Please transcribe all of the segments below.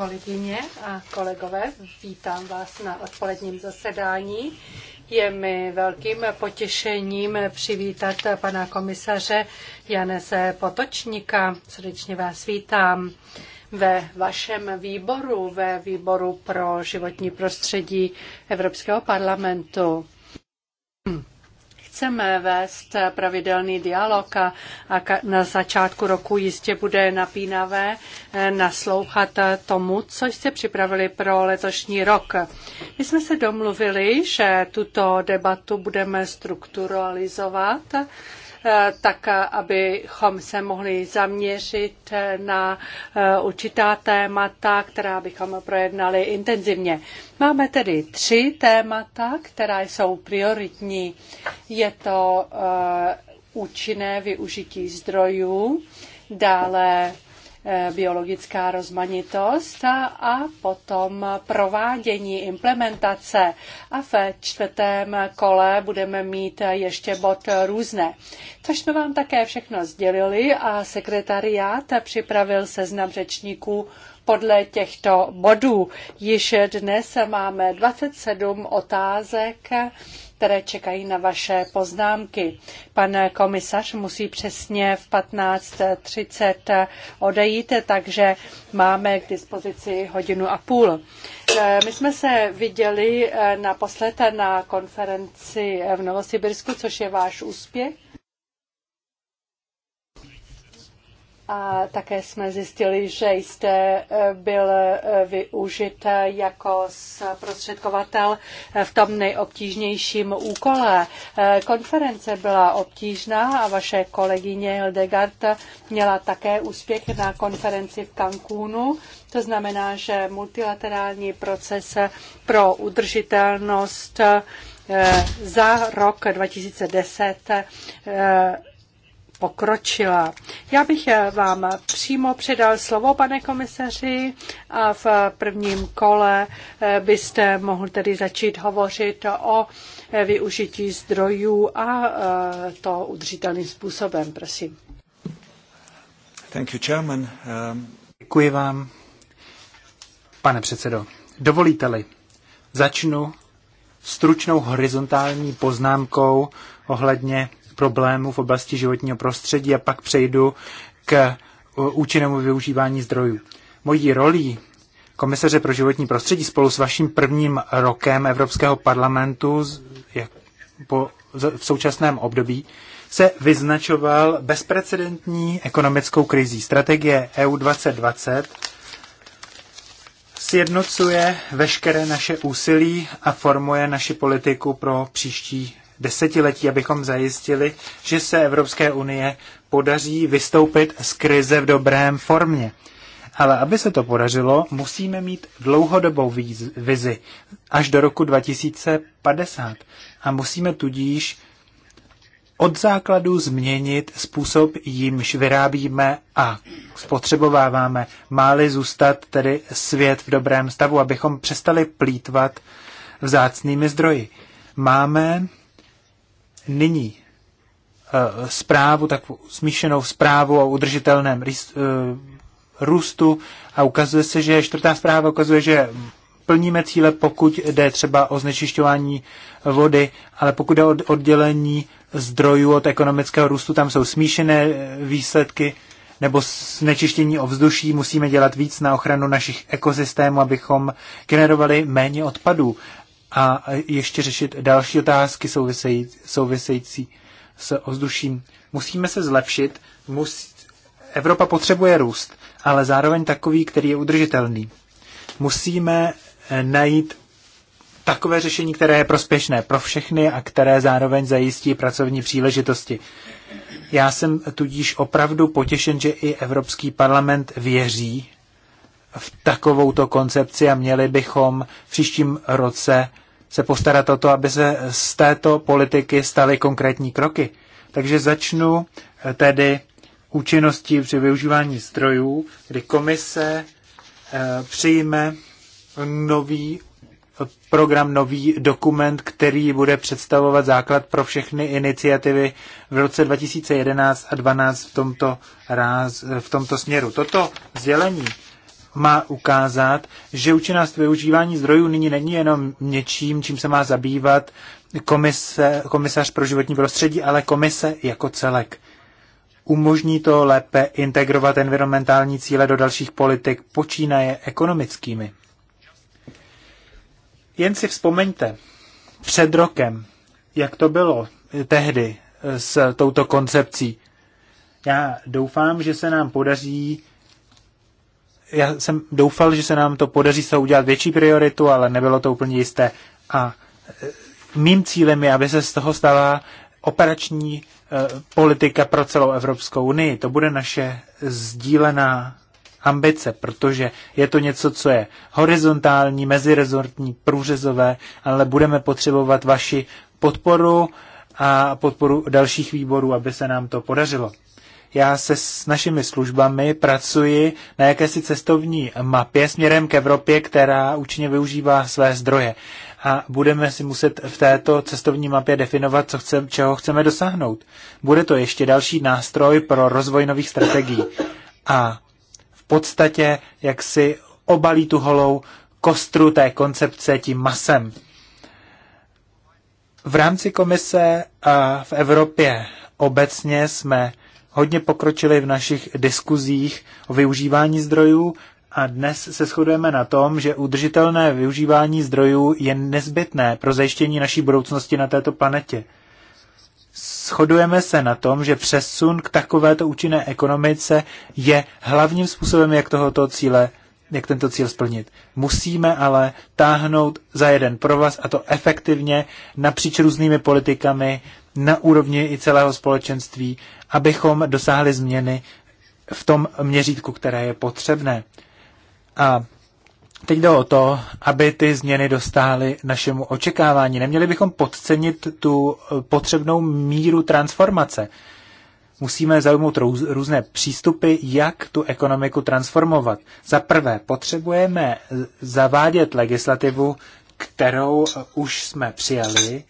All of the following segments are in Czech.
Kolegyně a kolegové, vítám vás na odpoledním zasedání. Je mi velkým potěšením přivítat pana komisaře Janese Potočníka. Srdečně vás vítám ve vašem výboru, ve výboru pro životní prostředí Evropského parlamentu chceme vést pravidelný dialog a, a na začátku roku jistě bude napínavé eh, naslouchat eh, tomu, co jste připravili pro letošní rok. My jsme se domluvili, že tuto debatu budeme strukturalizovat Eh, tak abychom se mohli zaměřit eh, na eh, určitá témata, která bychom projednali intenzivně. Máme tedy tři témata, která jsou prioritní. Je to účinné využití zdrojů, dále Eh, biologická rozmanitost a potom provádění implementace. A ve čtvrtém kole budeme mít ještě bod různé. Což jsme vám také všechno sdělili a sekretariát připravil seznam řečníků podle těchto bodů. Již dnes máme 27 otázek které čekají na vaše poznámky. Pan komisař musí přesně v 15.30 odejít, takže máme k dispozici hodinu a půl. Eh, my jsme se viděli eh, naposled na konferenci v Novosibirsku, což je váš úspěch. a také jsme zjistili, že jste eh, byl eh, využit eh, jako zprostředkovatel v tom nejobtížnějším úkole. Konference byla obtížná a vaše kolegyně Hildegard měla také úspěch na konferenci v Cancúnu. To znamená, že multilaterální proces pro udržitelnost za rok 2010 pokročila. Já bych eh, vám přímo předal slovo, pane komisaři, a v eh, prvním kole eh, byste mohl tedy začít hovořit o využití zdrojů a to udržitelným způsobem, prosím. Thank you, chairman. Um... Děkuji vám, pane předsedo. Dovolíte-li, začnu stručnou horizontální poznámkou ohledně problémů v oblasti životního prostředí a pak přejdu k účinnému využívání zdrojů. Mojí rolí komisaře pro životní prostředí spolu s vaším prvním rokem Evropského parlamentu v současném období se vyznačoval bezprecedentní ekonomickou krizí. Strategie EU 2020 sjednocuje veškeré naše úsilí a formuje naši politiku pro příští desetiletí, abychom zajistili, že se Evropské unie podaří vystoupit z krize v dobrém formě. Ale aby se to podařilo, musíme mít dlouhodobou vizi až do roku 2050 a musíme tudíž od základu změnit způsob, jímž vyrábíme a spotřebováváme. Máli zůstat tedy svět v dobrém stavu, abychom přestali plítvat vzácnými zdroji. Máme nyní eh, zprávu, tak smíšenou zprávu o udržitelném eh, růstu a ukazuje se, že čtvrtá zpráva ukazuje, že plníme cíle, pokud jde třeba o znečišťování vody, ale pokud jde o oddělení zdrojů od ekonomického růstu, tam jsou smíšené eh, výsledky, nebo znečištění ovzduší musíme dělat víc na ochranu našich ekosystémů, abychom generovali méně odpadů a ještě řešit další otázky související, související s ozduším. Musíme se zlepšit, Mus... Evropa potřebuje růst, ale zároveň takový, který je udržitelný. Musíme eh, najít takové řešení, které je prospěšné pro všechny a které zároveň zajistí pracovní příležitosti. Já jsem tudíž opravdu potěšen, že i Evropský parlament věří v takovouto koncepci a měli bychom v příštím roce se postarat o to, aby se z této politiky staly konkrétní kroky. Takže začnu eh, tedy účinností při využívání zdrojů, kdy komise eh, přijme nový eh, program, nový dokument, který bude představovat základ pro všechny iniciativy v roce 2011 a 2012 v tomto, ráz, v tomto směru. Toto sdělení má ukázat, že účinnost využívání zdrojů nyní není jenom něčím, čím se má zabývat komise, komisař pro životní prostředí, ale komise jako celek. Umožní to lépe integrovat environmentální cíle do dalších politik, počínaje ekonomickými. Jen si vzpomeňte, před rokem, jak to bylo tehdy s touto koncepcí. Já doufám, že se nám podaří já jsem doufal, že se nám to podaří se udělat větší prioritu, ale nebylo to úplně jisté. A e, mým cílem je, aby se z toho stala operační e, politika pro celou Evropskou unii. To bude naše sdílená ambice, protože je to něco, co je horizontální, mezirezortní, průřezové, ale budeme potřebovat vaši podporu a podporu dalších výborů, aby se nám to podařilo. Já se s našimi službami pracuji na jakési cestovní mapě směrem k Evropě, která účinně využívá své zdroje. A budeme si muset v této cestovní mapě definovat, co chcem, čeho chceme dosáhnout. Bude to ještě další nástroj pro rozvoj nových strategií. A v podstatě, jak si obalí tu holou kostru té koncepce tím masem. V rámci komise a v Evropě obecně jsme hodně pokročili v našich diskuzích o využívání zdrojů a dnes se shodujeme na tom, že udržitelné využívání zdrojů je nezbytné pro zajištění naší budoucnosti na této planetě. Shodujeme se na tom, že přesun k takovéto účinné ekonomice je hlavním způsobem, jak tohoto cíle jak tento cíl splnit. Musíme ale táhnout za jeden provaz a to efektivně napříč různými politikami, na úrovni i celého společenství, abychom dosáhli změny v tom měřítku, které je potřebné. A teď jde o to, aby ty změny dostály našemu očekávání. Neměli bychom podcenit tu potřebnou míru transformace. Musíme zaujmout růz, různé přístupy, jak tu ekonomiku transformovat. Za prvé, potřebujeme zavádět legislativu, kterou už jsme přijali,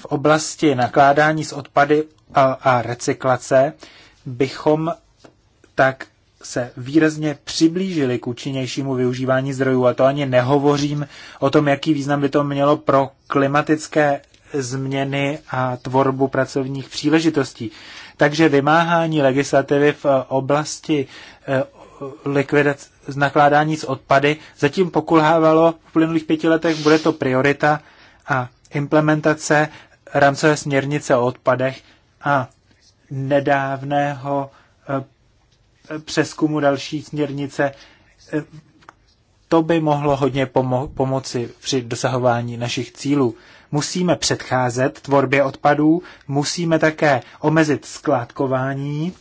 v oblasti nakládání s odpady a, a recyklace bychom tak se výrazně přiblížili k účinnějšímu využívání zdrojů. A to ani nehovořím o tom, jaký význam by to mělo pro klimatické změny a tvorbu pracovních příležitostí. Takže vymáhání legislativy v oblasti eh, likvidace, nakládání s odpady zatím pokulhávalo v plynulých pěti letech, bude to priorita a implementace rámcové směrnice o odpadech a nedávného eh, přeskumu další směrnice, eh, to by mohlo hodně pomo- pomoci při dosahování našich cílů. Musíme předcházet tvorbě odpadů, musíme také omezit skládkování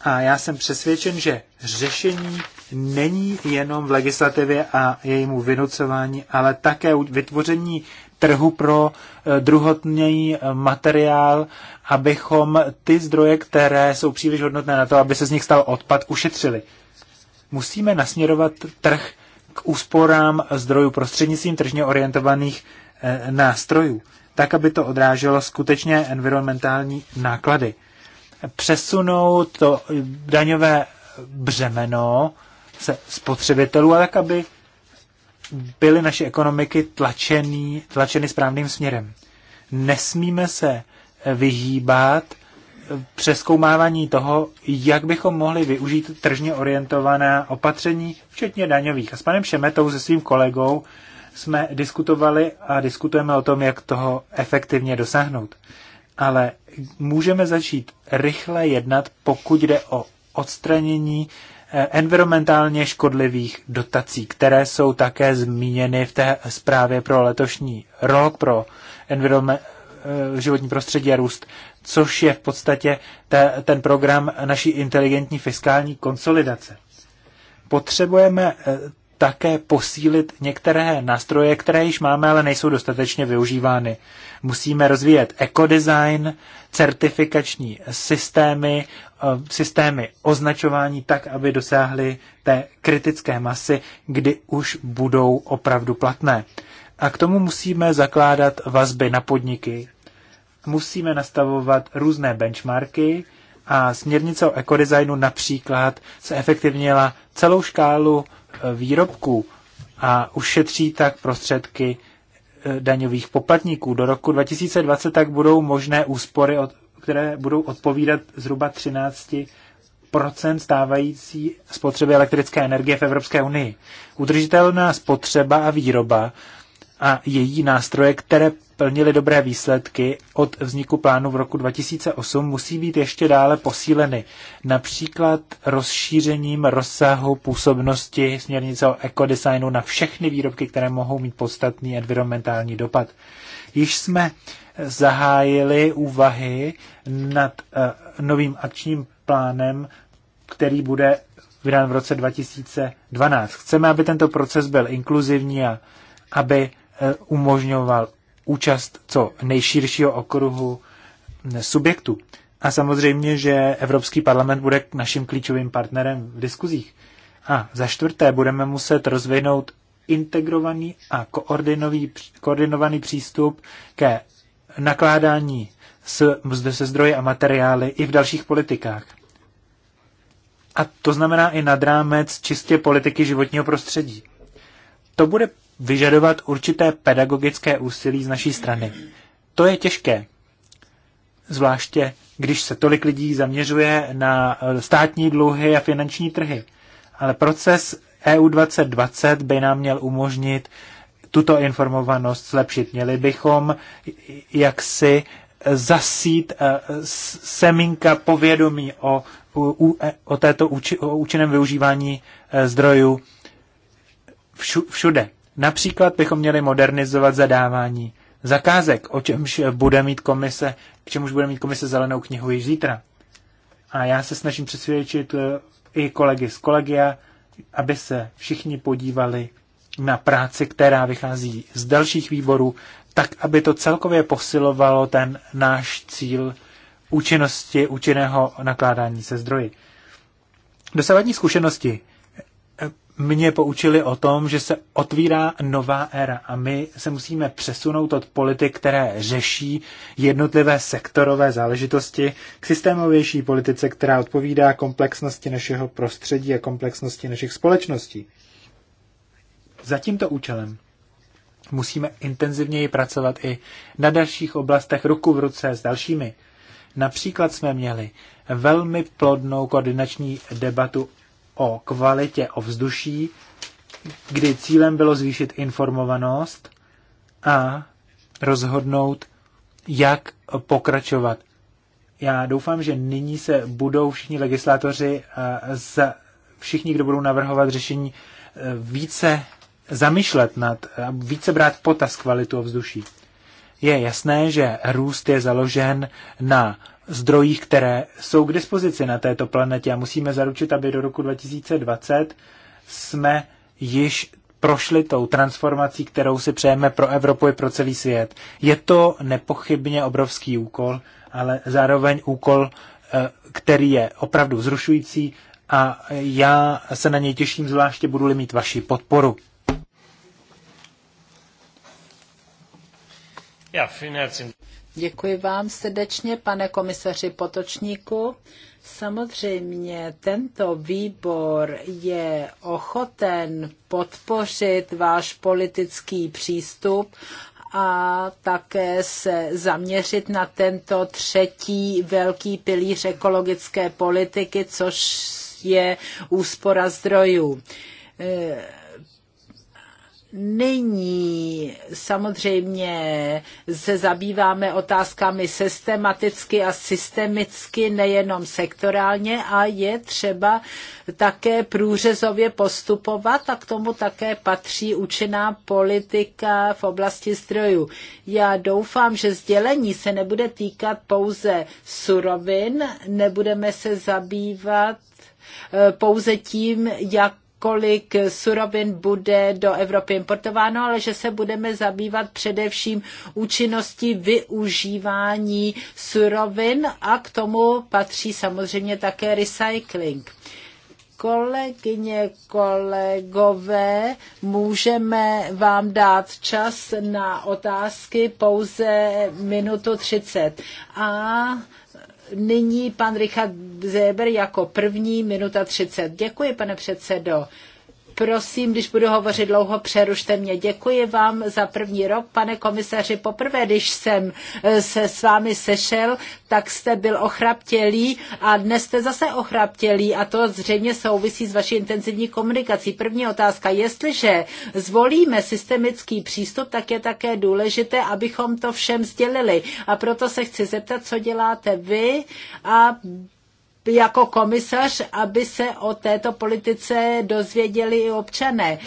a já jsem přesvědčen, že řešení není jenom v legislativě a jejímu vynucování, ale také vytvoření trhu pro eh, druhotný eh, materiál, abychom ty zdroje, které jsou příliš hodnotné na to, aby se z nich stal odpad, ušetřili. Musíme nasměrovat trh k úsporám zdrojů prostřednictvím tržně orientovaných eh, nástrojů, tak, aby to odráželo skutečně environmentální náklady. Přesunout to daňové břemeno se spotřebitelů, ale tak, aby byly naše ekonomiky tlačený, tlačeny správným směrem. Nesmíme se vyhýbat přeskoumávání toho, jak bychom mohli využít tržně orientovaná opatření, včetně daňových. A s panem Šemetou, se svým kolegou, jsme diskutovali a diskutujeme o tom, jak toho efektivně dosáhnout. Ale můžeme začít rychle jednat, pokud jde o odstranění environmentálně škodlivých dotací, které jsou také zmíněny v té zprávě pro letošní rok pro eh, životní prostředí a růst, což je v podstatě ta, ten program naší inteligentní fiskální konsolidace. Potřebujeme eh, také posílit některé nástroje, které již máme, ale nejsou dostatečně využívány. Musíme rozvíjet ekodesign, certifikační systémy Eh, systémy označování tak, aby dosáhly té kritické masy, kdy už budou opravdu platné. A k tomu musíme zakládat vazby na podniky. Musíme nastavovat různé benchmarky a směrnice o ekodesignu například se efektivněla celou škálu eh, výrobků a ušetří tak prostředky eh, daňových poplatníků. Do roku 2020 tak budou možné úspory od které budou odpovídat zhruba 13 stávající spotřeby elektrické energie v Evropské unii. Udržitelná spotřeba a výroba a její nástroje, které plnily dobré výsledky od vzniku plánu v roku 2008, musí být ještě dále posíleny, například rozšířením rozsahu působnosti směrnice o ekodesignu na všechny výrobky, které mohou mít podstatný environmentální dopad. Již jsme zahájili úvahy nad eh, novým akčním plánem, který bude vydán v roce 2012. Chceme, aby tento proces byl inkluzivní a aby eh, umožňoval účast co nejširšího okruhu eh, subjektů. A samozřejmě, že Evropský parlament bude naším klíčovým partnerem v diskuzích. A za čtvrté budeme muset rozvinout integrovaný a koordinovaný, koordinovaný přístup ke nakládání s, se zdroje a materiály i v dalších politikách. A to znamená i nad rámec čistě politiky životního prostředí. To bude vyžadovat určité pedagogické úsilí z naší strany. To je těžké, zvláště když se tolik lidí zaměřuje na eh, státní dluhy a finanční trhy. Ale proces EU 2020 by nám měl umožnit tuto informovanost zlepšit. Měli bychom jaksi zasít eh, semínka povědomí o, o, této o účinném využívání eh, zdrojů všude. Například bychom měli modernizovat zadávání zakázek, o čemž bude mít komise, k čemuž bude mít komise zelenou knihu již zítra. A já se snažím přesvědčit eh, i kolegy z kolegia, aby se všichni podívali na práci, která vychází z dalších výborů, tak aby to celkově posilovalo ten náš cíl účinnosti, účinného nakládání se zdroji. Dosavadní zkušenosti eh, mě poučili o tom, že se otvírá nová éra a my se musíme přesunout od politik, které řeší jednotlivé sektorové záležitosti, k systémovější politice, která odpovídá komplexnosti našeho prostředí a komplexnosti našich společností. Za tímto účelem musíme intenzivněji pracovat i na dalších oblastech ruku v ruce s dalšími. Například jsme měli velmi plodnou koordinační debatu o kvalitě ovzduší, kdy cílem bylo zvýšit informovanost a rozhodnout, jak pokračovat. Já doufám, že nyní se budou všichni legislátoři, všichni, kdo budou navrhovat řešení, e, více zamýšlet nad, více brát potaz kvalitu ovzduší. Je jasné, že růst je založen na zdrojích, které jsou k dispozici na této planetě a musíme zaručit, aby do roku 2020 jsme již prošli tou transformací, kterou si přejeme pro Evropu i pro celý svět. Je to nepochybně obrovský úkol, ale zároveň úkol, eh, který je opravdu vzrušující a já se na něj těším, zvláště budu-li mít vaši podporu. Děkuji vám srdečně, pane komisaři Potočníku. Samozřejmě tento výbor je ochoten podpořit váš politický přístup a také se zaměřit na tento třetí velký pilíř ekologické politiky, což je úspora zdrojů není samozřejmě se zabýváme otázkami systematicky a systemicky, nejenom sektorálně a je třeba také průřezově postupovat a k tomu také patří účinná politika v oblasti strojů. Já doufám, že sdělení se nebude týkat pouze surovin, nebudeme se zabývat eh, pouze tím, jak kolik surovin bude do Evropy importováno, ale že se budeme zabývat především účinností využívání surovin a k tomu patří samozřejmě také recycling kolegyně, kolegové, můžeme vám dát čas na otázky pouze minutu 30. A nyní pan Richard Zéber jako první, minuta 30. Děkuji, pane předsedo. Prosím, když budu hovořit dlouho, přerušte mě. Děkuji vám za první rok, pane komisaři. Poprvé, když jsem eh, se s vámi sešel, tak jste byl ochraptělý a dnes jste zase ochraptělý a to zřejmě souvisí s vaší intenzivní komunikací. První otázka, jestliže zvolíme systemický přístup, tak je také důležité, abychom to všem sdělili. A proto se chci zeptat, co děláte vy, a jako komisař, aby se o této politice dozvěděli i občané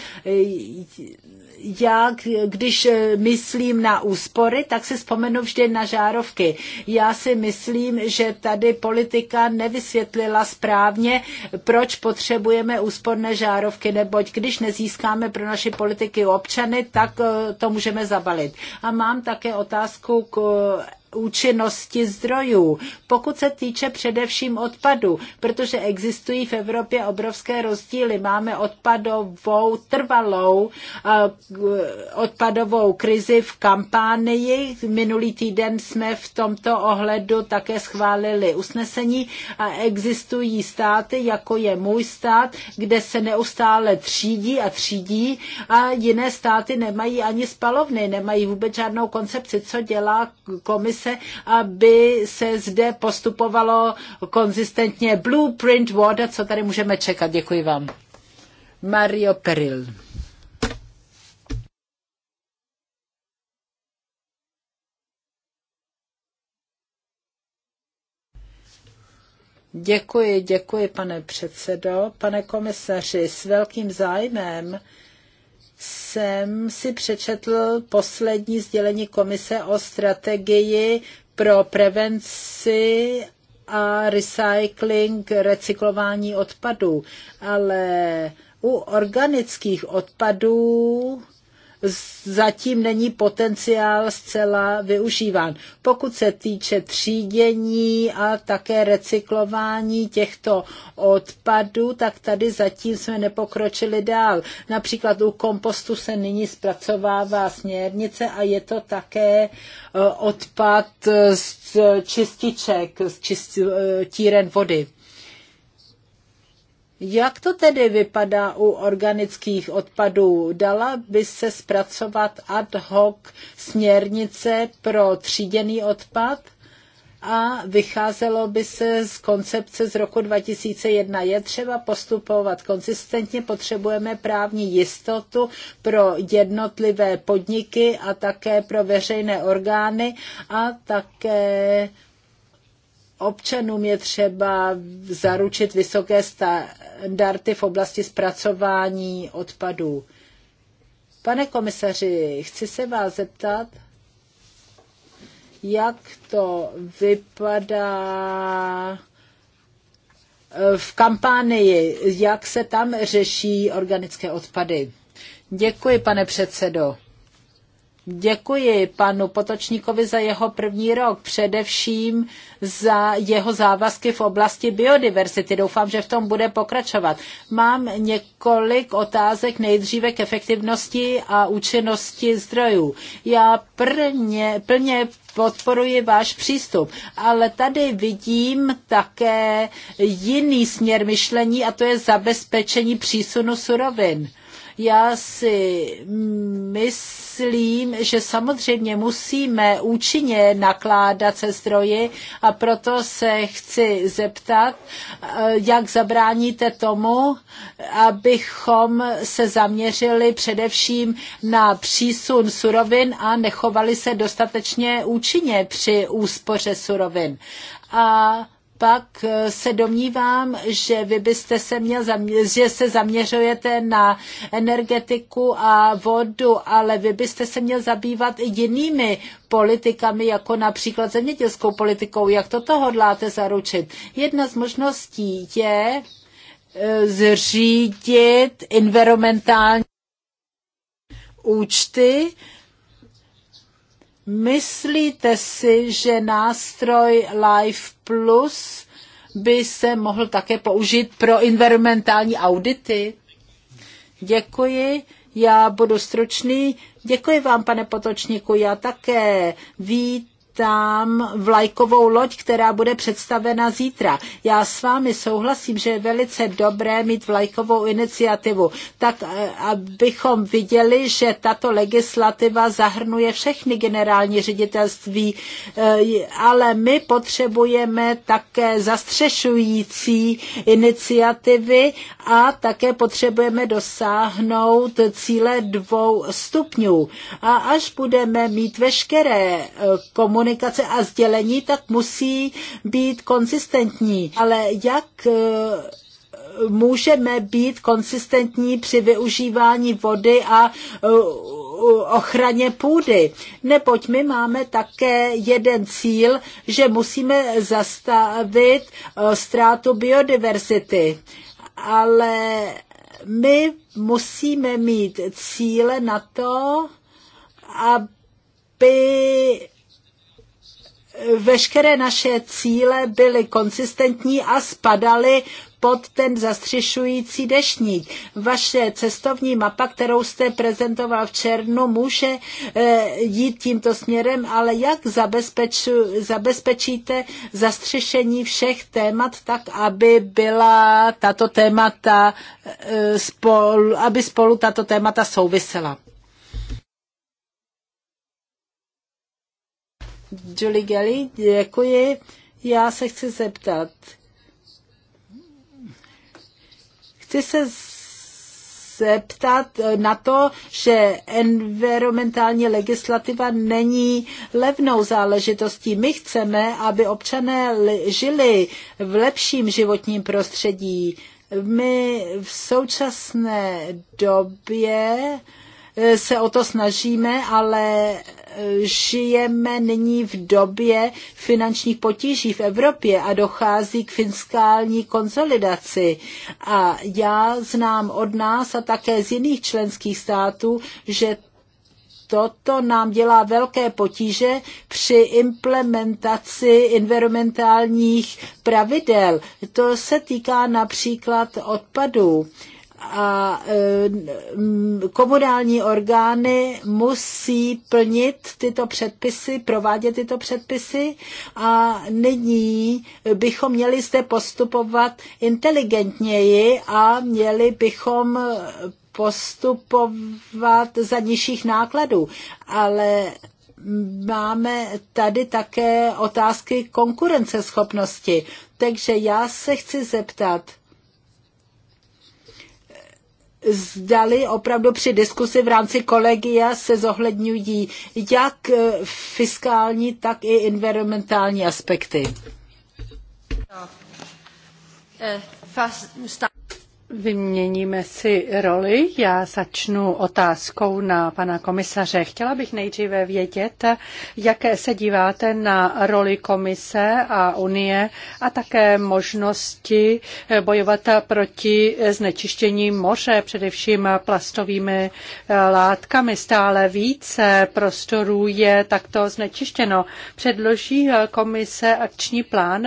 já, když myslím na úspory, tak si vzpomenu vždy na žárovky. Já si myslím, že tady politika nevysvětlila správně, proč potřebujeme úsporné žárovky, neboť když nezískáme pro naši politiky občany, tak to můžeme zabalit. A mám také otázku k účinnosti zdrojů, pokud se týče především odpadu, protože existují v Evropě obrovské rozdíly. Máme odpadovou trvalou eh, odpadovou krizi v kampánii. Minulý týden jsme v tomto ohledu také schválili usnesení a existují státy, jako je můj stát, kde se neustále třídí a třídí a jiné státy nemají ani spalovny, nemají vůbec žádnou koncepci, co dělá komise komise, aby se zde postupovalo konzistentně blueprint voda, co tady můžeme čekat. Děkuji vám. Mario Peril. Děkuji, děkuji, pane předsedo. Pane komisaři, s velkým zájmem jsem si přečetl poslední sdělení komise o strategii pro prevenci a recycling, recyklování odpadů, ale u organických odpadů zatím není potenciál zcela využíván. Pokud se týče třídění a také recyklování těchto odpadů, tak tady zatím jsme nepokročili dál. Například u kompostu se nyní zpracovává směrnice a je to také e, odpad z čističek, z čistíren e, vody. Jak to tedy vypadá u organických odpadů? Dala by se zpracovat ad hoc směrnice pro tříděný odpad? a vycházelo by se z koncepce z roku 2001. Je třeba postupovat konzistentně, potřebujeme právní jistotu pro jednotlivé podniky a také pro veřejné orgány a také Občanům je třeba zaručit vysoké standardy v oblasti zpracování odpadů. Pane komisaři, chci se vás zeptat, jak to vypadá v kampánii, jak se tam řeší organické odpady. Děkuji, pane předsedo. Děkuji panu Potočníkovi za jeho první rok, především za jeho závazky v oblasti biodiverzity. Doufám, že v tom bude pokračovat. Mám několik otázek nejdříve k efektivnosti a účinnosti zdrojů. Já plně, plně podporuji váš přístup, ale tady vidím také jiný směr myšlení a to je zabezpečení přísunu surovin já si myslím, že samozřejmě musíme účinně nakládat se zdroji a proto se chci zeptat, eh, jak zabráníte tomu, abychom se zaměřili především na přísun surovin a nechovali se dostatečně účinně při úspoře surovin. A pak eh, se domnívám, že vy byste se měl, že se zaměřujete na energetiku a vodu, ale vy byste se měl zabývat i jinými politikami, jako například zemědělskou politikou. Jak toto hodláte zaručit? Jedna z možností je eh, zřídit environmentální účty, Myslíte si, že nástroj Life Plus by se mohl také použít pro environmentální audity? Děkuji. Já budu stručný. Děkuji vám, pane Potočníku. Já také vít tam vlajkovou loď, která bude představena zítra. Já s vámi souhlasím, že je velice dobré mít vlajkovou iniciativu, tak eh, abychom viděli, že tato legislativa zahrnuje všechny generální ředitelství, eh, ale my potřebujeme také zastřešující iniciativy a také potřebujeme dosáhnout cíle dvou stupňů. A až budeme mít veškeré eh, komunikace, komunikace a sdělení, tak musí být konzistentní. Ale jak eh, můžeme být konsistentní při využívání vody a eh, ochraně půdy. Neboť my máme také jeden cíl, že musíme zastavit eh, ztrátu biodiverzity. Ale my musíme mít cíle na to, aby veškeré naše cíle byly konsistentní a spadaly pod ten zastřešující dešník. Vaše cestovní mapa, kterou jste prezentoval v černu, může eh, jít tímto směrem, ale jak zabezpečíte zastřešení všech témat tak, aby byla tato témata eh, spolu, aby spolu tato témata souvisela? Julie Gally, děkuji. Já se chci zeptat. Chci se zeptat na to, že environmentální legislativa není levnou záležitostí. My chceme, aby občané žili v lepším životním prostředí. My v současné době uh, Eh, se o to snažíme, ale eh, žijeme nyní v době finančních potíží v Evropě a dochází k fiskální konsolidaci. A já znám od nás a také z jiných členských států, že toto nám dělá velké potíže při implementaci environmentálních pravidel. To se týká například odpadů a e, komunální orgány musí plnit tyto předpisy, provádět tyto předpisy a nyní bychom měli zde postupovat inteligentněji a měli bychom postupovat za nižších nákladů. Ale máme tady také otázky konkurenceschopnosti. Takže já se chci zeptat, zdali opravdu při diskusi v rámci kolegia se zohledňují jak eh, fiskální, tak i environmentální aspekty. Eh, Vyměníme si roli. Já začnu otázkou na pana komisaře. Chtěla bych nejdříve vědět, jak se díváte na roli komise a Unie a také možnosti bojovat proti znečištění moře, především plastovými látkami. Stále více prostorů je takto znečištěno. Předloží komise akční plán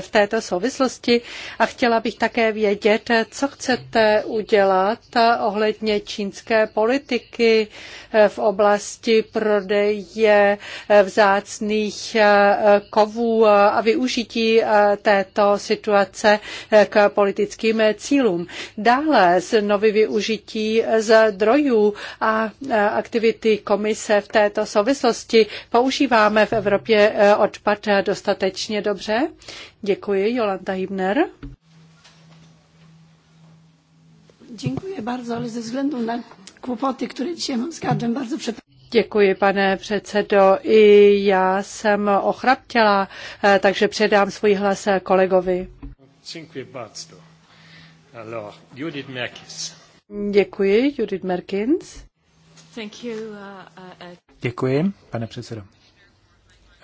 v této souvislosti a chtěla bych také vědět, co chce chcete udělat ohledně čínské politiky eh, v oblasti prodeje eh, vzácných eh, kovů a využití této situace k politickým cílům. Dále z nový využití zdrojů a aktivity komise v této souvislosti. Používáme v Evropě odpad dostatečně dobře? Děkuji, Jolanta Hibner. Dziękuję bardzo, ale ze względu na kłopoty, które dzisiaj mam z gardłem, bardzo przepraszam. Děkuji, pane předsedo. I já jsem ochraptěla, eh, takže předám svůj hlas eh, kolegovi. Děkuji bardzo. Alors, Judith Merkins. Děkuji, Judith Merkins. Thank you, uh, uh, uh. Děkuji, pane předsedo.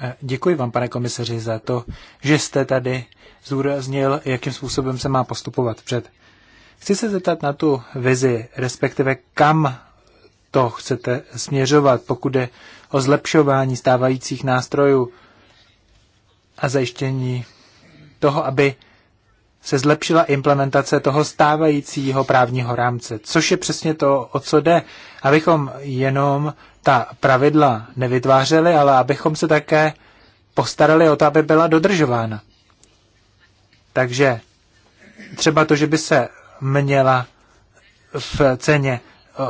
Eh, děkuji vám, pane komisaři, za to, že jste tady Zúraznil. jakým způsobem se má postupovat před Chci se zeptat na tu vizi, respektive kam to chcete směřovat, pokud je o zlepšování stávajících nástrojů a zajištění toho, aby se zlepšila implementace toho stávajícího právního rámce, což je přesně to, o co jde, abychom jenom ta pravidla nevytvářeli, ale abychom se také postarali o to, aby byla dodržována. Takže třeba to, že by se měla v ceně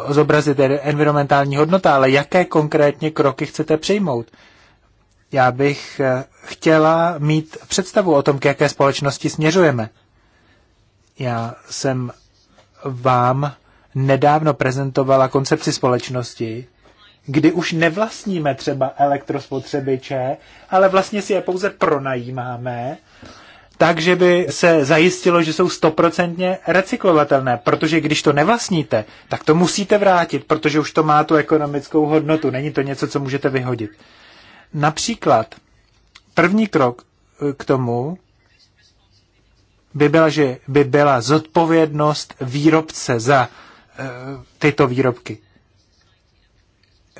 zobrazit environmentální hodnota, ale jaké konkrétně kroky chcete přijmout? Já bych e, chtěla mít představu o tom, k jaké společnosti směřujeme. Já jsem vám nedávno prezentovala koncepci společnosti, kdy už nevlastníme třeba elektrospotřebiče, ale vlastně si je pouze pronajímáme tak, že by se zajistilo, že jsou stoprocentně recyklovatelné, protože když to nevlastníte, tak to musíte vrátit, protože už to má tu ekonomickou hodnotu, není to něco, co můžete vyhodit. Například první krok eh, k tomu by byla, že by byla zodpovědnost výrobce za uh, tyto výrobky.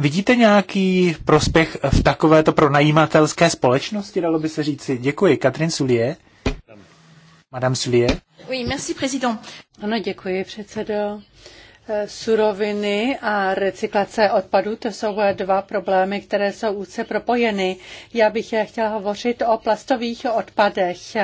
Vidíte nějaký prospěch v takovéto pronajímatelské společnosti, dalo by se říci? Děkuji, Katrin Sulie. Madame Sulier. Oui, merci, président. Ano, děkuji, předsedo. Eh, suroviny a recyklace odpadů, to jsou eh, dva problémy, které jsou úzce propojeny. Já bych eh, chtěla hovořit o plastových odpadech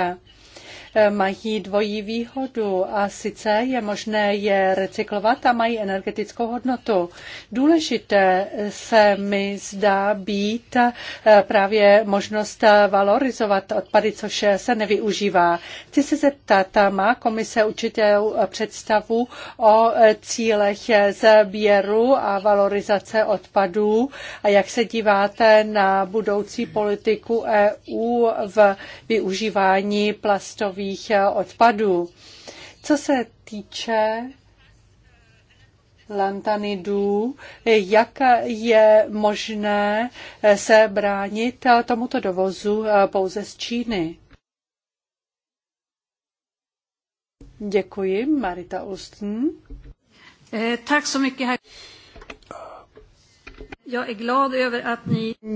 mají dvojí výhodu a sice je možné je recyklovat a mají energetickou hodnotu. Důležité se mi zdá být eh, právě možnost valorizovat odpady, což se nevyužívá. Chci se zeptat, má komise určitou představu o eh, cílech sběru a valorizace odpadů a jak se díváte na budoucí politiku EU v využívání plastových odvětvích eh, odpadů. Co se týče lantanidů, jak je možné eh, se bránit eh, tomuto dovozu pouze z Číny. Děkuji, Marita Ulsten. Tak so mycket,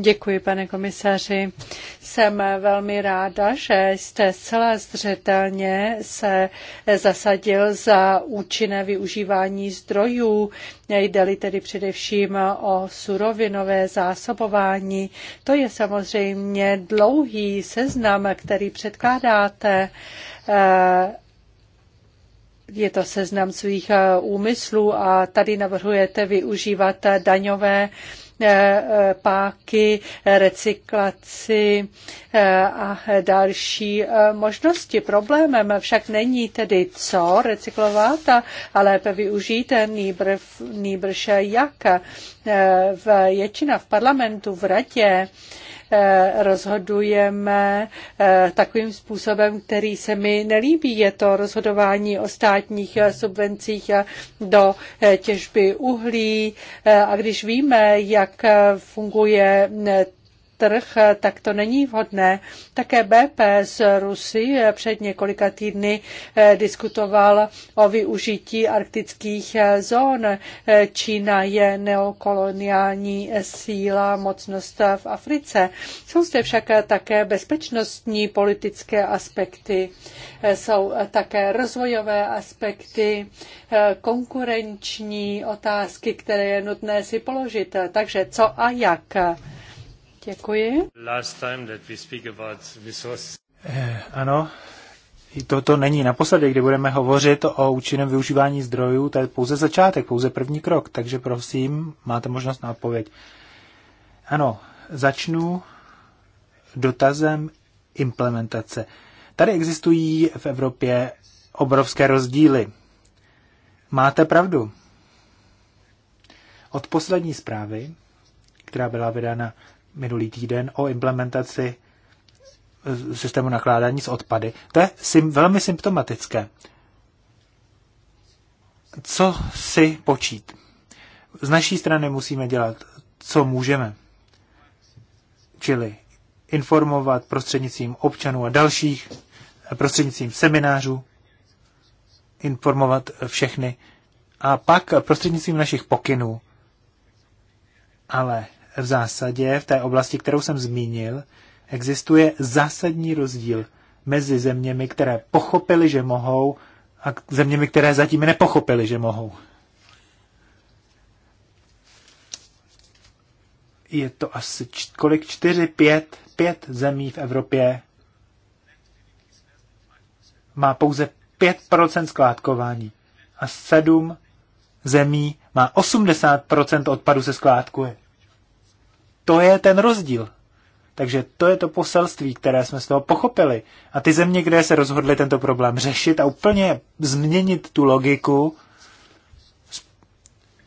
Děkuji, pane komisaři. Jsem velmi ráda, že jste zcela zřetelně se zasadil za účinné využívání zdrojů. Jde-li tedy především o surovinové zásobování. To je samozřejmě dlouhý seznam, který předkládáte eh, je to seznam svých eh, úmyslů a tady navrhujete využívat daňové Eh, eh, páky, recyklaci eh, a další možnosti. Problémem však není tedy co recyklovat, ale lépe využít nýbrž jak. Většina v parlamentu, v radě, Eh, rozhodujeme eh, takovým způsobem, který se mi nelíbí. Je to rozhodování o státních eh, subvencích do těžby uhlí. A když víme, jak funguje trh, tak to není vhodné. Také BP z Rusy před několika týdny eh, diskutoval o využití arktických eh, zón. Eh, Čína je neokoloniální síla, mocnost v Africe. Jsou zde však také bezpečnostní politické aspekty, jsou také rozvojové aspekty, konkurenční otázky, které je nutné si položit. Takže co a jak? Děkuji. Last time that we speak about Eh, ano, toto není naposledy, kdy budeme hovořit o účinném využívání zdrojů, to je pouze začátek, pouze první krok, takže prosím, máte možnost na odpověď. Ano, začnu dotazem implementace. Tady existují v Evropě obrovské rozdíly. Máte pravdu. Od poslední zprávy, která byla vydána minulý týden o implementaci systému nakládání s odpady. To je sim, velmi symptomatické. Co si počít? Z naší strany musíme dělat, co můžeme. Čili informovat prostřednictvím občanů a dalších, prostřednictvím seminářů, informovat všechny a pak prostřednictvím našich pokynů. Ale v zásadě v té oblasti, kterou jsem zmínil, existuje zásadní rozdíl mezi zeměmi, které pochopili, že mohou, a zeměmi, které zatím nepochopili, že mohou. Je to asi kolik? čtyři pět pět zemí v Evropě má pouze 5% skládkování a sedm zemí má 80% odpadu se skládkuje. To je ten rozdíl. Takže to je to poselství, které jsme z toho pochopili. A ty země, kde se rozhodly tento problém řešit a úplně změnit tu logiku,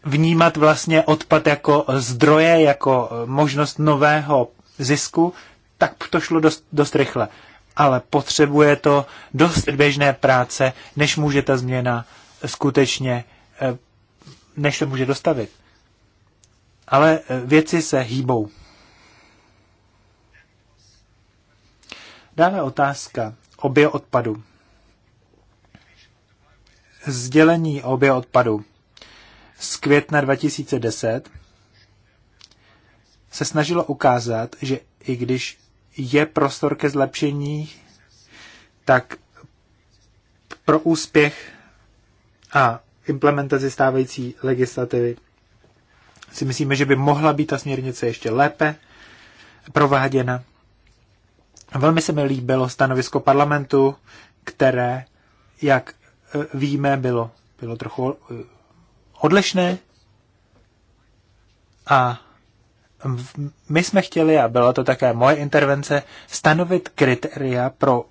vnímat vlastně odpad jako zdroje, jako možnost nového zisku, tak to šlo dost, dost rychle. Ale potřebuje to dost běžné práce, než může ta změna skutečně, eh, než se může dostavit. Ale eh, věci se hýbou. Dále otázka o bioodpadu. Sdělení o bioodpadu z května 2010 se snažilo ukázat, že i když je prostor ke zlepšení, tak pro úspěch a implementaci stávající legislativy si myslíme, že by mohla být ta směrnice ještě lépe prováděna. Velmi se mi líbilo stanovisko parlamentu, které, jak eh, víme, bylo, bylo trochu eh, odlišné. A my jsme chtěli, a byla to také moje intervence, stanovit kritéria pro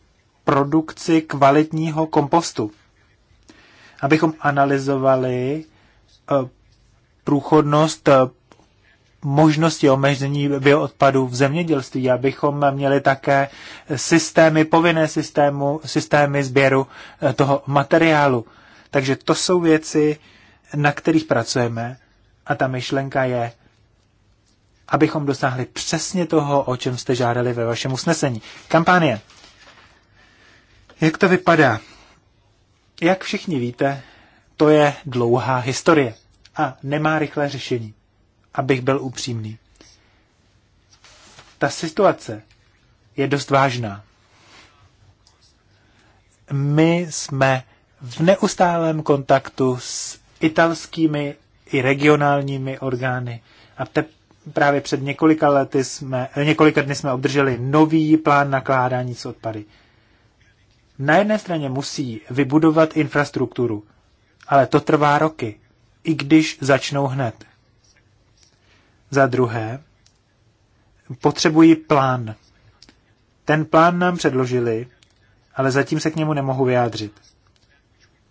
produkci kvalitního kompostu. Abychom analyzovali eh, průchodnost eh, možnosti omezení bioodpadů v zemědělství, abychom měli také systémy, povinné systému, systémy sběru eh, toho materiálu. Takže to jsou věci, na kterých pracujeme a ta myšlenka je, abychom dosáhli přesně toho, o čem jste žádali ve vašem usnesení. Kampánie. Jak to vypadá? Jak všichni víte, to je dlouhá historie a nemá rychlé řešení, abych byl upřímný. Ta situace je dost vážná. My jsme v neustálém kontaktu s italskými i regionálními orgány a te, právě před několika lety jsme, několika dny jsme obdrželi nový plán nakládání s odpady. Na jedné straně musí vybudovat infrastrukturu, ale to trvá roky i když začnou hned. Za druhé, potřebují plán. Ten plán nám předložili, ale zatím se k němu nemohu vyjádřit.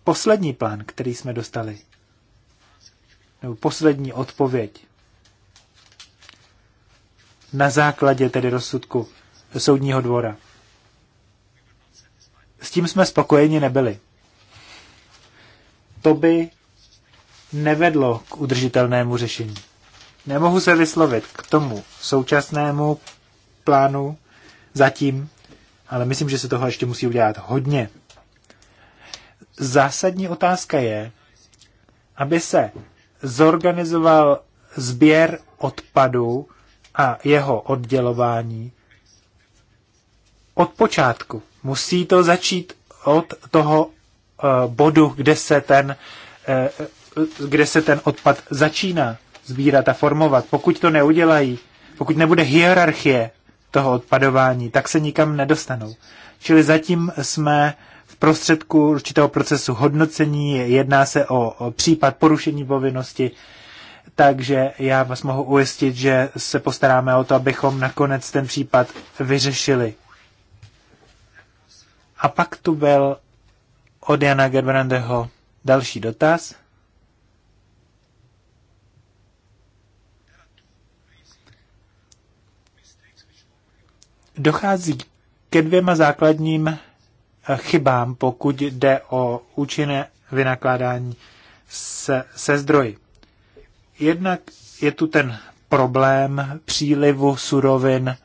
Poslední plán, který jsme dostali, nebo poslední odpověď, na základě tedy rozsudku soudního dvora. S tím jsme spokojeni nebyli. To by nevedlo k udržitelnému řešení. Nemohu se vyslovit k tomu současnému plánu zatím, ale myslím, že se toho ještě musí udělat hodně. Zásadní otázka je, aby se zorganizoval sběr odpadu a jeho oddělování od počátku. Musí to začít od toho eh, bodu, kde se ten eh, kde se ten odpad začíná sbírat a formovat. Pokud to neudělají, pokud nebude hierarchie toho odpadování, tak se nikam nedostanou. Čili zatím jsme v prostředku určitého procesu hodnocení, jedná se o, o případ porušení povinnosti, takže já vás mohu ujistit, že se postaráme o to, abychom nakonec ten případ vyřešili. A pak tu byl od Jana Gerbrandeho další dotaz. dochází ke dvěma základním eh, chybám, pokud jde o účinné vynakládání se, se zdroji. Jednak je tu ten problém přílivu surovin,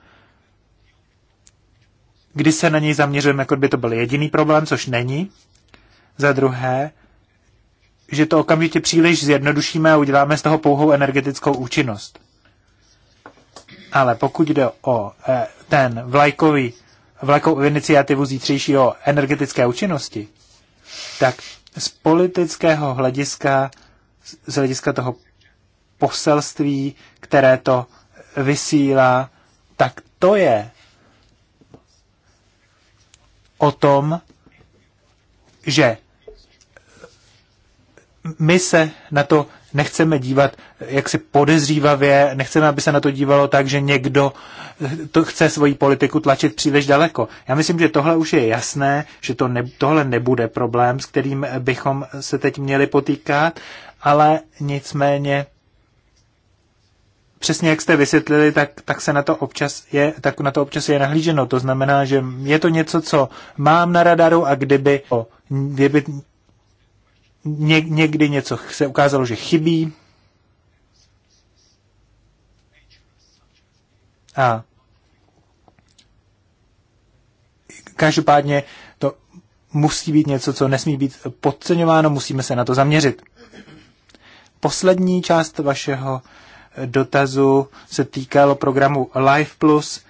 kdy se na něj zaměřujeme, jako by to byl jediný problém, což není. Za druhé, že to okamžitě příliš zjednodušíme a uděláme z toho pouhou energetickou účinnost. Ale pokud jde o eh, ten vlajkový, vlajkovou iniciativu zítřejšího energetické účinnosti, tak z politického hlediska, z hlediska toho poselství, které to vysílá, tak to je o tom, že my se na to nechceme dívat jaksi podezřívavě, nechceme, aby se na to dívalo tak, že někdo eh, to chce svoji politiku tlačit příliš daleko. Já myslím, že tohle už je jasné, že to ne, tohle nebude problém, s kterým eh, bychom se teď měli potýkat, ale nicméně přesně jak jste vysvětlili, tak, tak se na to občas je, tak na to občas je nahlíženo. To znamená, že je to něco, co mám na radaru a kdyby, kdyby ně, někdy něco se ukázalo, že chybí. A každopádně to musí být něco, co nesmí být podceňováno, musíme se na to zaměřit. Poslední část vašeho eh, dotazu se týkalo programu Life Plus.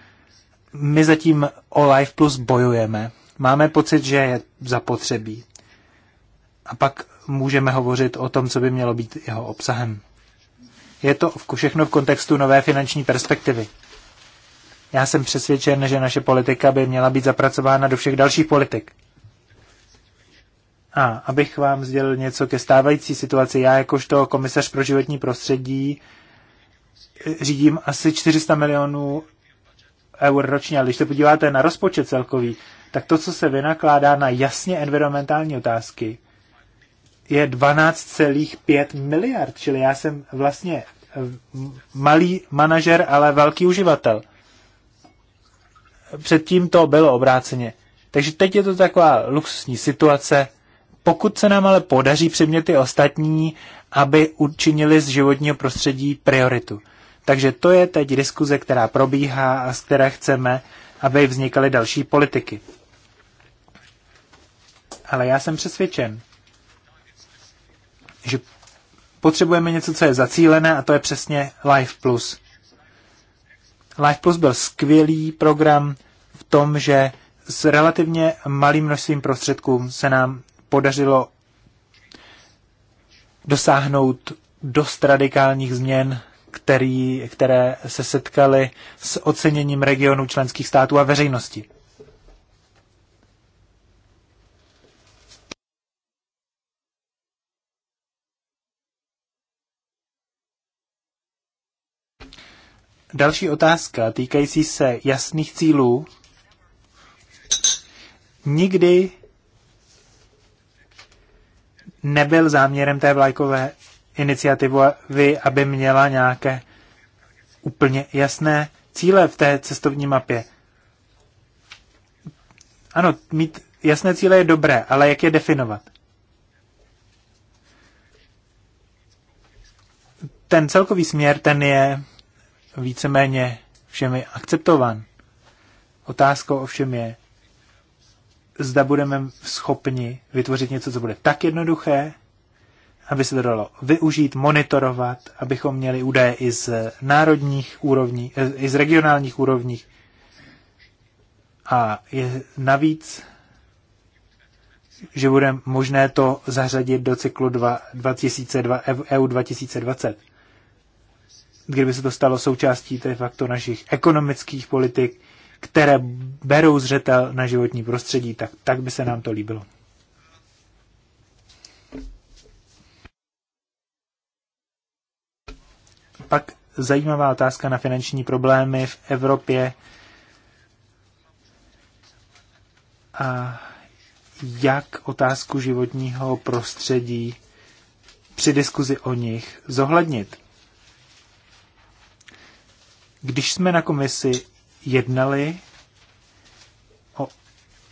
My zatím o Life Plus bojujeme. Máme pocit, že je zapotřebí. A pak můžeme hovořit o tom, co by mělo být jeho obsahem. Je to všechno v kontextu nové finanční perspektivy. Já jsem přesvědčen, že naše politika by měla být zapracována do všech dalších politik. A abych vám sdělil něco ke stávající situaci, já jakožto komisař pro životní prostředí eh, řídím asi 400 milionů eur ročně, ale když se podíváte na rozpočet celkový, tak to, co se vynakládá na jasně environmentální otázky, je 12,5 miliard, čili já jsem vlastně eh, malý manažer, ale velký uživatel. Předtím to bylo obráceně. Takže teď je to taková luxusní situace. Pokud se nám ale podaří ty ostatní, aby učinili z životního prostředí prioritu. Takže to je teď diskuze, která probíhá a z které chceme, aby vznikaly další politiky. Ale já jsem přesvědčen, že potřebujeme něco, co je zacílené a to je přesně Life Plus. Life Plus byl skvělý program v tom, že s relativně malým množstvím prostředků se nám podařilo dosáhnout dost radikálních změn, který, které se setkaly s oceněním regionů členských států a veřejnosti. Další otázka týkající se jasných cílů. Nikdy nebyl záměrem té vlajkové iniciativy, aby měla nějaké úplně jasné cíle v té cestovní mapě. Ano, mít jasné cíle je dobré, ale jak je definovat? Ten celkový směr, ten je víceméně všemi akceptovan. Otázkou ovšem je, zda budeme schopni vytvořit něco, co bude tak jednoduché, aby se to dalo využít, monitorovat, abychom měli údaje i z národních úrovní, eh, i z regionálních úrovní, A je navíc, že bude možné to zařadit do cyklu 2002, EU 2020 kdyby se to stalo součástí de facto našich ekonomických politik, které berou zřetel na životní prostředí, tak, tak by se nám to líbilo. Pak zajímavá otázka na finanční problémy v Evropě a jak otázku životního prostředí při diskuzi o nich zohlednit. Když jsme na komisi jednali o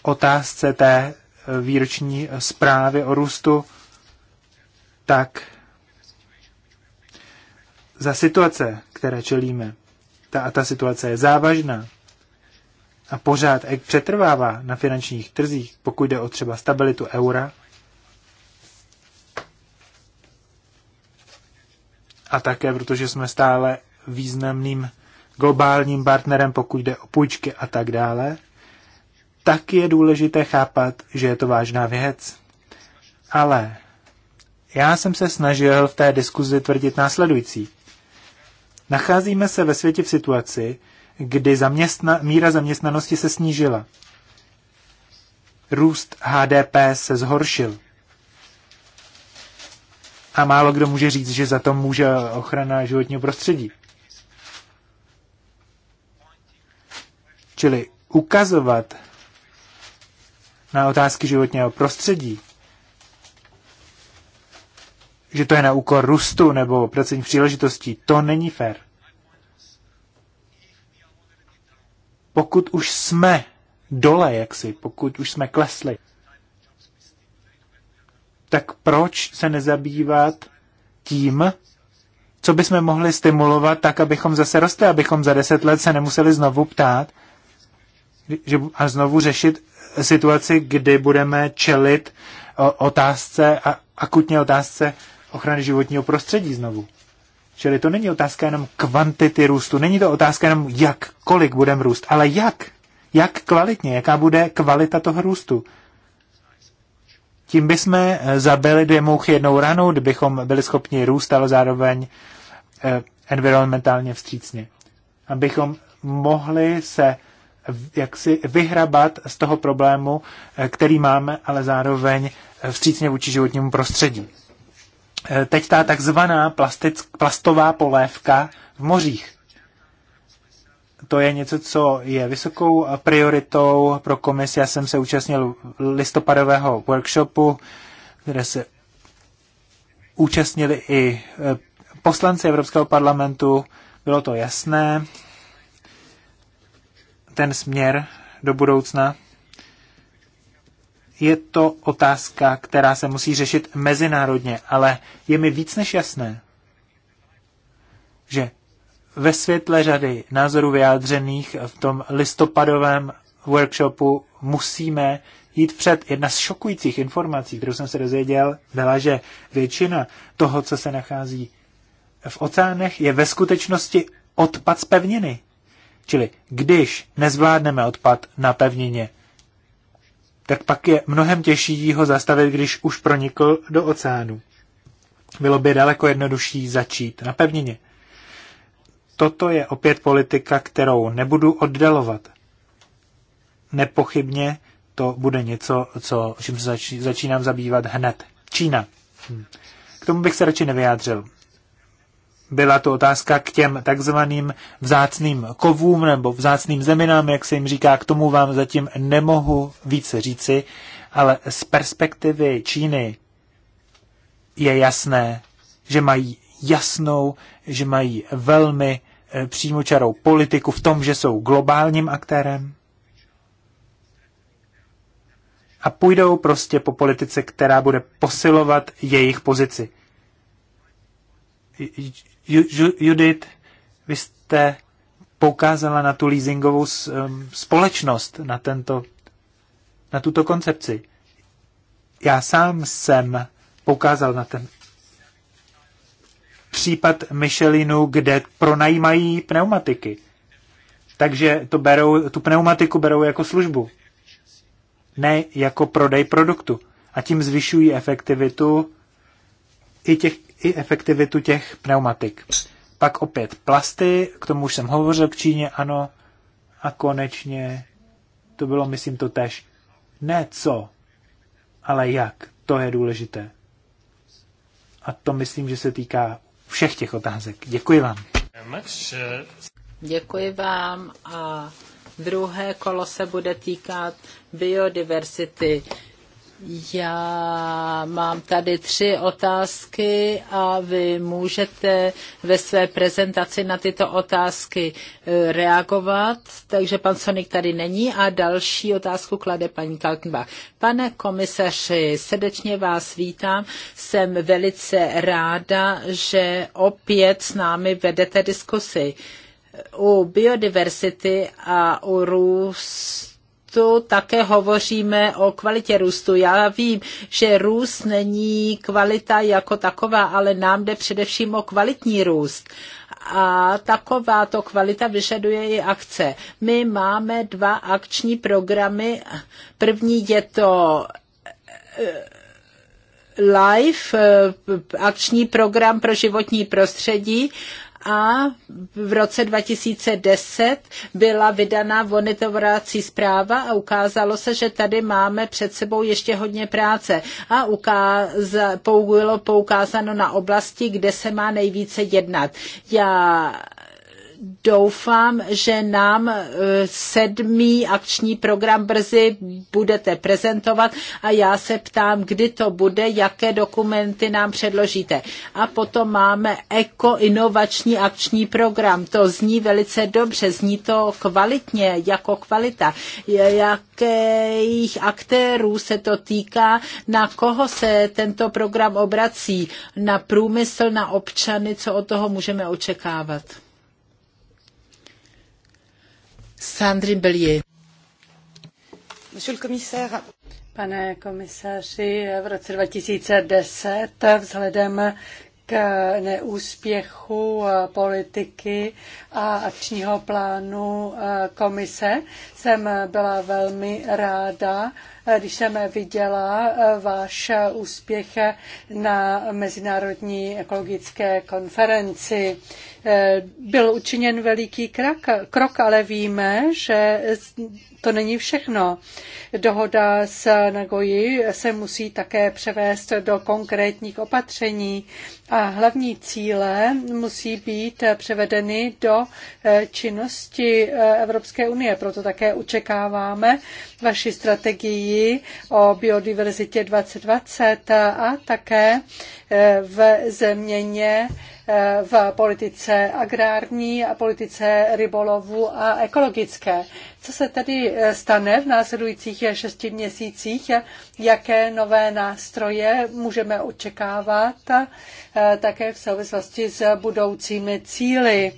otázce té e, výroční zprávy o růstu, tak za situace, které čelíme, ta, a ta situace je závažná a pořád e, přetrvává na finančních trzích, pokud jde o třeba stabilitu eura, a také protože jsme stále významným globálním partnerem, pokud jde o půjčky a tak dále, tak je důležité chápat, že je to vážná věc. Ale já jsem se snažil v té diskuzi tvrdit následující. Nacházíme se ve světě v situaci, kdy zaměstna, míra zaměstnanosti se snížila. Růst HDP se zhoršil. A málo kdo může říct, že za to může ochrana životního prostředí. Čili ukazovat na otázky životního prostředí, že to je na úkor růstu nebo pracovních příležitostí, to není fér. Pokud už jsme dole jaksi, pokud už jsme klesli, tak proč se nezabývat tím, co bychom mohli stimulovat tak, abychom zase rostli, abychom za deset let se nemuseli znovu ptát, že, a znovu řešit situaci, kdy budeme čelit otázce, a akutně otázce ochrany životního prostředí znovu. Čili to není otázka jenom kvantity růstu, není to otázka jenom jak, kolik budeme růst, ale jak, jak kvalitně, jaká bude kvalita toho růstu. Tím bychom eh, zabili dvě mouchy jednou ranou, kdybychom byli schopni růst, ale zároveň eh, environmentálně vstřícně. Abychom mohli se jak si vyhrabat z toho problému, eh, který máme, ale zároveň vstřícně vůči životnímu prostředí. Eh, teď ta takzvaná plastová polévka v mořích. To je něco, co je vysokou prioritou pro komisi. Já jsem se účastnil listopadového workshopu, kde se účastnili i eh, poslanci Evropského parlamentu. Bylo to jasné, ten směr do budoucna, je to otázka, která se musí řešit mezinárodně, ale je mi víc než jasné, že ve světle řady názorů vyjádřených v tom listopadovém workshopu musíme jít před. Jedna z šokujících informací, kterou jsem se dozvěděl, byla, že většina toho, co se nachází v oceánech, je ve skutečnosti odpad z pevniny. Čili když nezvládneme odpad na pevnině, tak pak je mnohem těžší ho zastavit, když už pronikl do oceánu. Bylo by daleko jednodušší začít na pevnině. Toto je opět politika, kterou nebudu oddalovat. Nepochybně to bude něco, co, čím se začínám zabývat hned. Čína. Hm. K tomu bych se radši nevyjádřil byla to otázka k těm takzvaným vzácným kovům nebo vzácným zeminám, jak se jim říká, k tomu vám zatím nemohu více říci, ale z perspektivy Číny je jasné, že mají jasnou, že mají velmi eh, přímočarou politiku v tom, že jsou globálním aktérem a půjdou prostě po politice, která bude posilovat jejich pozici Judith, vy jste poukázala na tu leasingovou společnost, na, tento, na tuto koncepci. Já sám jsem poukázal na ten případ Michelinu, kde pronajímají pneumatiky. Takže to berou, tu pneumatiku berou jako službu, ne jako prodej produktu. A tím zvyšují efektivitu i těch i efektivitu těch pneumatik. Pak opět plasty, k tomu už jsem hovořil k Číně, ano. A konečně to bylo, myslím, to tež. Ne co, ale jak, to je důležité. A to myslím, že se týká všech těch otázek. Děkuji vám. Děkuji vám a druhé kolo se bude týkat biodiverzity. Já mám tady tři otázky a vy můžete ve své prezentaci na tyto otázky eh, reagovat. Takže pan Sonik tady není a další otázku klade paní Kalkenbach. Pane komisaři, srdečně vás vítám. Jsem velice ráda, že opět s námi vedete diskusy. U biodiversity a u růst růstu také hovoříme o kvalitě růstu. Já vím, že růst není kvalita jako taková, ale nám jde především o kvalitní růst a takováto kvalita vyžaduje i akce. My máme dva akční programy. První je to eh, LIFE, eh, akční program pro životní prostředí a v roce 2010 byla vydaná monitorovací zpráva a ukázalo se, že tady máme před sebou ještě hodně práce a ukáz, bylo poukázáno na oblasti, kde se má nejvíce jednat. Já doufám, že nám e, sedmý akční program brzy budete prezentovat a já se ptám, kdy to bude, jaké dokumenty nám předložíte. A potom máme ekoinovační akční program. To zní velice dobře, zní to kvalitně, jako kvalita. Jakých aktérů se to týká, na koho se tento program obrací, na průmysl, na občany, co od toho můžeme očekávat? Sandrine Bellier. Pane komisaři, v roce 2010 vzhledem k neúspěchu eh, politiky a akčního plánu eh, komise jsem byla velmi ráda, když jsem viděla eh, váš úspěch na Mezinárodní ekologické konferenci. Eh, byl učiněn veliký krok, krok, ale víme, že to není všechno. Dohoda s Nagoji se musí také převést do konkrétních opatření a hlavní cíle musí být převedeny do eh, činnosti Evropské unie. Proto také očekáváme vaši strategii strategii o biodiverzitě 2020 a také eh, v změně eh, v politice agrární a politice rybolovu a ekologické. Co se tedy eh, stane v následujících šesti měsících? Jaké nové nástroje můžeme očekávat také v souvislosti s budoucími cíly?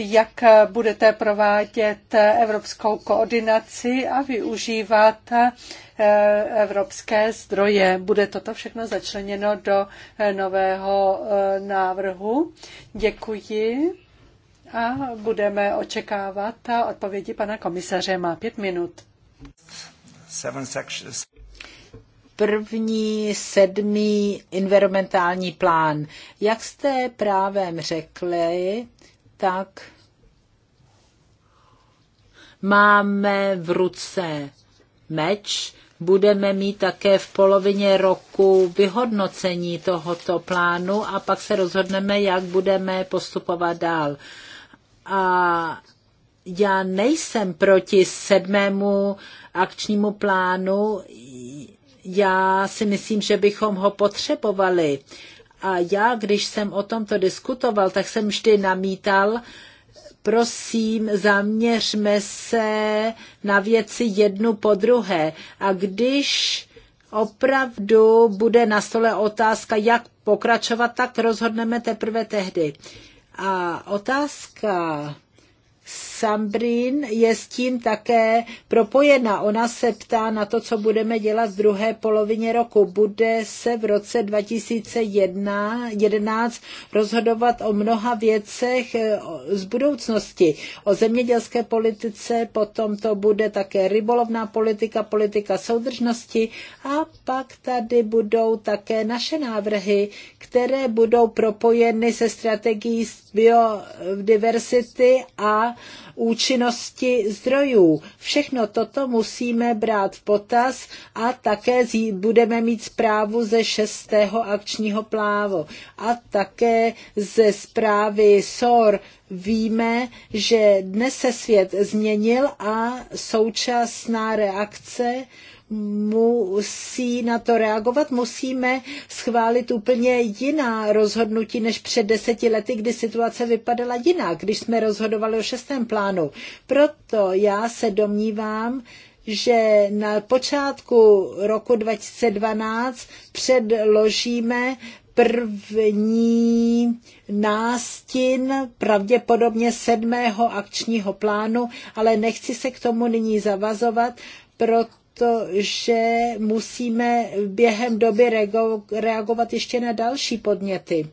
jak budete provádět evropskou koordinaci a využívat Eh, evropské zdroje. Bude toto všechno začleněno do eh, nového eh, návrhu. Děkuji a budeme očekávat odpovědi pana komisaře. Má pět minut. první sedmý environmentální plán. Jak jste právě řekli, tak máme v ruce meč, budeme mít také v polovině roku vyhodnocení tohoto plánu a pak se rozhodneme, jak budeme postupovat dál. A já nejsem proti sedmému akčnímu plánu, já si myslím, že bychom ho potřebovali. A já, když jsem o tomto diskutoval, tak jsem vždy namítal, prosím, zaměřme se na věci jednu po druhé. A když opravdu bude na stole otázka, jak pokračovat, tak rozhodneme teprve tehdy. A otázka Sambrin je s tím také propojena. Ona se ptá na to, co budeme dělat v druhé polovině roku. Bude se v roce 2011 rozhodovat o mnoha věcech eh, z budoucnosti. O zemědělské politice, potom to bude také rybolovná politika, politika soudržnosti a pak tady budou také naše návrhy, které budou propojeny se strategií biodiverzity a účinnosti zdrojů. Všechno toto musíme brát v potaz a také budeme mít zprávu ze šestého akčního plávu. A také ze zprávy SOR víme, že dnes se svět změnil a současná reakce musí na to reagovat, musíme schválit úplně jiná rozhodnutí než před deseti lety, kdy situace vypadala jinak, když jsme rozhodovali o šestém plánu. Proto já se domnívám, že na počátku roku 2012 předložíme první nástin pravděpodobně sedmého akčního plánu, ale nechci se k tomu nyní zavazovat, proto to, že musíme během doby reagovat ještě na další podněty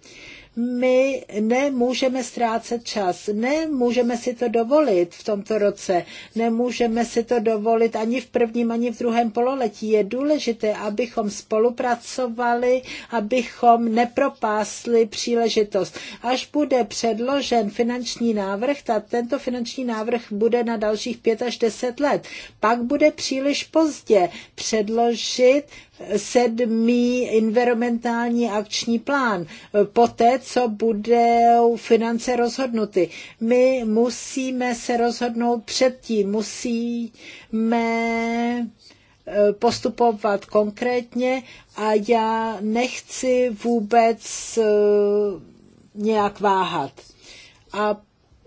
my nemůžeme ztrácet čas, nemůžeme si to dovolit v tomto roce, nemůžeme si to dovolit ani v prvním, ani v druhém pololetí. Je důležité, abychom spolupracovali, abychom nepropásli příležitost. Až bude předložen finanční návrh, tak tento finanční návrh bude na dalších pět až deset let. Pak bude příliš pozdě předložit sedmý environmentální akční plán, eh, poté, co budou finance rozhodnuty. My musíme se rozhodnout předtím, musíme eh, postupovat konkrétně a já nechci vůbec eh, nějak váhat. A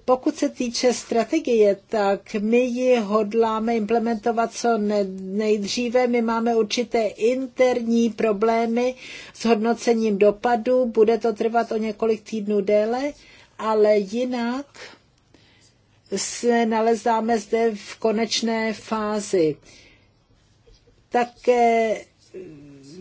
pokud se týče strategie, tak my ji hodláme implementovat co nejdříve. My máme určité interní problémy s hodnocením dopadu. Bude to trvat o několik týdnů déle, ale jinak se nalezáme zde v konečné fázi. Také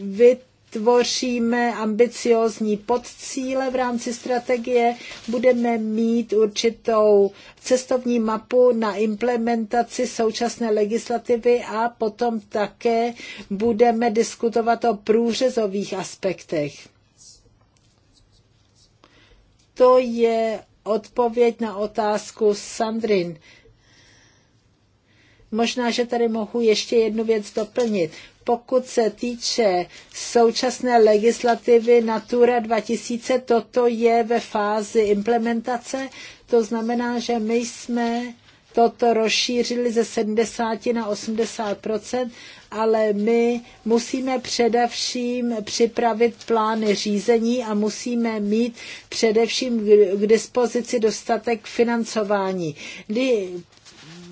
vy vytvoříme ambiciozní podcíle v rámci strategie, budeme mít určitou cestovní mapu na implementaci současné legislativy a potom také budeme diskutovat o průřezových aspektech. To je odpověď na otázku Sandrin. Možná, že tady mohu ještě jednu věc doplnit pokud se týče současné legislativy Natura 2000, toto je ve fázi implementace. To znamená, že my jsme toto rozšířili ze 70 na 80 ale my musíme především připravit plány řízení a musíme mít především k dispozici dostatek financování. Kdy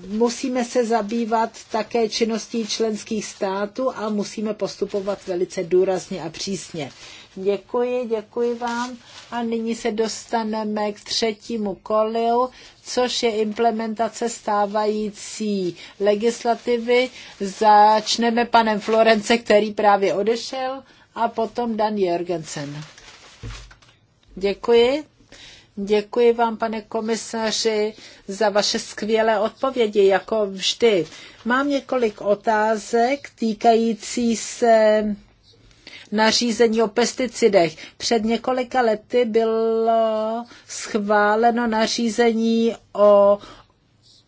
musíme se zabývat také činností členských států a musíme postupovat velice důrazně a přísně. Děkuji, děkuji vám. A nyní se dostaneme k třetímu kolu, což je implementace stávající legislativy. Začneme panem Florence, který právě odešel, a potom Dan Jorgensen. Děkuji. Děkuji vám, pane komisaři, za vaše skvělé odpovědi, jako vždy. Mám několik otázek týkající se nařízení o pesticidech. Před několika lety bylo schváleno nařízení o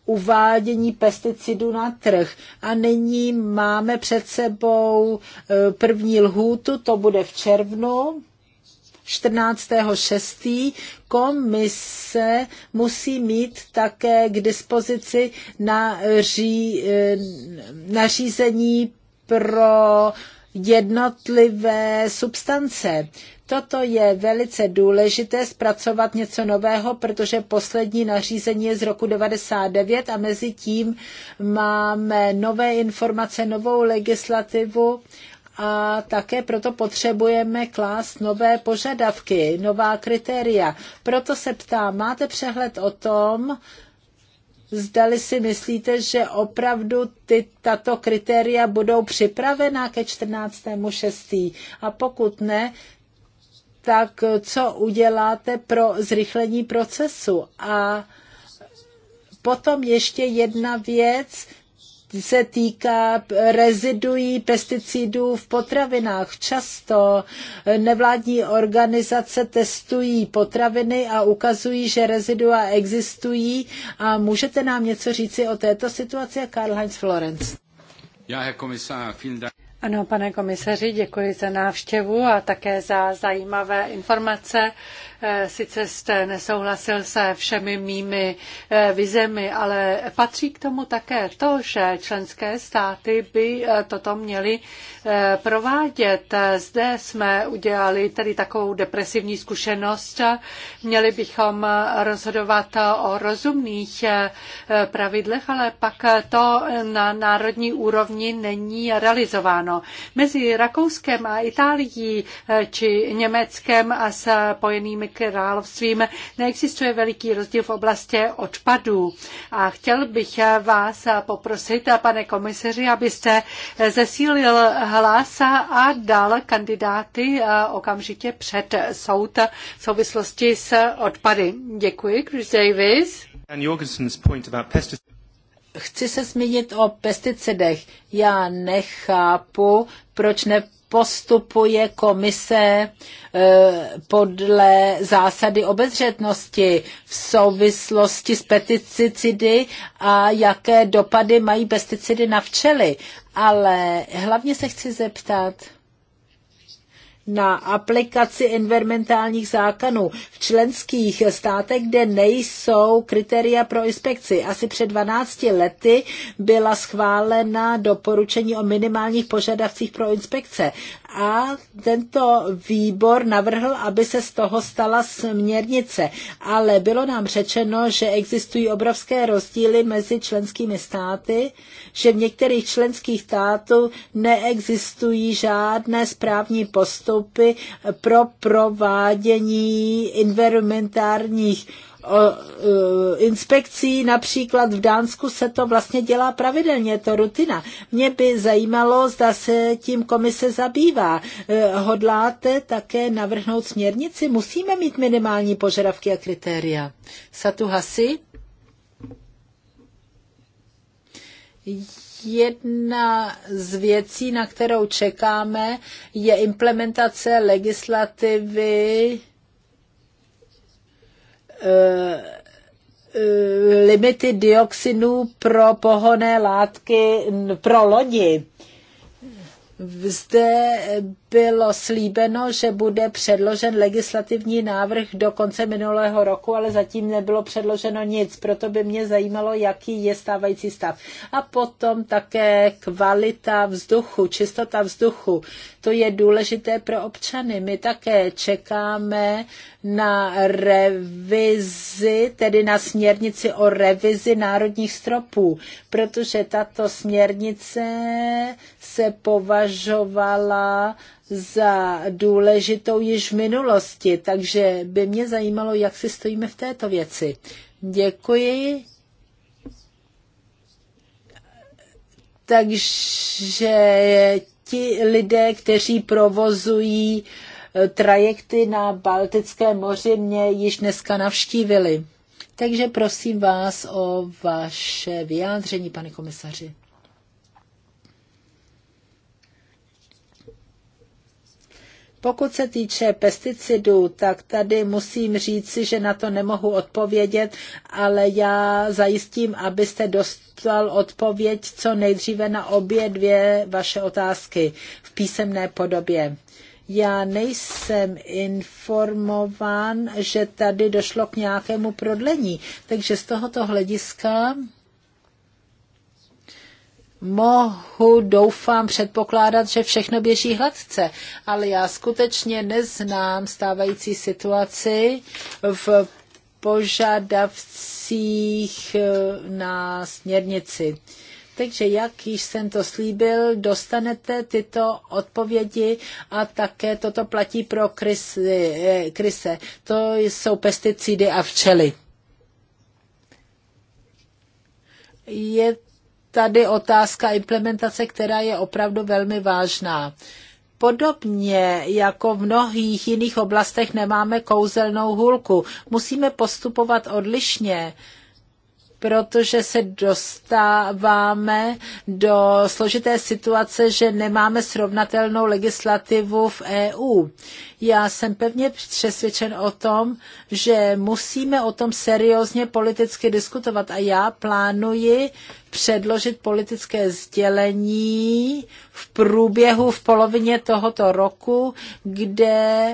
uvádění pesticidů na trh. A nyní máme před sebou eh, první lhůtu, to bude v červnu. 14.6. komise musí mít také k dispozici na ří, eh, nařízení pro jednotlivé substance. Toto je velice důležité zpracovat něco nového, protože poslední nařízení je z roku 99 a mezi tím máme nové informace, novou legislativu a také proto potřebujeme klást nové požadavky, nová kritéria. Proto se ptám, máte přehled o tom, zdali si myslíte, že opravdu ty, tato kritéria budou připravená ke 14.6. A pokud ne, tak co uděláte pro zrychlení procesu? A potom ještě jedna věc, se týká rezidují pesticidů v potravinách. Často nevládní organizace testují potraviny a ukazují, že rezidua existují. A můžete nám něco říci o této situaci? Karl Heinz Florence. Já, je komisář, Ano, pane komisaři, děkuji za návštěvu a také za zajímavé informace Eh, sice jste nesouhlasil se všemi mými eh, vizemi, ale patří k tomu také to, že členské státy by eh, toto měly provádět. Zde jsme udělali tedy takovou depresivní zkušenost. Měli bychom rozhodovat o rozumných pravidlech, ale pak to na národní úrovni není realizováno. Mezi Rakouskem a Itálií či Německem a spojenými královstvím neexistuje veliký rozdíl v oblasti odpadů. A chtěl bych vás poprosit, pane komisaři, abyste zesílil hlas a dal kandidáty okamžitě před soud v souvislosti s odpady. Děkuji, Chris Davis. chci se zmínit o pesticidech. Já nechápu, proč ne postupuje komise e, podle zásady obezřetnosti v souvislosti s pesticidy a jaké dopady mají pesticidy na včely. Ale hlavně se chci zeptat, na aplikaci environmentálních zákonů v členských státech, kde nejsou kritéria pro inspekci. Asi před 12 lety byla schválena doporučení o minimálních požadavcích pro inspekce a tento výbor navrhl, aby se z toho stala směrnice. Ale bylo nám řečeno, že existují obrovské rozdíly mezi členskými státy, že v některých členských států neexistují žádné správní postupy pro provádění environmentálních E, inspekcí, například v Dánsku se to vlastně dělá pravidelně, je to rutina. Mě by zajímalo, zda se tím komise zabývá. E, hodláte také navrhnout směrnici? Musíme mít minimální požadavky a kritéria. Satu Hasi? jedna z věcí, na kterou čekáme, je implementace legislativy Eh, eh, limity dioxinů pro pohoné látky pro lodi. Zde bylo slíbeno, že bude předložen legislativní návrh do konce minulého roku, ale zatím nebylo předloženo nic, proto by mě zajímalo, jaký je stávající stav. A potom také kvalita vzduchu, čistota vzduchu. To je důležité pro občany. My také čekáme na revizi, tedy na směrnici o revizi národních stropů, protože tato směrnice se považovala za důležitou již v minulosti, takže by mě zajímalo, jak si stojíme v této věci. Děkuji. Takže ti lidé, kteří provozují eh, trajekty na Baltické moři, mě již dneska navštívili. Takže prosím vás o vaše vyjádření, pane komisaři. Pokud se týče pesticidů, tak tady musím říci, že na to nemohu odpovědět, ale já zajistím, abyste dostal odpověď co nejdříve na obě dvě vaše otázky v písemné podobě. Já nejsem informován, že tady došlo k nějakému prodlení, takže z tohoto hlediska mohu, doufám, předpokládat, že všechno běží hladce, ale já skutečně neznám stávající situaci v požadavcích eh, na směrnici. Takže jak již jsem to slíbil, dostanete tyto odpovědi a také toto platí pro eh, kryse. To jsou pesticidy a včely. Je tady otázka implementace, která je opravdu velmi vážná. Podobně jako v mnohých jiných oblastech nemáme kouzelnou hůlku. Musíme postupovat odlišně protože se dostáváme do složité situace, že nemáme srovnatelnou legislativu v EU. Já jsem pevně přesvědčen o tom, že musíme o tom seriózně politicky diskutovat a já plánuji předložit politické sdělení v průběhu v polovině tohoto roku, kde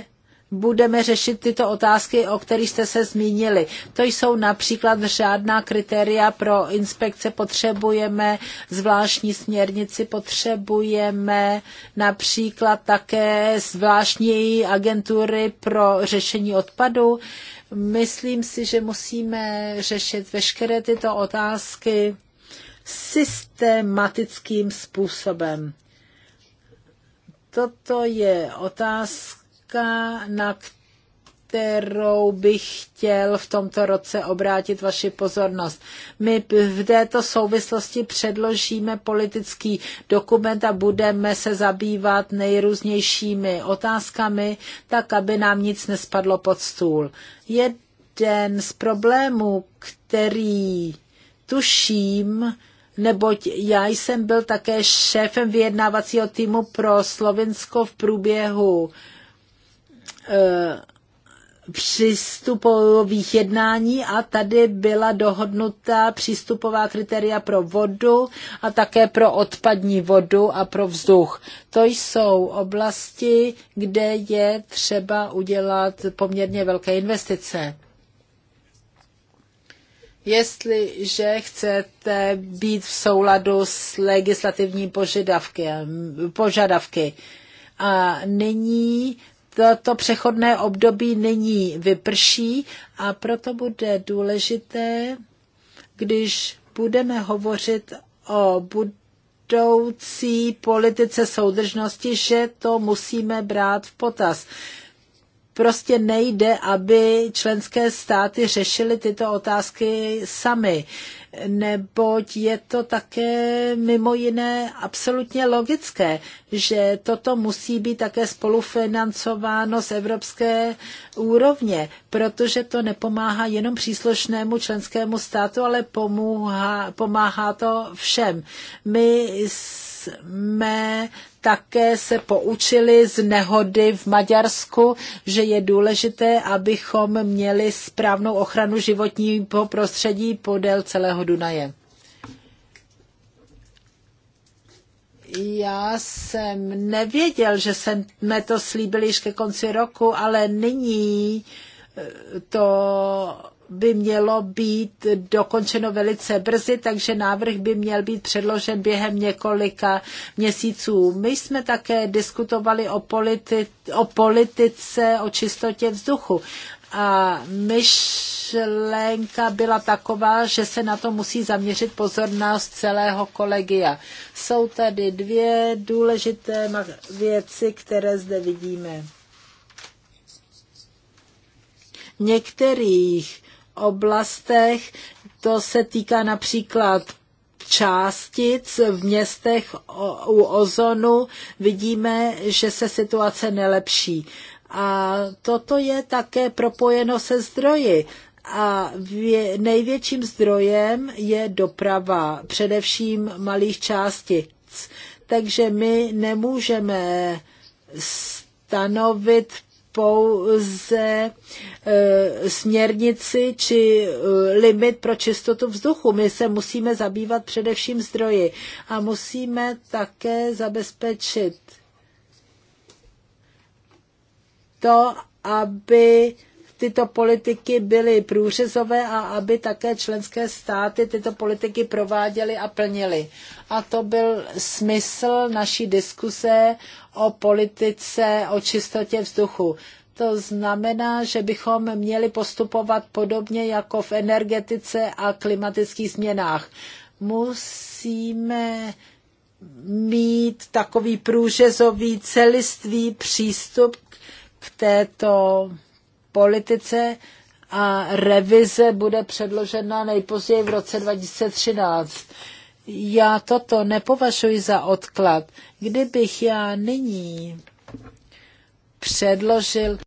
budeme řešit tyto otázky, o kterých jste se zmínili. To jsou například řádná kritéria pro inspekce. Potřebujeme zvláštní směrnici, potřebujeme například také zvláštní agentury pro řešení odpadu. Myslím si, že musíme řešit veškeré tyto otázky systematickým způsobem. Toto je otázka, otázka, na kterou bych chtěl v tomto roce obrátit vaši pozornost. My v této souvislosti předložíme politický dokument a budeme se zabývat nejrůznějšími otázkami, tak aby nám nic nespadlo pod stůl. Jeden z problémů, který tuším, neboť já jsem byl také šéfem vyjednávacího týmu pro Slovinsko v průběhu Eh, přístupových jednání a tady byla dohodnuta přístupová kritéria pro vodu a také pro odpadní vodu a pro vzduch. To jsou oblasti, kde je třeba udělat poměrně velké investice. Jestliže chcete být v souladu s legislativní požadavky, požadavky. A nyní toto přechodné období nyní vyprší a proto bude důležité, když budeme hovořit o budoucí politice soudržnosti, že to musíme brát v potaz prostě nejde, aby členské státy řešily tyto otázky sami, neboť je to také mimo jiné absolutně logické, že toto musí být také spolufinancováno z evropské úrovně, protože to nepomáhá jenom příslušnému členskému státu, ale pomáhá, pomáhá to všem. My jsme také se poučili z nehody v Maďarsku, že je důležité, abychom měli správnou ochranu životního prostředí podél celého Dunaje. Já jsem nevěděl, že jsme to slíbili již ke konci roku, ale nyní to by mělo být dokončeno velice brzy, takže návrh by měl být předložen během několika měsíců. My jsme také diskutovali o, politi- o politice, o čistotě vzduchu. A myšlenka byla taková, že se na to musí zaměřit pozornost celého kolegia. Jsou tady dvě důležité věci, které zde vidíme. některých oblastech. To se týká například částic v městech u ozonu. Vidíme, že se situace nelepší. A toto je také propojeno se zdroji a největším zdrojem je doprava, především malých částic. Takže my nemůžeme stanovit pouze e, směrnici či e, limit pro čistotu vzduchu. My se musíme zabývat především zdroji a musíme také zabezpečit to, aby tyto politiky byly průřezové a aby také členské státy tyto politiky prováděly a plnily. A to byl smysl naší diskuse o politice, o čistotě vzduchu. To znamená, že bychom měli postupovat podobně jako v energetice a klimatických změnách. Musíme mít takový průřezový celistvý přístup k této politice a revize bude předložena nejpozději v roce 2013. Já toto nepovažuji za odklad. Kdybych já nyní předložil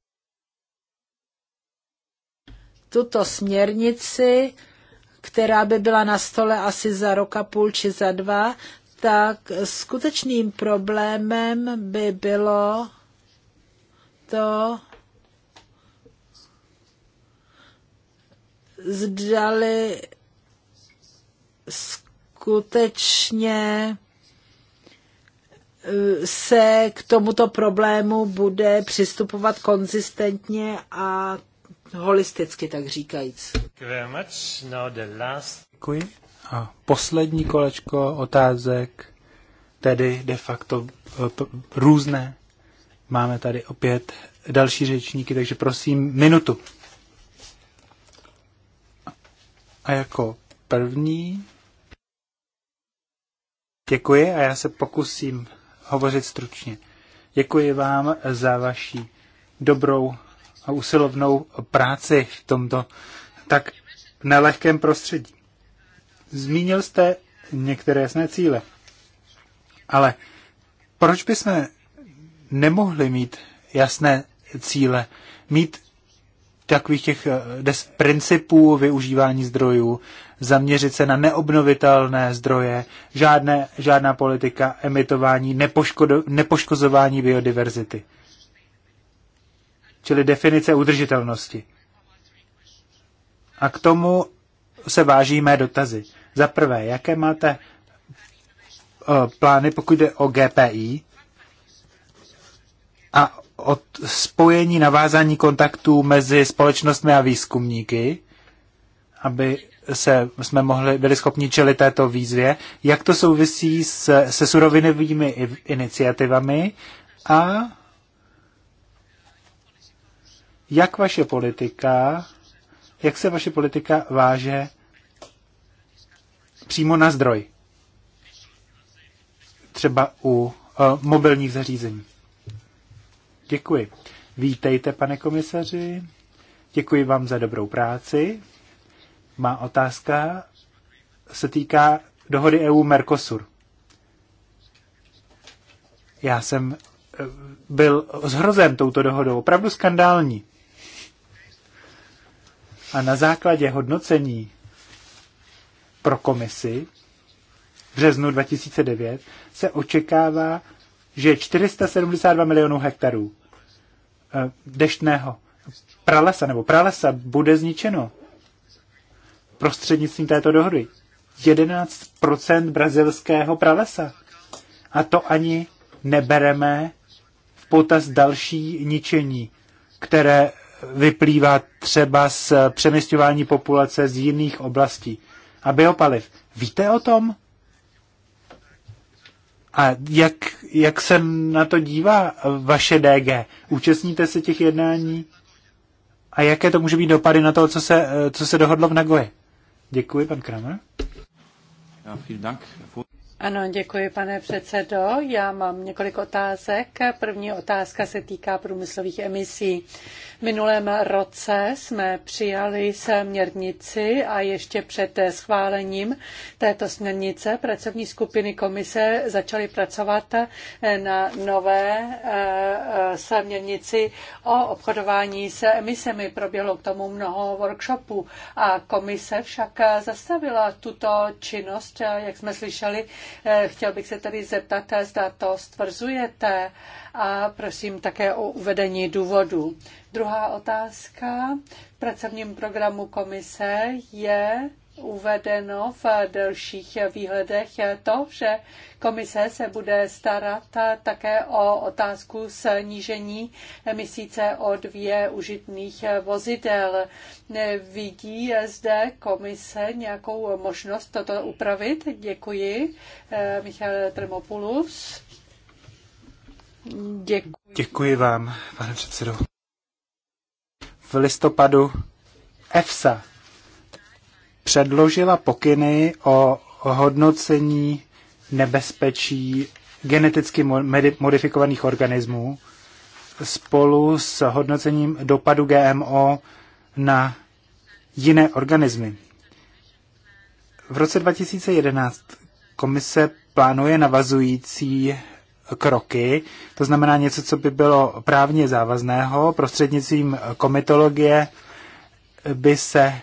tuto směrnici, která by byla na stole asi za roka půl či za dva, tak skutečným problémem by bylo to, zdali skutečně eh, se k tomuto problému bude přistupovat konzistentně a holisticky, tak říkajíc. Děkuji. A poslední kolečko otázek, tedy de facto eh, různé. Máme tady opět další řečníky, takže prosím minutu. A jako první děkuji a já se pokusím hovořit stručně. Děkuji vám za vaši dobrou a usilovnou práci v tomto tak nelehkém prostředí. Zmínil jste některé jasné cíle, ale proč bychom nemohli mít jasné cíle, mít takových těch eh, des principů využívání zdrojů, zaměřit se na neobnovitelné zdroje, žádné, žádná politika emitování, nepoškodo, nepoškozování biodiverzity. Čili definice udržitelnosti. A k tomu se váží mé dotazy. Za prvé, jaké máte eh, plány, pokud jde o GPI a od spojení, navázání kontaktů mezi společnostmi a výzkumníky, aby se, jsme mohli, byli schopni čelit této výzvě, jak to souvisí se, se surovinovými iniciativami a jak vaše politika, jak se vaše politika váže přímo na zdroj, třeba u uh, mobilních zařízení. Děkuji. Vítejte, pane komisaři. Děkuji vám za dobrou práci. Má otázka se týká dohody EU-Mercosur. Já jsem eh, byl zhrozen touto dohodou, opravdu skandální. A na základě hodnocení pro komisi v březnu 2009 se očekává že 472 milionů hektarů eh, deštného pralesa nebo pralesa bude zničeno prostřednictvím této dohody. 11% brazilského pralesa. A to ani nebereme v potaz další ničení, které vyplývá třeba z přeměstňování populace z jiných oblastí. A biopaliv. Víte o tom? A jak, jak se na to dívá vaše DG? Účastníte se těch jednání? A jaké to může být dopady na to, co se, co se dohodlo v Nagoji? Děkuji, pan Kramer. Ano, děkuji, pane předsedo. Já mám několik otázek. První otázka se týká průmyslových emisí minulém roce jsme přijali směrnici a ještě před schválením této směrnice pracovní skupiny komise začaly pracovat na nové eh, směrnici o obchodování s emisemi. Proběhlo k tomu mnoho workshopů a komise však zastavila tuto činnost, jak jsme slyšeli. Eh, chtěl bych se tedy zeptat, zda to stvrzujete a prosím také o uvedení důvodu. Druhá otázka. V pracovním programu komise je uvedeno v delších výhledech to, že komise se bude starat také o otázku snížení emisí CO2 užitných vozidel. Vidí zde komise nějakou možnost toto upravit? Děkuji. Eh, Michal Tremopoulos. Děkuji. Děkuji vám, pane předsedo. V listopadu EFSA předložila pokyny o hodnocení nebezpečí geneticky modifikovaných organismů spolu s hodnocením dopadu GMO na jiné organismy. V roce 2011 komise plánuje navazující kroky, to znamená něco, co by bylo právně závazného, prostřednictvím komitologie by se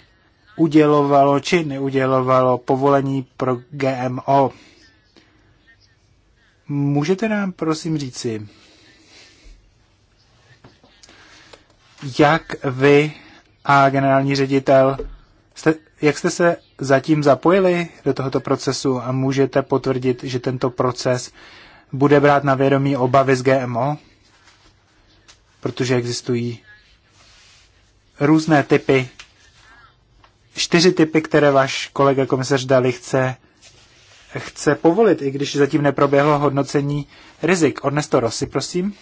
udělovalo či neudělovalo povolení pro GMO. Můžete nám prosím říci, jak vy a generální ředitel, jste, jak jste se zatím zapojili do tohoto procesu a můžete potvrdit, že tento proces bude brát na vědomí obavy z GMO, protože existují různé typy, čtyři typy, které váš kolega komisař Dali chce, chce povolit, i když zatím neproběhlo hodnocení rizik. Odnes to prosím.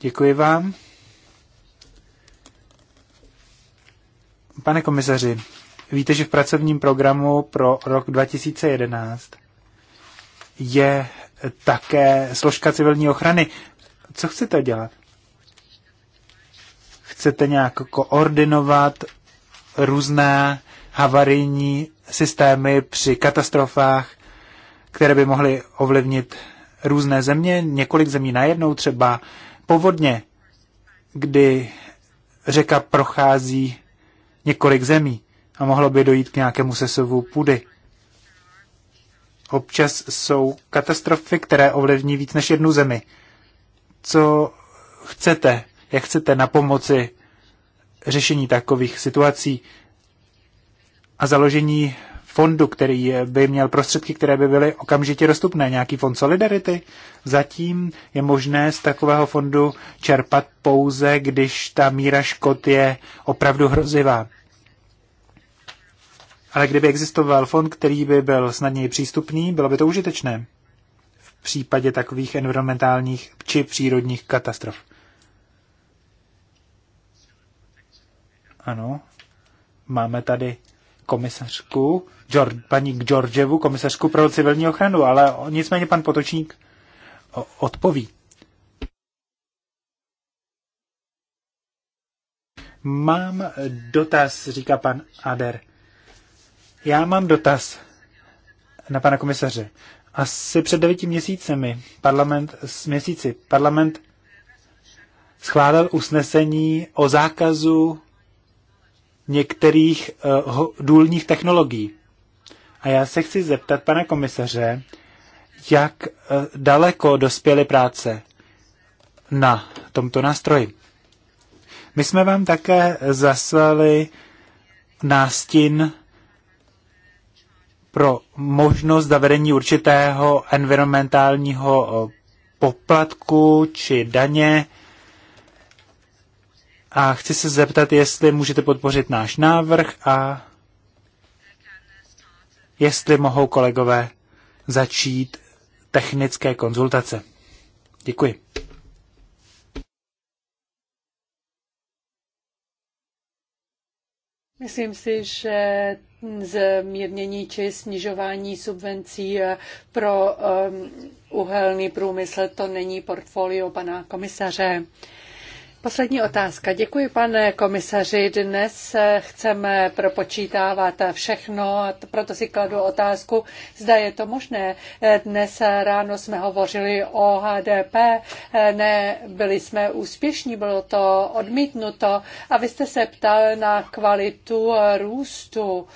Děkuji vám. Pane komisaři, víte, že v pracovním programu pro rok 2011 je také složka civilní ochrany. Co chcete dělat? Chcete nějak koordinovat různé havarijní systémy při katastrofách, které by mohly ovlivnit různé země, několik zemí najednou, třeba povodně, kdy řeka prochází několik zemí a mohlo by dojít k nějakému sesovu půdy. Občas jsou katastrofy, které ovlivní víc než jednu zemi. Co chcete, jak chcete na pomoci řešení takových situací a založení fondu, který by měl prostředky, které by byly okamžitě dostupné, nějaký fond solidarity. Zatím je možné z takového fondu čerpat pouze, když ta míra škod je opravdu hrozivá. Ale kdyby existoval fond, který by byl snadněji přístupný, bylo by to užitečné v případě takových environmentálních či přírodních katastrof. Ano, máme tady komisařku, paní Georgevu, komisařku pro civilní ochranu, ale nicméně pan Potočník odpoví. Mám dotaz, říká pan Ader. Já mám dotaz na pana komisaře. Asi před devíti měsícemi parlament, měsíci parlament schválil usnesení o zákazu některých uh, důlních technologií. A já se chci zeptat pana komisaře, jak uh, daleko dospěly práce na tomto nástroji. My jsme vám také zaslali nástin pro možnost zavedení určitého environmentálního eh, poplatku či daně. A chci se zeptat, jestli můžete podpořit náš návrh a jestli mohou kolegové začít technické konzultace. Děkuji. Myslím si, že zmírnění či snižování subvencí pro um, uhelný průmysl to není portfolio pana komisaře. Poslední otázka. Děkuji, pane komisaři. Dnes eh, chceme propočítávat všechno, proto si kladu otázku, zda je to možné. Eh, dnes ráno jsme hovořili o HDP, eh, ne, byli jsme úspěšní, bylo to odmítnuto a vy jste se ptal na kvalitu růstu,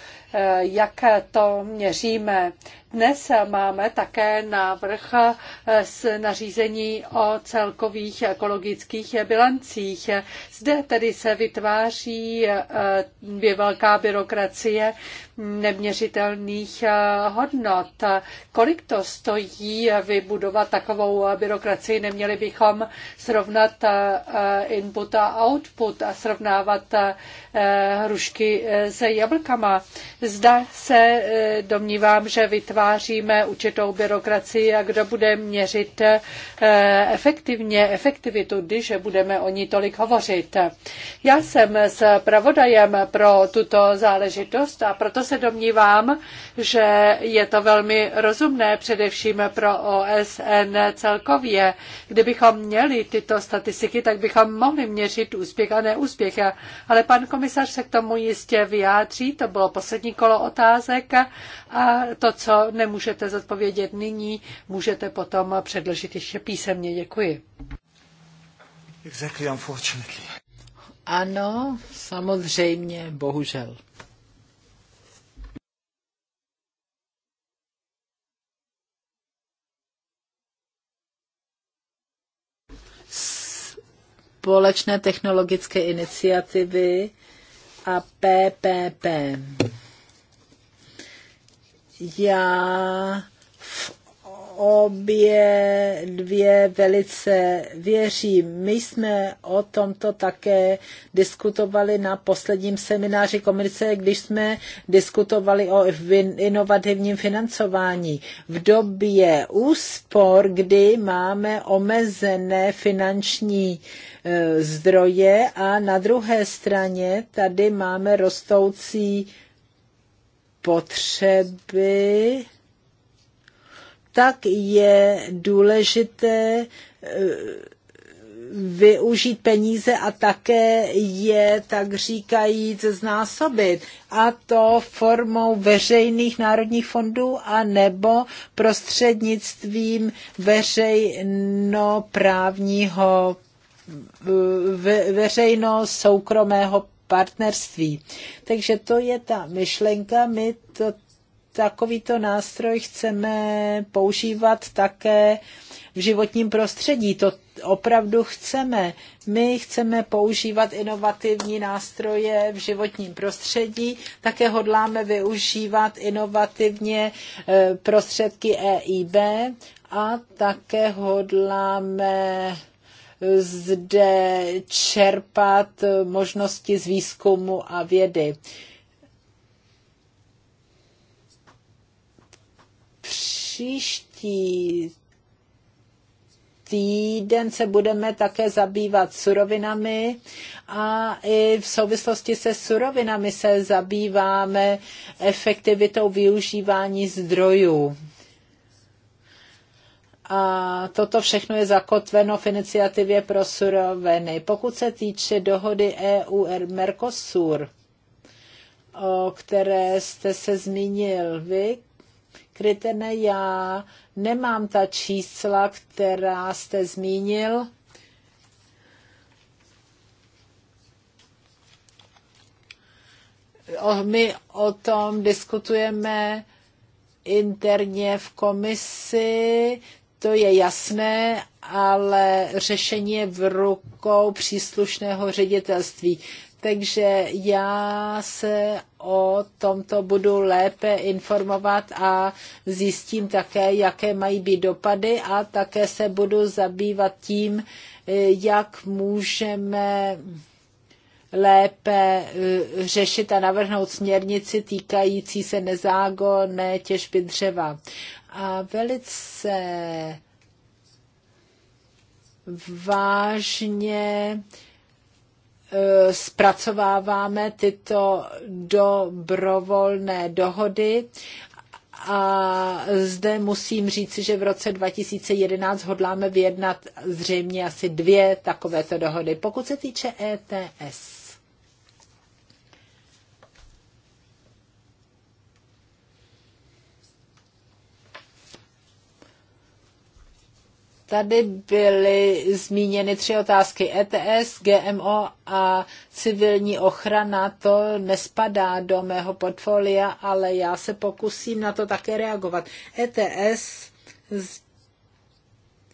jak to měříme. Dnes máme také návrh eh, s nařízení o celkových ekologických bilancích. Zde tedy se vytváří eh, velká byrokracie neměřitelných eh, hodnot. Kolik to stojí vybudovat takovou byrokracii? Neměli bychom srovnat input a output a srovnávat hrušky se jablkama. Zda se domnívám, že vytváří vytváříme určitou byrokracii a kdo bude měřit eh, efektivně efektivitu, když budeme o ní tolik hovořit. Já jsem s pravodajem pro tuto záležitost a proto se domnívám, že je to velmi rozumné především pro OSN celkově. Kdybychom měli tyto statistiky, tak bychom mohli měřit úspěch a neúspěch. Ale pan komisař se k tomu jistě vyjádří, to bylo poslední kolo otázek a to, co nemůžete zodpovědět nyní, můžete potom předložit ještě písemně. Děkuji. Exactly, unfortunately. Ano, samozřejmě, bohužel. Společné technologické iniciativy a PPP. Já v obě dvě velice věřím. My jsme o tomto také diskutovali na posledním semináři komise, když jsme diskutovali o inovativním financování. V době úspor, kdy máme omezené finanční e, zdroje a na druhé straně tady máme rostoucí potřeby, tak je důležité eh, využít peníze a také je, tak říkajíc, znásobit. A to formou veřejných národních fondů a nebo prostřednictvím veřejnoprávního eh, ve, veřejno-soukromého partnerství. Takže to je ta myšlenka, my to, takovýto nástroj chceme používat také v životním prostředí. To opravdu chceme. My chceme používat inovativní nástroje v životním prostředí, také hodláme využívat inovativně e, prostředky EIB a také hodláme zde čerpat možnosti z výzkumu a vědy. Příští týden se budeme také zabývat surovinami a i v souvislosti se surovinami se zabýváme efektivitou využívání zdrojů a toto všechno je zakotveno v iniciativě pro suroviny. Pokud se týče dohody EU-Mercosur, o které jste se zmínil vy, Krytene, já nemám ta čísla, která jste zmínil. My o tom diskutujeme interně v komisi to je jasné, ale řešení je v rukou příslušného ředitelství. Takže já se o tomto budu lépe informovat a zjistím také, jaké mají být dopady a také se budu zabývat tím, jak můžeme lépe eh, řešit a navrhnout směrnici týkající se nezákonné těžby dřeva a velice vážně e, zpracováváme tyto dobrovolné dohody a zde musím říci, že v roce 2011 hodláme vyjednat zřejmě asi dvě takovéto dohody. Pokud se týče ETS, Tady byly zmíněny tři otázky. ETS, GMO a civilní ochrana, to nespadá do mého portfolia, ale já se pokusím na to také reagovat. ETS,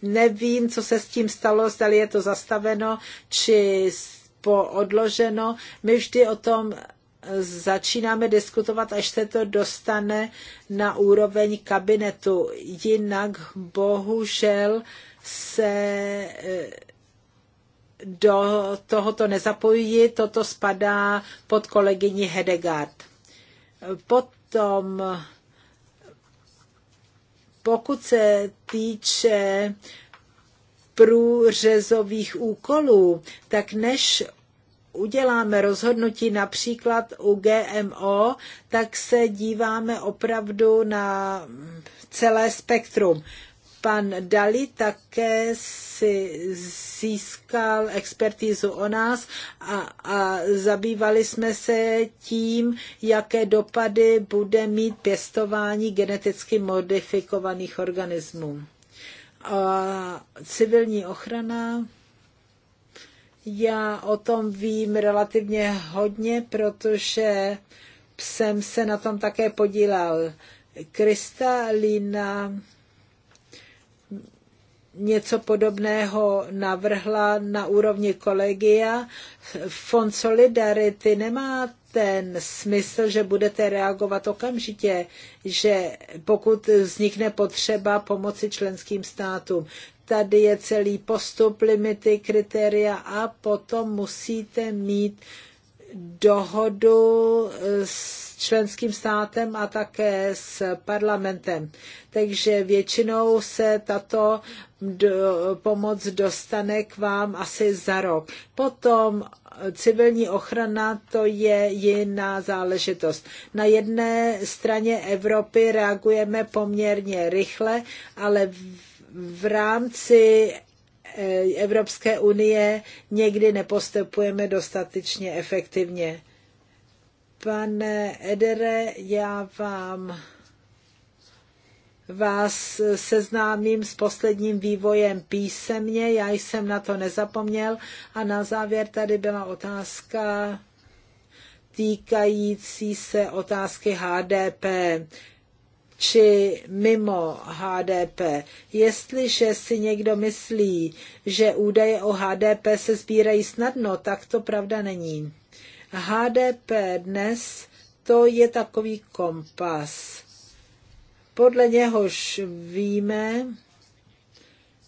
nevím, co se s tím stalo, zda je to zastaveno či odloženo. My vždy o tom začínáme diskutovat, až se to dostane na úroveň kabinetu. Jinak bohužel se eh, do tohoto nezapojí, toto spadá pod kolegyni Hedegard. Potom, pokud se týče průřezových úkolů, tak než uděláme rozhodnutí například u GMO, tak se díváme opravdu na celé spektrum pan Dali také si získal expertizu o nás a, a zabývali jsme se tím, jaké dopady bude mít pěstování geneticky modifikovaných organismů. A civilní ochrana. Já o tom vím relativně hodně, protože jsem se na tom také podílal. Kristalina něco podobného navrhla na úrovni kolegia. Fond Solidarity nemá ten smysl, že budete reagovat okamžitě, že pokud vznikne potřeba pomoci členským státům. Tady je celý postup, limity, kritéria a potom musíte mít uh, dohodu eh, s členským státem a také s parlamentem. Takže většinou se tato pomoc dostane k vám asi za rok. Potom eh, civilní ochrana to je jiná záležitost. Na jedné straně Evropy reagujeme poměrně rychle, ale v rámci Eh, Evropské unie někdy nepostupujeme dostatečně efektivně. Pane Edere, já vám vás seznámím s posledním vývojem písemně, já jsem na to nezapomněl. A na závěr tady byla otázka týkající se otázky HDP či mimo HDP. Jestliže si někdo myslí, že údaje o HDP se sbírají snadno, tak to pravda není. HDP dnes to je takový kompas. Podle něhož víme,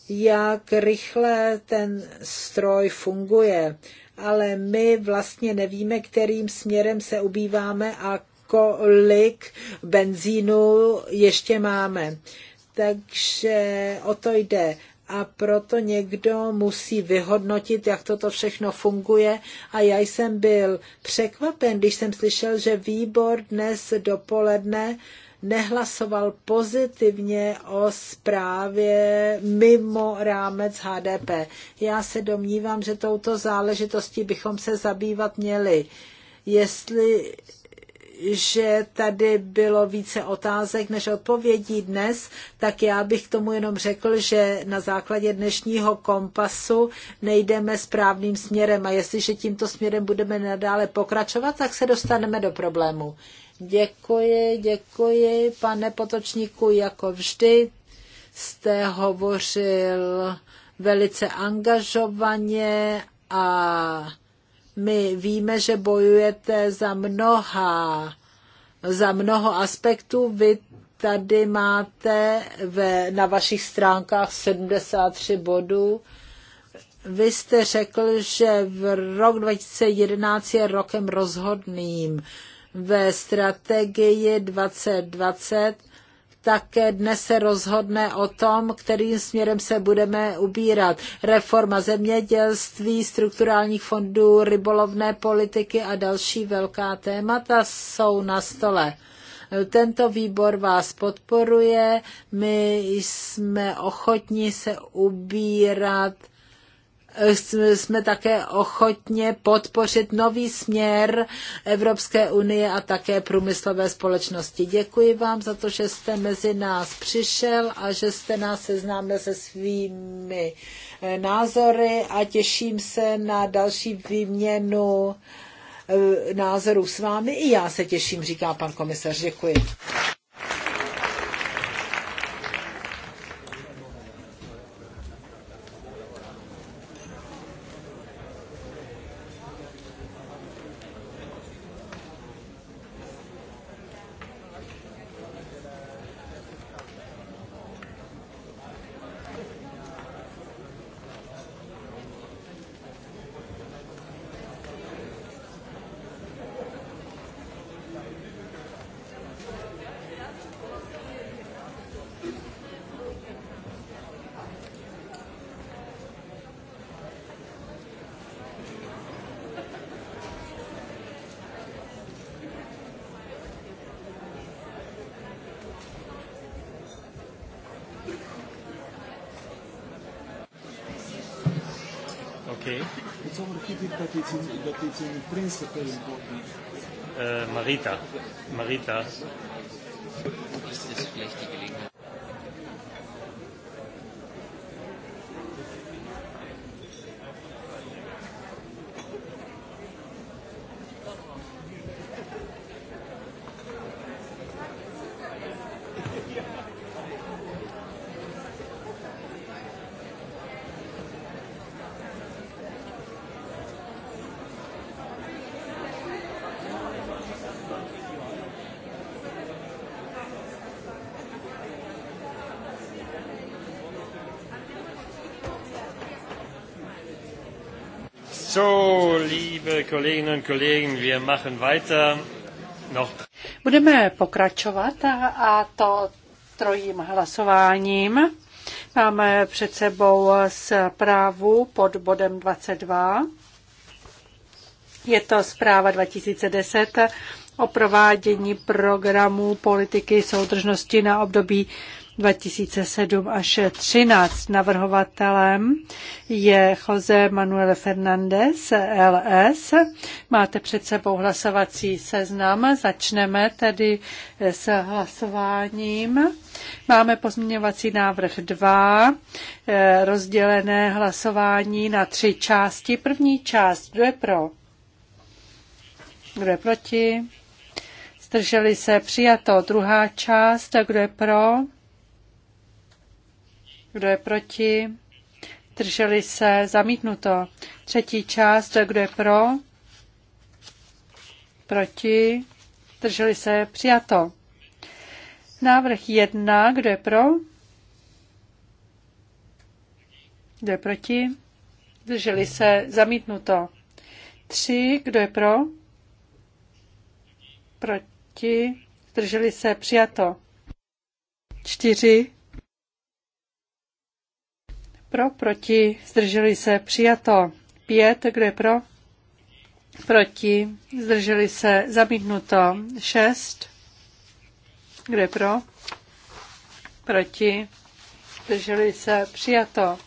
jak rychle ten stroj funguje, ale my vlastně nevíme, kterým směrem se ubýváme a kolik benzínu ještě máme. Takže o to jde a proto někdo musí vyhodnotit, jak toto všechno funguje. A já jsem byl překvapen, když jsem slyšel, že výbor dnes dopoledne nehlasoval pozitivně o zprávě mimo rámec HDP. Já se domnívám, že touto záležitostí bychom se zabývat měli. Jestli že tady bylo více otázek než odpovědí dnes, tak já bych k tomu jenom řekl, že na základě dnešního kompasu nejdeme správným směrem a jestliže tímto směrem budeme nadále pokračovat, tak se dostaneme do problému. Děkuji, děkuji, pane Potočníku, jako vždy jste hovořil velice angažovaně a my víme, že bojujete za mnoha, za mnoho aspektů. Vy tady máte ve, na vašich stránkách 73 bodů. Vy jste řekl, že v rok 2011 je rokem rozhodným. Ve strategii 2020 také dnes se rozhodne o tom, kterým směrem se budeme ubírat. Reforma zemědělství, strukturálních fondů, rybolovné politiky a další velká témata jsou na stole. Tento výbor vás podporuje, my jsme ochotni se ubírat jsme také ochotně podpořit nový směr Evropské unie a také průmyslové společnosti. Děkuji vám za to, že jste mezi nás přišel a že jste nás seznámil se svými eh, názory a těším se na další výměnu eh, názorů s vámi. I já se těším, říká pan komisař. Děkuji. Eh, Marita, Marita, So, liebe Kolleginnen und Kollegen, wir machen weiter. Budeme pokračovat a to trojím hlasováním. Máme před sebou zprávu pod bodem 22. Je to zpráva 2010 o provádění programu politiky soudržnosti na období 2007 až 13. Navrhovatelem je Jose Manuel Fernández LS. Máte před sebou hlasovací seznam. Začneme tedy s hlasováním. Máme pozměňovací návrh 2, eh, rozdělené hlasování na tři části. První část, kdo je pro? Kdo je proti? Zdrželi se přijato. Druhá část, kdo je pro? Kdo je proti? Drželi se zamítnuto. Třetí část, kdo je pro? Proti? Drželi se přijato. Návrh jedna, kdo je pro? Kdo je proti? Drželi se zamítnuto. Tři, kdo je pro? Proti? Drželi se přijato. Čtyři, pro, proti, zdrželi se, přijato. Pět, kdo je pro? Proti, zdrželi se, zamítnuto. Šest, kdo je pro? Proti, zdrželi se, přijato.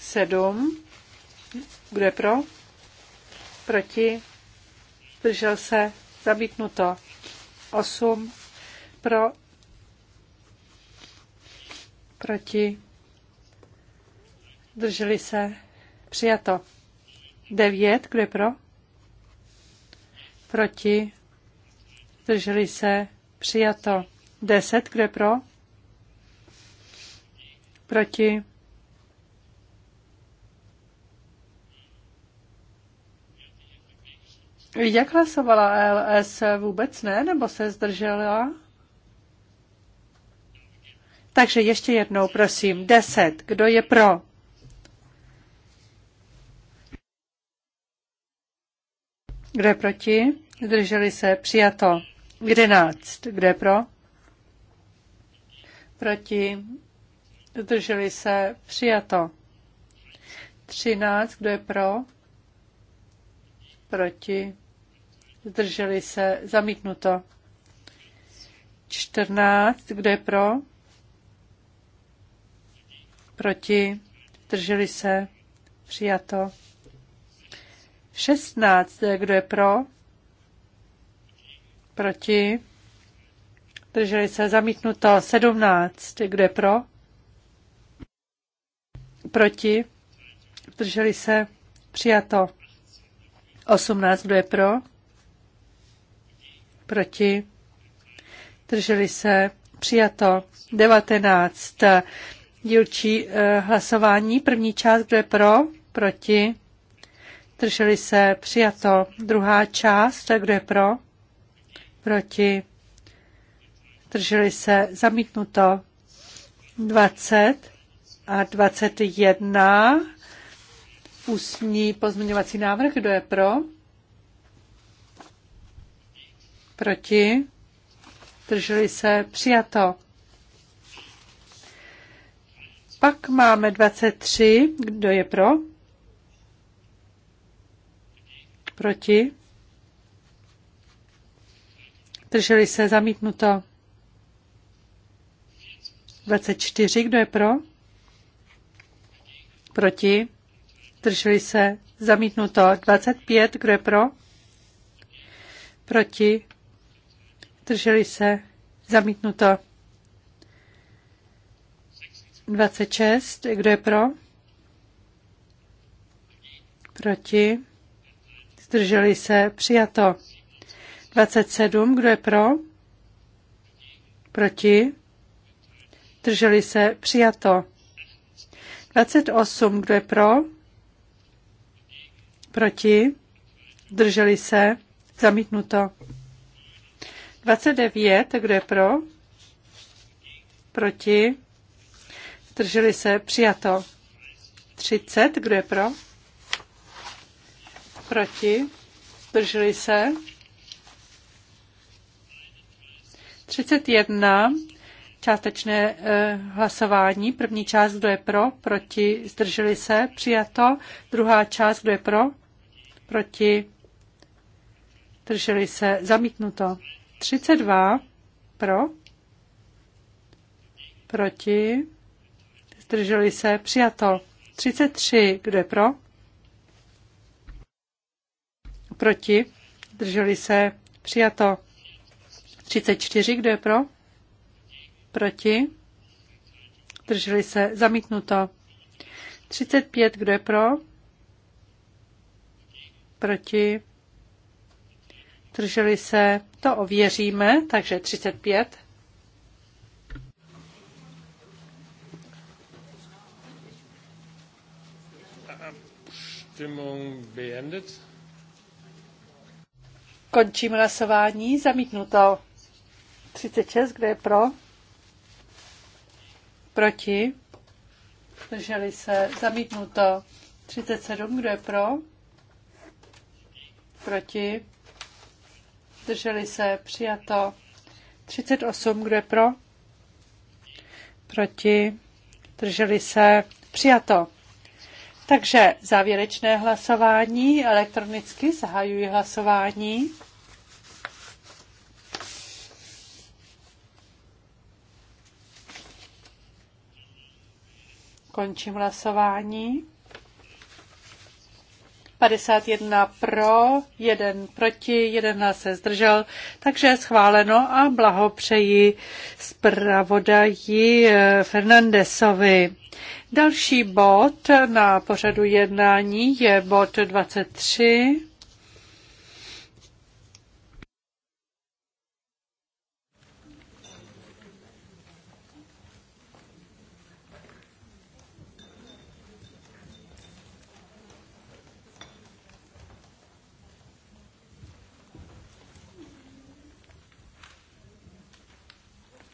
Sedm, kdo je pro? Proti, zdržel se, zamítnuto. 8 pro, proti, zdrželi se, přijato. 9, kdo je pro? Proti, zdrželi se, přijato. 10, kdo je pro? Proti, Jak hlasovala LS? Vůbec ne, nebo se zdržela? Takže ještě jednou, prosím, deset. Kdo je pro? Kdo je proti? Zdrželi se, přijato. Jedenáct. Kdo je pro? Proti? Zdrželi se, přijato. Třináct. Kdo je pro? Proti? zdrželi se, zamítnuto. 14, kdo je pro? Proti, zdrželi se, přijato. 16, kdo je pro? Proti, zdrželi se, zamítnuto. 17, kdo je pro? Proti, zdrželi se, přijato. 18, kdo je pro? proti, drželi se, přijato 19. Dílčí eh, hlasování, první část, kdo je pro, proti, drželi se, přijato druhá část, kdo je pro, proti, drželi se, zamítnuto 20 a 21. Ústní pozměňovací návrh, kdo je pro? Proti? Drželi se? Přijato. Pak máme 23. Kdo je pro? Proti? Drželi se? Zamítnuto. 24. Kdo je pro? Proti? Drželi se? Zamítnuto. 25. Kdo je pro? Proti? Drželi se? Zamítnuto. 26. Kdo je pro? Proti? Zdrželi se? Přijato. 27. Kdo je pro? Proti? Zdrželi se? Přijato. 28. Kdo je pro? Proti? Zdrželi se? Zamítnuto. 29, kdo je pro? Proti? Zdrželi se, přijato. 30, kdo je pro? Proti? Zdrželi se. 31, částečné eh, hlasování. První část, kdo je pro, proti, zdrželi se, přijato. Druhá část, kdo je pro, proti, Drželi se, zamítnuto. 32 pro, proti, zdrželi se, přijato. 33, kdo je pro? Proti, zdrželi se, přijato. 34, kdo je pro? Proti, zdrželi se, zamítnuto. 35, kdo je pro? Proti, zdrželi se, to ověříme, takže 35. Končím hlasování. Zamítnuto. 36, kde je pro? Proti? Drželi se. Zamítnuto. 37, kdo je pro? Proti? Zdrželi se. Přijato. 38. Kdo je pro? Proti. Zdrželi se. Přijato. Takže závěrečné hlasování elektronicky zahajuji hlasování. Končím hlasování. 51 pro, 1 proti, 1 se zdržel, takže schváleno a blahopřeji zpravodaji eh, Fernandesovi. Další bod na pořadu jednání je bod 23.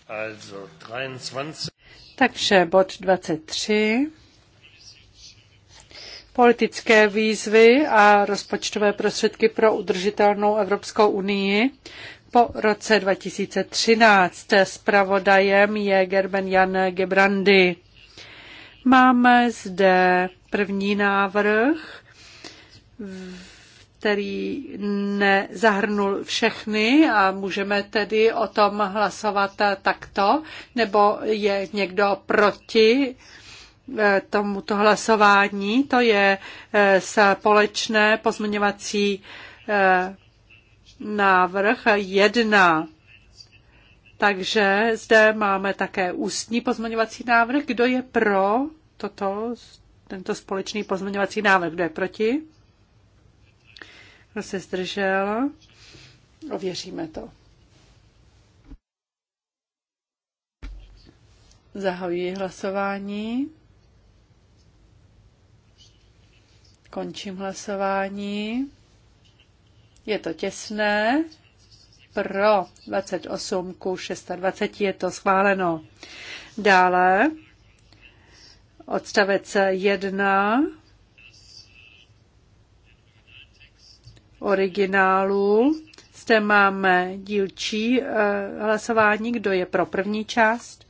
Also 23. Takže bod 23. Politické výzvy a rozpočtové prostředky pro udržitelnou Evropskou unii po roce 2013. Spravodajem je Gerben Jan Gebrandy. Máme zde první návrh který nezahrnul všechny a můžeme tedy o tom hlasovat takto, nebo je někdo proti eh, tomuto hlasování. To je eh, společné pozměňovací eh, návrh jedna. Takže zde máme také ústní pozměňovací návrh. Kdo je pro toto, tento společný pozměňovací návrh? Kdo je proti? Kdo se zdržel? Ověříme to. Zahajuji hlasování. Končím hlasování. Je to těsné. Pro 28 ku 26 je to schváleno. Dále odstavec 1 originálu. Zde máme dílčí eh, hlasování, kdo je pro první část,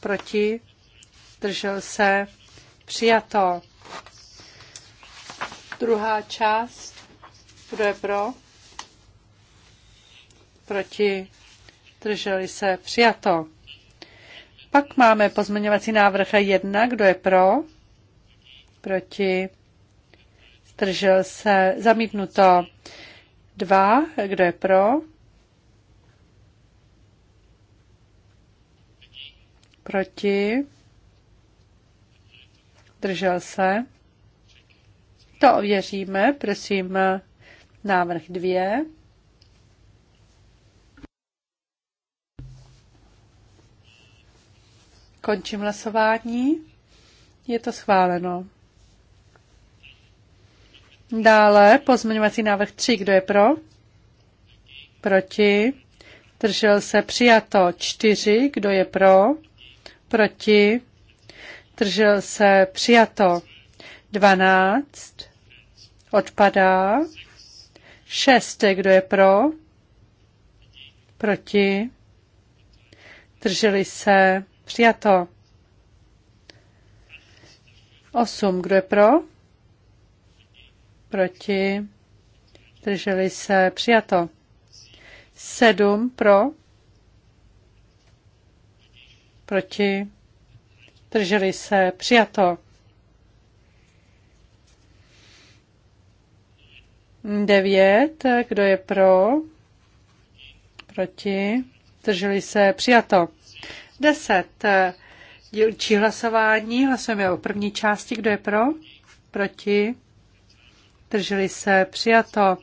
proti, držel se, přijato. Druhá část, kdo je pro, proti, drželi se, přijato. Pak máme pozměňovací návrh 1, kdo je pro, proti, zdržel se, zamítnuto. Dva, kdo je pro? Proti? Držel se? To ověříme, prosím, návrh dvě. Končím hlasování. Je to schváleno. Dále pozměňovací návrh 3. Kdo je pro? Proti? Držel se přijato 4. Kdo je pro? Proti? Držel se přijato 12. Odpadá. 6. Kdo je pro? Proti? Drželi se přijato. 8. Kdo je pro? proti, drželi se, přijato. 7 pro, proti, drželi se, přijato. 9, kdo je pro, proti, drželi se, přijato. 10, dílčí hlasování, hlasujeme o první části, kdo je pro, proti, zdrželi se přijato.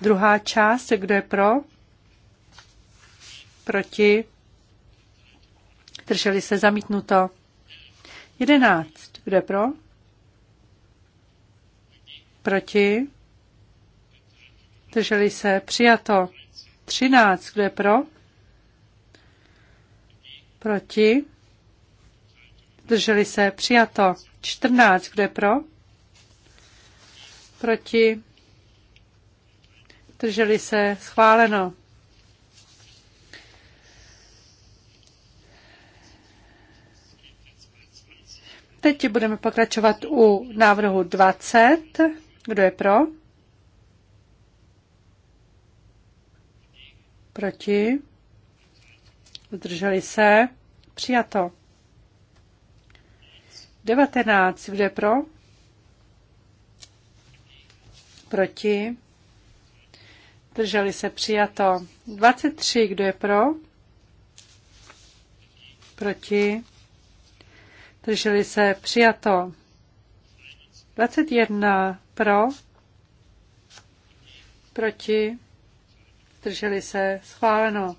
Druhá část, kdo je pro? Proti? Drželi se zamítnuto. Jedenáct, kdo je pro? Proti? Drželi se přijato. Třináct, kdo je pro? Proti? Drželi se přijato. čtrnáct Kdo je pro? proti, drželi se, schváleno. Teď budeme pokračovat u návrhu 20. Kdo je pro? Proti? Zdrželi se? Přijato. 19. Kdo je pro? Proti? Drželi se přijato. 23, kdo je pro? Proti? Drželi se přijato. 21 pro? Proti? Drželi se schváleno.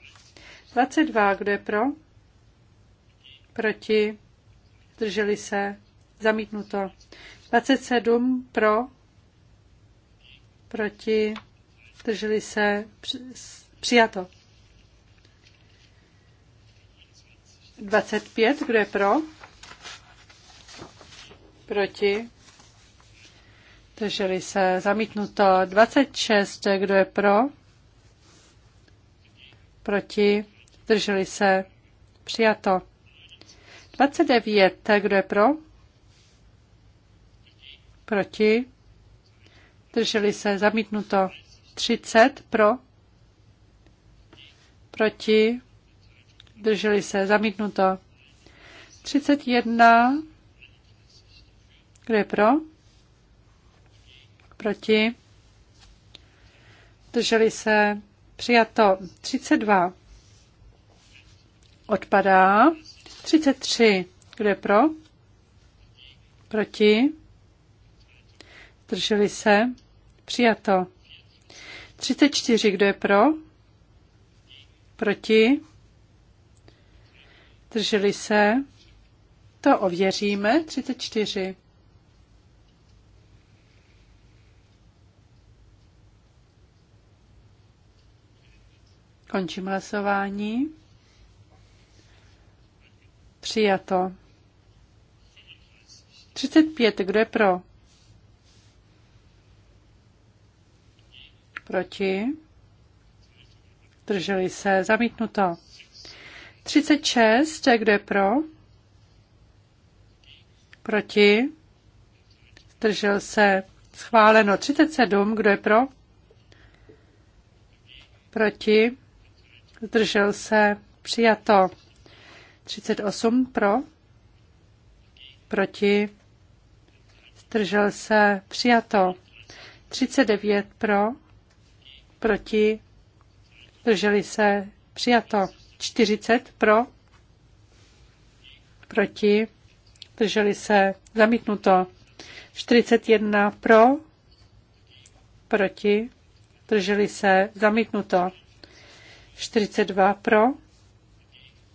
22, kdo je pro? Proti? Drželi se zamítnuto. 27 pro? proti, drželi se, přijato. 25, kdo je pro? Proti? Drželi se. Zamítnuto 26, kdo je pro? Proti? Drželi se. Přijato. 29, kdo je pro? Proti? Drželi se zamítnuto 30 pro. Proti. Drželi se zamítnuto 31. Kdo je pro? Proti. Drželi se přijato 32. Odpadá. 33. Kdo je pro? Proti? Zdrželi se? Přijato. 34. Kdo je pro? Proti? Zdrželi se? To ověříme. 34. Končím hlasování. Přijato. 35. Kdo je pro? Proti? Drželi se. Zamítnuto. 36. Kdo je pro? Proti? Zdržel se. Schváleno. 37. Kdo je pro? Proti? Zdržel se. Přijato. 38 pro. Proti? Zdržel se. Přijato. 39 pro proti, drželi se, přijato. 40 pro, proti, drželi se, zamítnuto. 41 pro, proti, drželi se, zamítnuto. 42 pro,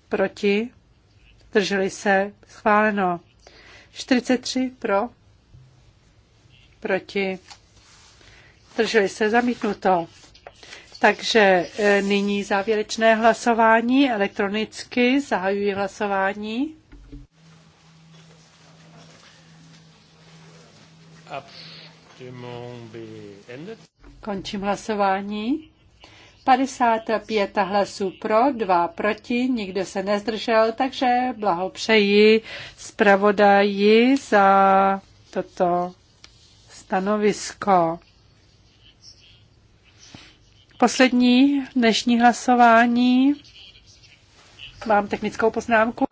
proti, drželi se, schváleno. 43 pro, proti, drželi se, zamítnuto. Takže e, nyní závěrečné hlasování elektronicky. Zahajuji hlasování. Končím hlasování. 55 hlasů pro, 2 proti, nikdo se nezdržel, takže blahopřeji zpravodaji za toto stanovisko. Poslední dnešní hlasování. Mám technickou poznámku.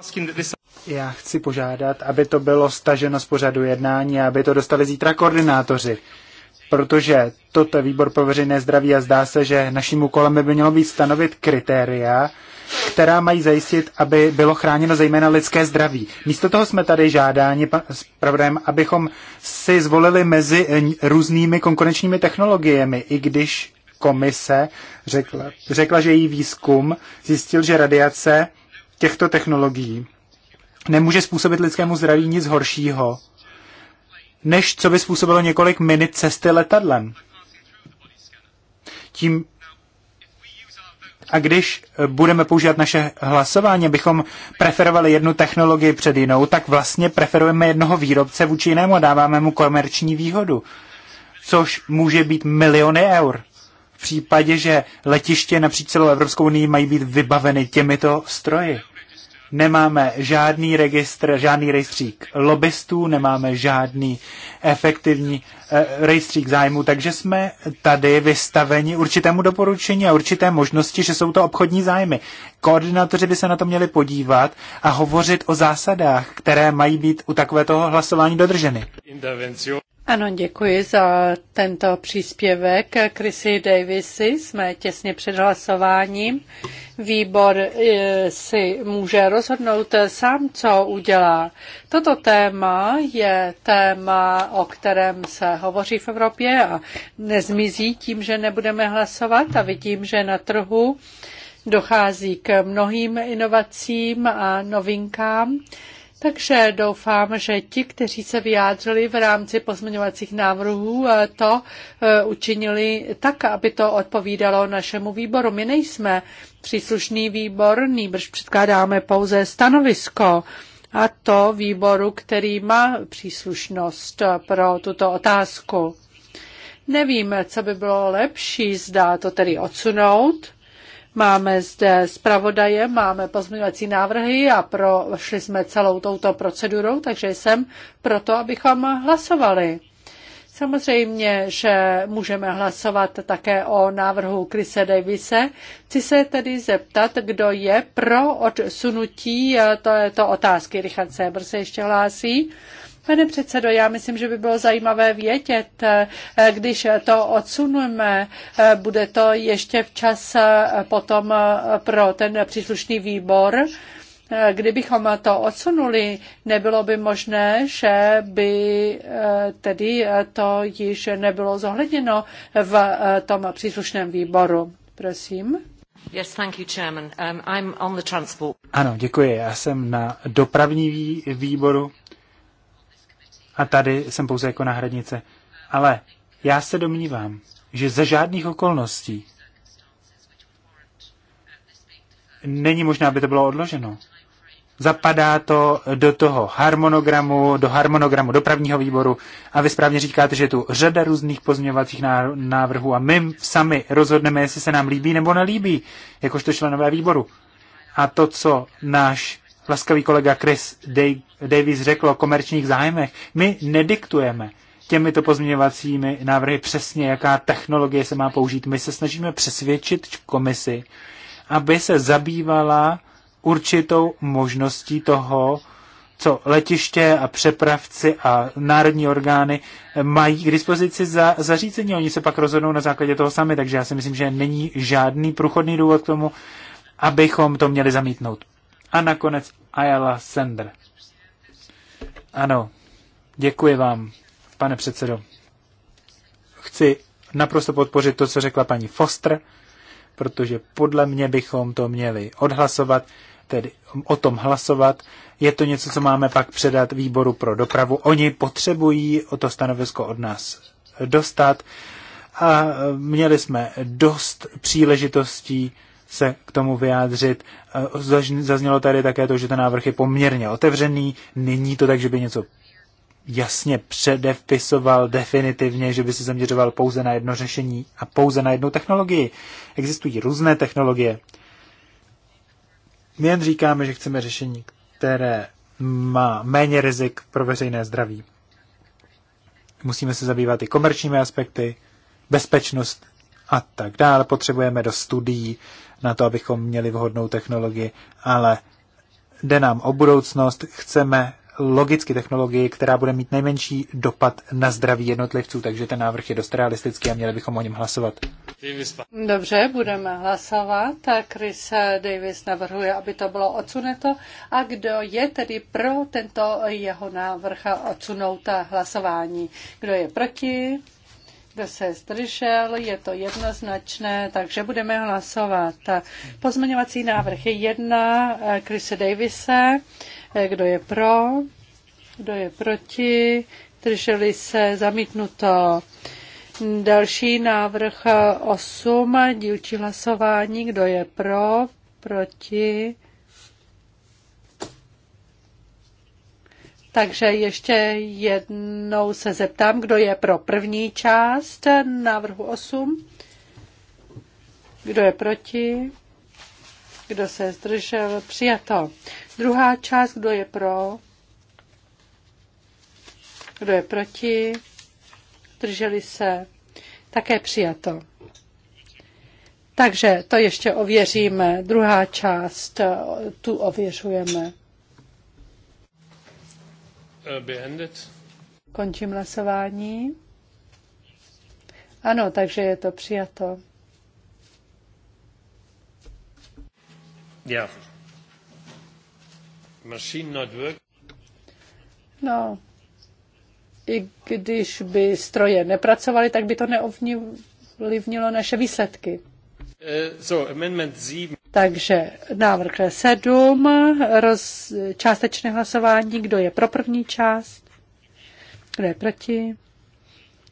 Já chci požádat, aby to bylo staženo z pořadu jednání a aby to dostali zítra koordinátoři. Protože toto je výbor pro veřejné zdraví a zdá se, že naším úkolem by mělo být stanovit kritéria, která mají zajistit, aby bylo chráněno zejména lidské zdraví. Místo toho jsme tady žádáni s pravdem, abychom si zvolili mezi eh, různými konkurenčními technologiemi, i když komise řekla, řekla, že její výzkum zjistil, že radiace těchto technologií nemůže způsobit lidskému zdraví nic horšího, než co by způsobilo několik minut cesty letadlem. Tím a když budeme používat naše hlasování, bychom preferovali jednu technologii před jinou, tak vlastně preferujeme jednoho výrobce vůči jinému a dáváme mu komerční výhodu, což může být miliony eur v případě, že letiště napříč celou Evropskou unii mají být vybaveny těmito stroji. Nemáme žádný registr, žádný rejstřík lobbystů, nemáme žádný efektivní e, rejstřík zájmu, takže jsme tady vystaveni určitému doporučení a určité možnosti, že jsou to obchodní zájmy. Koordinátoři by se na to měli podívat a hovořit o zásadách, které mají být u takového hlasování dodrženy. Intervencio. Ano, děkuji za tento příspěvek. Chrissy Davisy jsme těsně před hlasováním. Výbor eh, si může rozhodnout sám, co udělá. Toto téma je téma, o kterém se hovoří v Evropě a nezmizí tím, že nebudeme hlasovat a vidím, že na trhu dochází k mnohým inovacím a novinkám takže doufám, že ti, kteří se vyjádřili v rámci pozměňovacích návrhů, eh, to eh, učinili tak, aby to odpovídalo našemu výboru. My nejsme příslušný výbor, nýbrž předkládáme pouze stanovisko a to výboru, který má příslušnost pro tuto otázku. Nevím, co by bylo lepší, zdá to tedy odsunout, Máme zde zpravodaje, máme pozměňovací návrhy a prošli jsme celou touto procedurou, takže jsem proto, abychom hlasovali. Samozřejmě, že můžeme hlasovat také o návrhu Krise Davise. Chci se tedy zeptat, kdo je pro odsunutí eh, to otázky. Richard Seber se ještě hlásí. Pane předsedo, já myslím, že by bylo zajímavé vědět, eh, když to odsuneme, eh, bude to ještě včas eh, potom pro ten příslušný výbor, Kdybychom to odsunuli, nebylo by možné, že by tedy to již nebylo zohledněno v tom příslušném výboru. Prosím. Yes, thank you, Chairman. Um, I'm on the transport. Ano, děkuji. Já jsem na dopravní výboru a tady jsem pouze jako náhradnice. Ale já se domnívám, že za žádných okolností není možné, aby to bylo odloženo. Zapadá to do toho harmonogramu, do harmonogramu dopravního výboru a vy správně říkáte, že je tu řada různých pozměňovacích návrhů a my sami rozhodneme, jestli se nám líbí nebo nelíbí, jakožto členové výboru. A to, co náš laskavý kolega Chris Davis řekl o komerčních zájmech. My nediktujeme těmito pozměňovacími návrhy přesně, jaká technologie se má použít. My se snažíme přesvědčit komisi, aby se zabývala určitou možností toho, co letiště a přepravci a národní orgány mají k dispozici za zařízení. Oni se pak rozhodnou na základě toho sami, takže já si myslím, že není žádný průchodný důvod k tomu, abychom to měli zamítnout. A nakonec Ayala Sender. Ano, děkuji vám, pane předsedo. Chci naprosto podpořit to, co řekla paní Foster, protože podle mě bychom to měli odhlasovat, tedy o tom hlasovat. Je to něco, co máme pak předat výboru pro dopravu. Oni potřebují o to stanovisko od nás dostat a měli jsme dost příležitostí se k tomu vyjádřit. Eh, zaznělo tady také to, že ten návrh je poměrně otevřený. Není to tak, že by něco jasně předepisoval definitivně, že by se zaměřoval pouze na jedno řešení a pouze na jednu technologii. Existují různé technologie. My jen říkáme, že chceme řešení, které má méně rizik pro veřejné zdraví. Musíme se zabývat i komerčními aspekty, bezpečnost a tak dále. Potřebujeme do studií na to, abychom měli vhodnou technologii, ale jde nám o budoucnost, chceme logicky technologii, která bude mít nejmenší dopad na zdraví jednotlivců, takže ten návrh je dost realistický a měli bychom o něm hlasovat. Dobře, budeme hlasovat. Chris Davis navrhuje, aby to bylo odsuneto. A kdo je tedy pro tento jeho návrh odsunout hlasování? Kdo je proti? Kdo se zdržel, je to jednoznačné, takže budeme hlasovat. Pozměňovací návrh je jedna eh, Chrise Davise. Eh, kdo je pro? Kdo je proti? Drželi se zamítnuto. Další návrh 8, eh, dílčí hlasování. Kdo je pro? Proti? Takže ještě jednou se zeptám, kdo je pro první část návrhu 8. Kdo je proti? Kdo se zdržel? Přijato. Druhá část, kdo je pro? Kdo je proti? zdrželi se? Také přijato. Takže to ještě ověříme. Druhá část, tu ověřujeme. Äh, beendet. Končím hlasování. Ano, takže je to přijato. Ja. Machine not work. No, i když by stroje nepracovaly, tak by to neovlivnilo naše výsledky. Uh, so, amendment 7. Takže návrh 7, roz, částečné hlasování, kdo je pro první část, kdo je proti,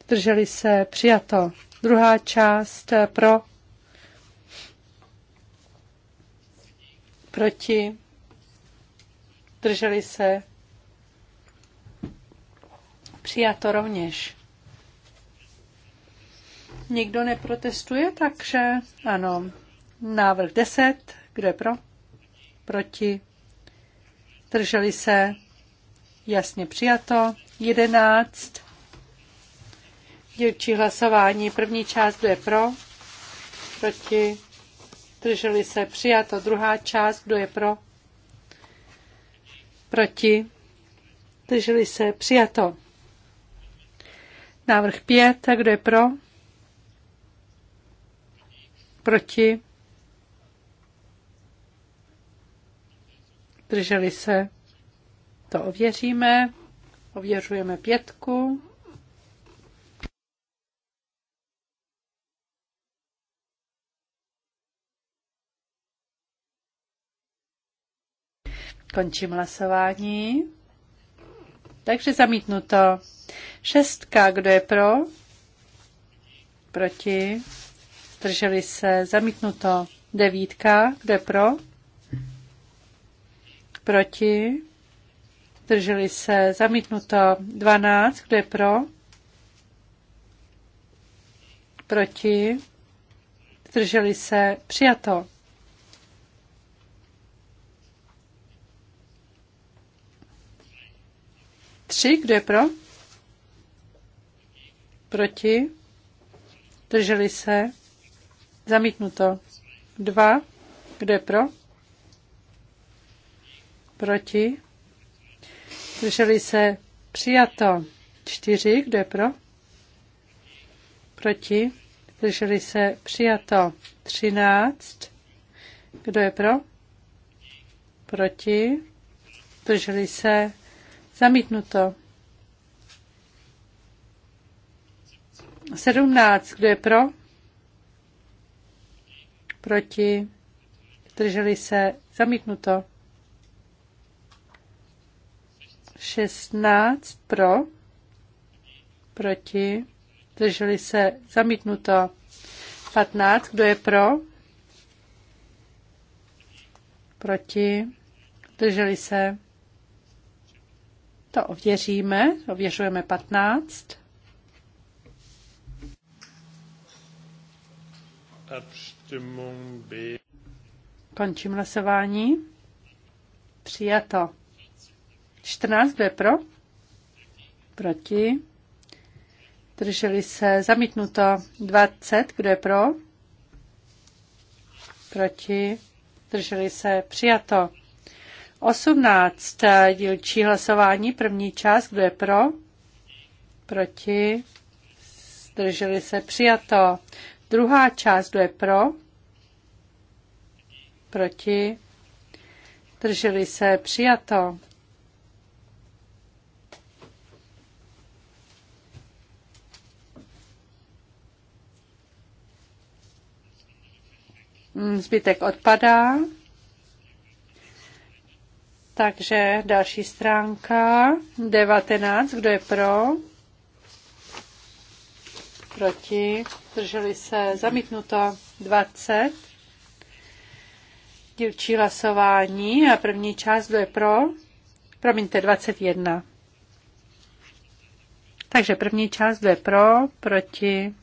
drželi se, přijato. Druhá část pro, proti, drželi se, přijato rovněž. Nikdo neprotestuje, takže ano. Návrh 10. Kdo je pro? Proti? Drželi se? Jasně přijato. 11. Dělčí hlasování. První část, kdo je pro? Proti? Drželi se? Přijato. Druhá část, kdo je pro? Proti? Drželi se? Přijato. Návrh 5. Kdo je pro? Proti? zdrželi se, to ověříme. Ověřujeme pětku. Končím hlasování. Takže zamítnuto. Šestka, kdo je pro? Proti. Drželi se. Zamítnuto. Devítka, kdo je pro? Proti? Drželi se. Zamítnuto 12. Kdo je pro? Proti? Drželi se. Přijato. Tři. Kdo je pro? Proti? Drželi se. Zamítnuto. Dva. Kdo je pro? Proti? Zdrželi se přijato. Čtyři, kdo je pro? Proti? Zdrželi se přijato. Třináct, kdo je pro? Proti? Zdrželi se zamítnuto. Sedmnáct, kdo je pro? Proti? Zdrželi se zamítnuto. 16 pro, proti, drželi se, zamítnuto. 15, kdo je pro? Proti, drželi se. To ověříme, ověřujeme 15. Končím hlasování. Přijato. 14, kdo je pro? Proti. Drželi se zamítnuto 20, kdo je pro? Proti. Drželi se přijato. 18 dílčí hlasování, první část, kdo je pro? Proti. Drželi se přijato. Druhá část, kdo je pro? Proti. Drželi se přijato. Mm, zbytek odpadá. Takže další stránka, 19, kdo je pro? Proti, drželi se, zamítnuto 20. Dílčí hlasování a první část, kdo je pro? Promiňte, 21. Takže první část, kdo je pro, proti,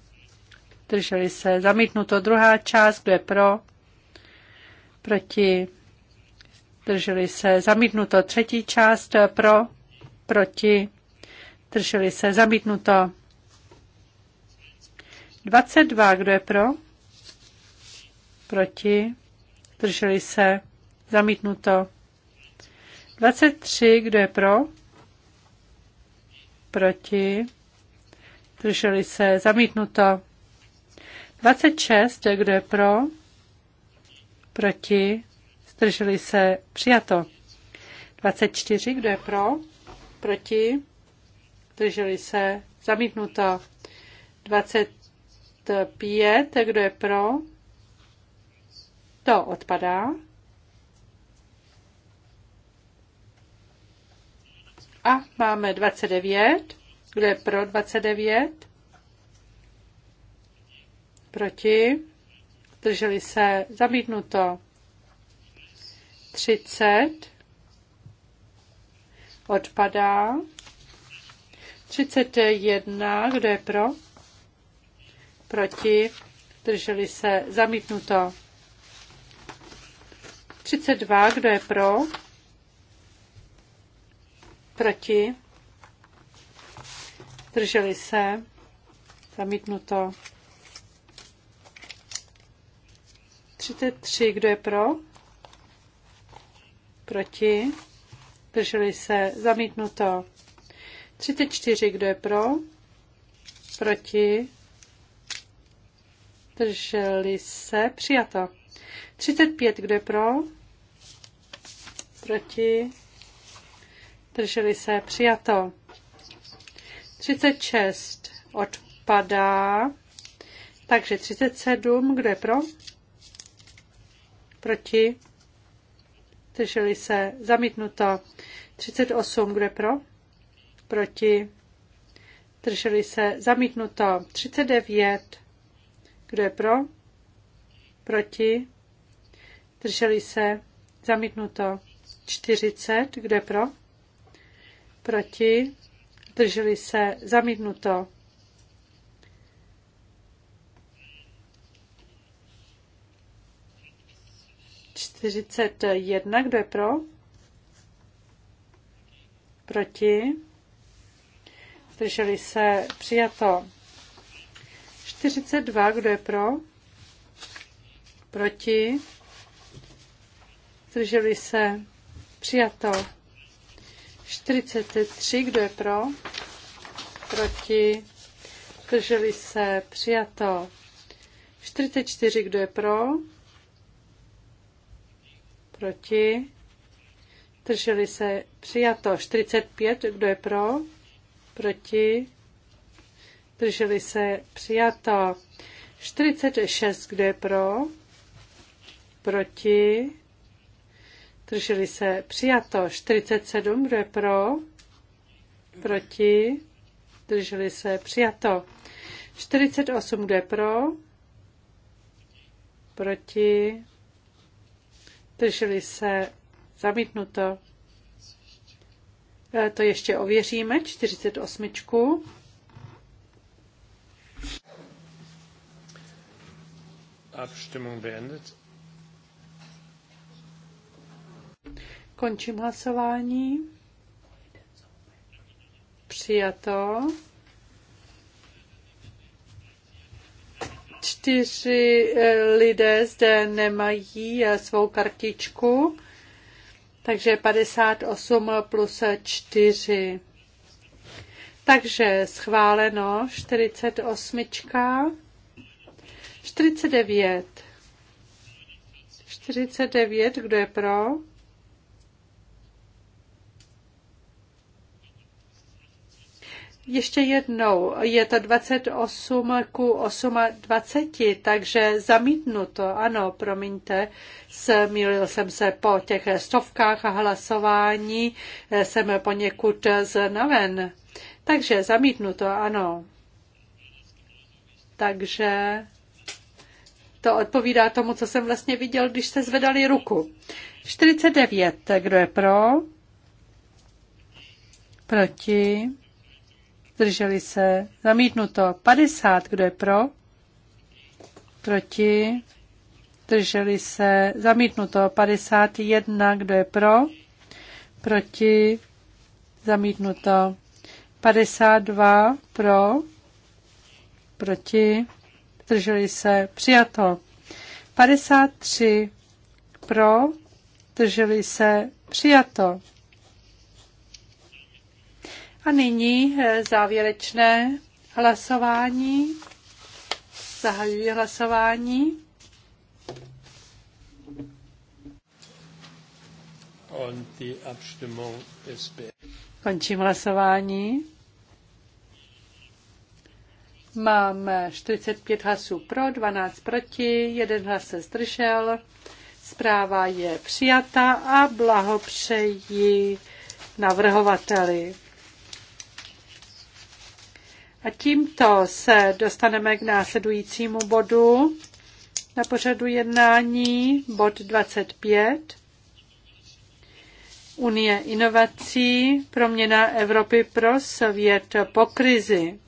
zdrželi se, zamítnuto druhá část, kdo je pro, proti, zdrželi se, zamítnuto třetí část, je pro, proti, zdrželi se, zamítnuto 22, kdo je pro, proti, zdrželi se, zamítnuto 23, kdo je pro, proti, zdrželi se, zamítnuto 26, kdo je pro? Proti? Zdrželi se? Přijato. 24, kdo je pro? Proti? Zdrželi se? Zamítnuto. 25, kdo je pro? To odpadá. A máme 29. Kdo je pro 29? Proti? Drželi se. Zamítnuto. 30. Odpadá. 31. Kdo je pro? Proti? Drželi se. Zamítnuto. 32. Kdo je pro? Proti? Drželi se. Zamítnuto. 33, kdo je pro? Proti? Drželi se. Zamítnuto. 34, kdo je pro? Proti? Drželi se. Přijato. 35, kdo je pro? Proti? Drželi se. Přijato. 36 odpadá. Takže 37, kdo je pro? Proti? Drželi se. Zamítnuto. 38. Kdo je pro? Proti? Drželi se. Zamítnuto. 39. Kdo je pro? Proti? Drželi se. Zamítnuto. 40. Kdo je pro? Proti? Drželi se. Zamítnuto. 41. Kdo je pro? Proti? Zdrželi se přijato. 42. Kdo je pro? Proti? Zdrželi se přijato. 43. Kdo je pro? Proti? Zdrželi se přijato. 44. Kdo je pro? Proti? Drželi se přijato. 45. Kdo je pro? Proti? Drželi se přijato. 46. Kdo je pro? Proti? Drželi se přijato. 47. Kdo je pro? Proti? Drželi se přijato. 48. Kdo je pro? Proti? Zdrželi se zamítnuto. E, to ještě ověříme. 48. Abstimmung beendet. Končím hlasování. Přijato. čtyři eh, lidé zde nemají eh, svou kartičku, takže 58 plus 4. Takže schváleno 48. 49. 49, kdo je pro? Ještě jednou, je to 28 ku 28, takže zamítnuto, ano, promiňte, smílil jsem se po těch stovkách hlasování, jsem poněkud znaven. Takže zamítnuto, ano. Takže to odpovídá tomu, co jsem vlastně viděl, když jste zvedali ruku. 49, kdo je pro? Proti? zdrželi se, zamítnuto 50, kdo je pro, proti, zdrželi se, zamítnuto 51, kdo je pro, proti, zamítnuto 52, pro, proti, zdrželi se, přijato 53, pro, zdrželi se, přijato a nyní eh, závěrečné hlasování. Zahajuji hlasování. Končím hlasování. Mám 45 hlasů pro, 12 proti, jeden hlas se zdržel. Zpráva je přijata a blahopřeji navrhovateli. A tímto se dostaneme k následujícímu bodu na pořadu jednání, bod 25. Unie inovací, proměna Evropy pro svět po krizi.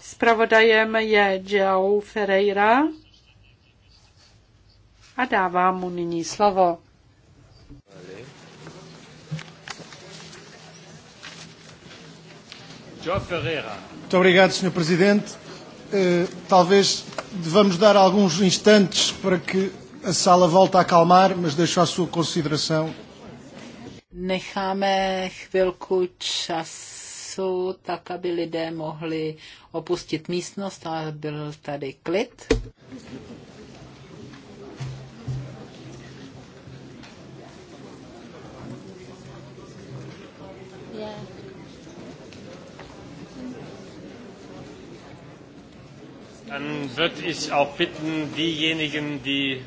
Spravodajem je Joe Ferreira a dávám mu nyní slovo. Muito obrigado, Sr. Presidente. Uh, talvez devamos dar alguns instantes para que a sala volte a acalmar, mas deixo à sua consideração. Necháme chvilku času, tak aby lidé mohli opustit místnost a byl tady klid. Yeah. Dann würde ich auch bitten, diejenigen, die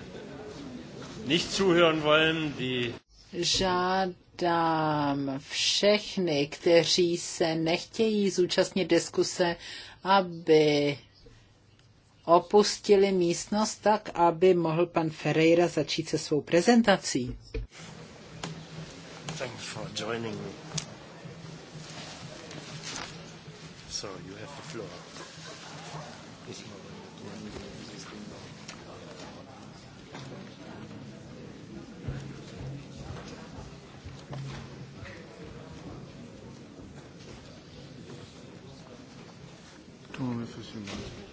nicht zuhören wollen, die. Žádám všechny, kteří se nechtějí zúčastnit diskuse, aby opustili místnost tak, aby mohl pan Ferreira začít se svou prezentací. Thanks for joining me. Comment on le fait celui-là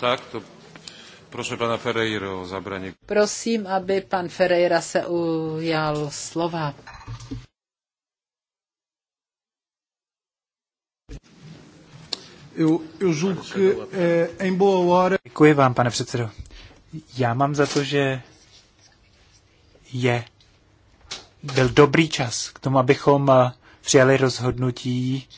Tak, to proszę pana Ferreira o zabranie. Prosím, aby pan Ferreira se ujal slova. Eu, eu julgo que eh, em boa hora... Děkuji vám, pane předsedo. Já mám za to, že je byl dobrý čas k tomu, abychom eh, přijali rozhodnutí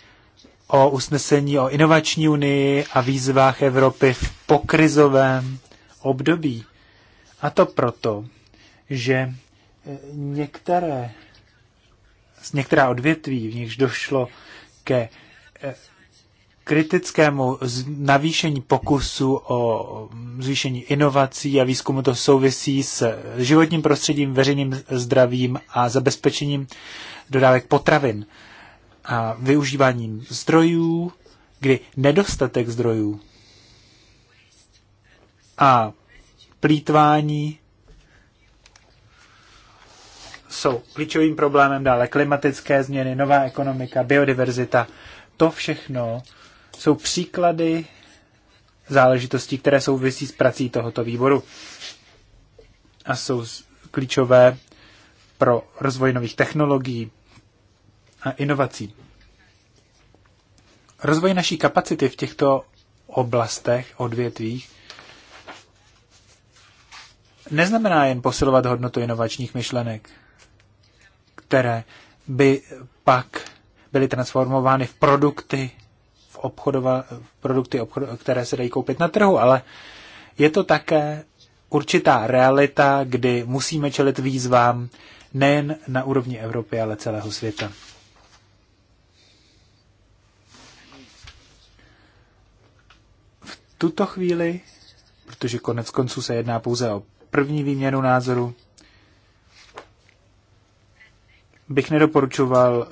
o usnesení o inovační unii a výzvách Evropy v pokrizovém období. A to proto, že e, některé, z některá odvětví, v nichž došlo ke e, kritickému navýšení pokusu o zvýšení inovací a výzkumu to souvisí s životním prostředím, veřejným zdravím a zabezpečením dodávek potravin a využíváním zdrojů, kdy nedostatek zdrojů a plítvání jsou klíčovým problémem, dále klimatické změny, nová ekonomika, biodiverzita. To všechno jsou příklady záležitostí, které souvisí s prací tohoto výboru a jsou klíčové pro rozvoj nových technologií, a inovací. Rozvoj naší kapacity v těchto oblastech, odvětvích, neznamená jen posilovat hodnotu inovačních myšlenek, které by pak byly transformovány v produkty, v obchodova, v produkty, obchod, které se dají koupit na trhu, ale je to také určitá realita, kdy musíme čelit výzvám nejen na úrovni Evropy, ale celého světa. tuto chvíli, protože konec konců se jedná pouze o první výměnu názoru, bych nedoporučoval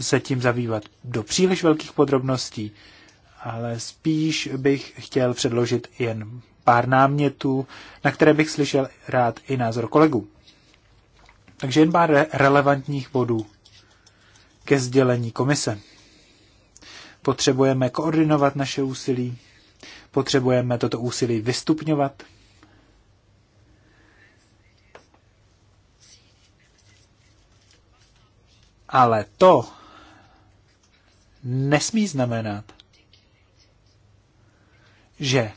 se tím zabývat do příliš velkých podrobností, ale spíš bych chtěl předložit jen pár námětů, na které bych slyšel rád i názor kolegů. Takže jen pár relevantních bodů ke sdělení komise. Potřebujeme koordinovat naše úsilí Potřebujeme toto úsilí vystupňovat. Ale to nesmí znamenat, že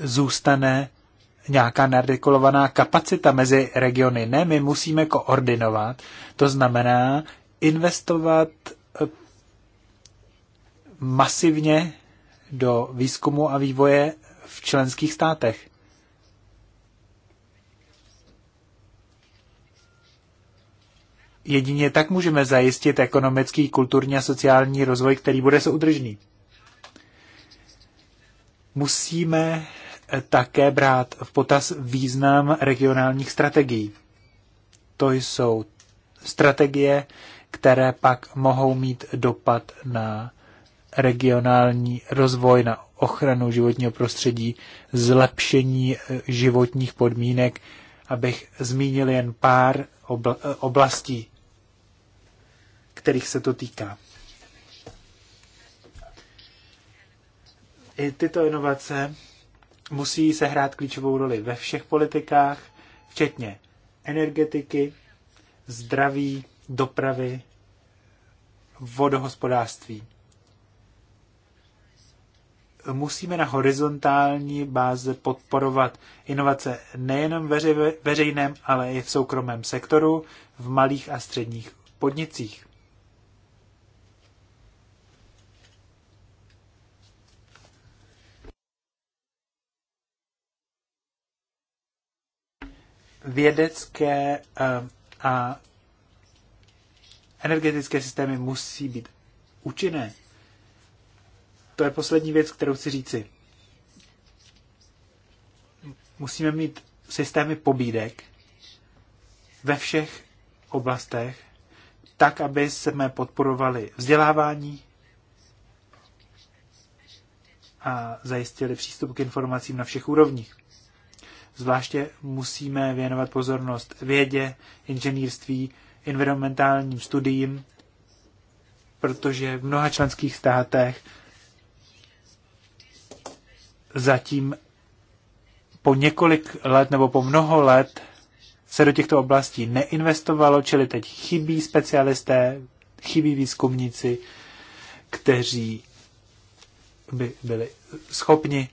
zůstane nějaká nardikulovaná kapacita mezi regiony. Ne, my musíme koordinovat. To znamená investovat eh, masivně do výzkumu a vývoje v členských státech. Jedině tak můžeme zajistit ekonomický, kulturní a sociální rozvoj, který bude soudržný. Musíme eh, také brát v potaz význam regionálních strategií. To jsou strategie, které pak mohou mít dopad na regionální rozvoj, na ochranu životního prostředí, zlepšení e, životních podmínek, abych zmínil jen pár e, oblastí, kterých se to týká. I tyto inovace musí sehrát klíčovou roli ve všech politikách, včetně energetiky, zdraví, dopravy, vodohospodářství musíme na horizontální báze podporovat inovace nejenom veře, veřejném, ale i v soukromém sektoru, v malých a středních podnicích. Vědecké eh, a energetické systémy musí být účinné to je poslední věc, kterou chci říci. Musíme mít systémy pobídek ve všech oblastech, tak, aby jsme podporovali vzdělávání a zajistili přístup k informacím na všech úrovních. Zvláště musíme věnovat pozornost vědě, inženýrství, environmentálním studiím, protože v mnoha členských státech zatím po několik let nebo po mnoho let se do těchto oblastí neinvestovalo, čili teď chybí specialisté, chybí výzkumníci, kteří by byli schopni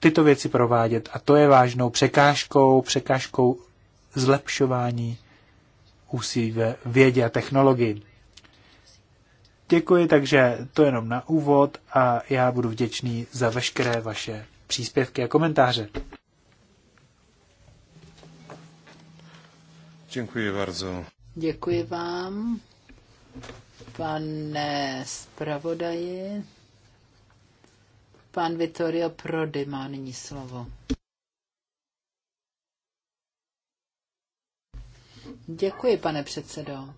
tyto věci provádět. A to je vážnou překážkou, překážkou zlepšování úsilí ve vědě a technologii. Děkuji, takže to jenom na úvod a já budu vděčný za veškeré vaše příspěvky a komentáře. Děkuji bardzo. Děkuji vám, pane zpravodaji. Pan Vittorio Prody má nyní slovo. Děkuji, pane předsedo.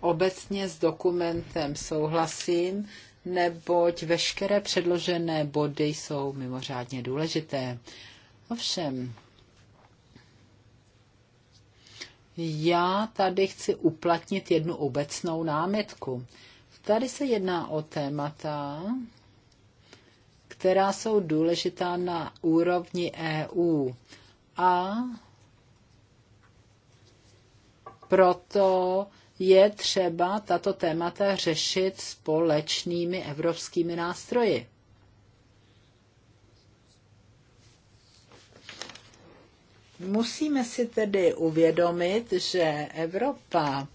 Obecně s dokumentem souhlasím, neboť veškeré předložené body jsou mimořádně důležité. Ovšem, já tady chci uplatnit jednu obecnou námitku. Tady se jedná o témata, která jsou důležitá na úrovni EU. A proto je třeba tato témata řešit společnými evropskými nástroji. Musíme si tedy uvědomit, že Evropa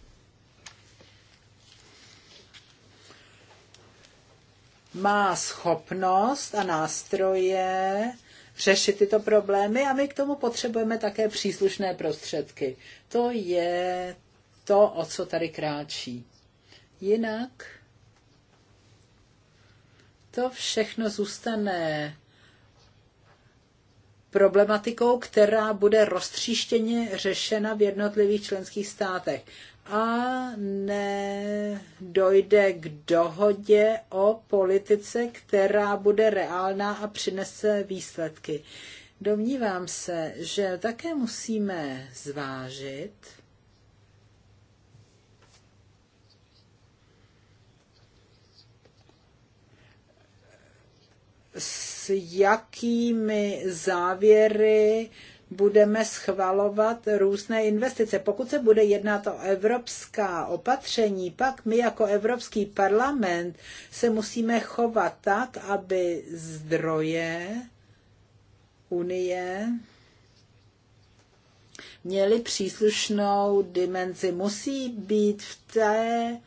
má schopnost a nástroje řešit tyto problémy a my k tomu potřebujeme také příslušné prostředky. To je to, o co tady kráčí. Jinak to všechno zůstane problematikou, která bude roztříštěně řešena v jednotlivých členských státech. A ne dojde k dohodě o politice, která bude reálná a přinese výsledky. Domnívám se, že také musíme zvážit, s jakými závěry budeme schvalovat různé investice. Pokud se bude jednat o evropská opatření, pak my jako Evropský parlament se musíme chovat tak, aby zdroje Unie měly příslušnou dimenzi. Musí být v té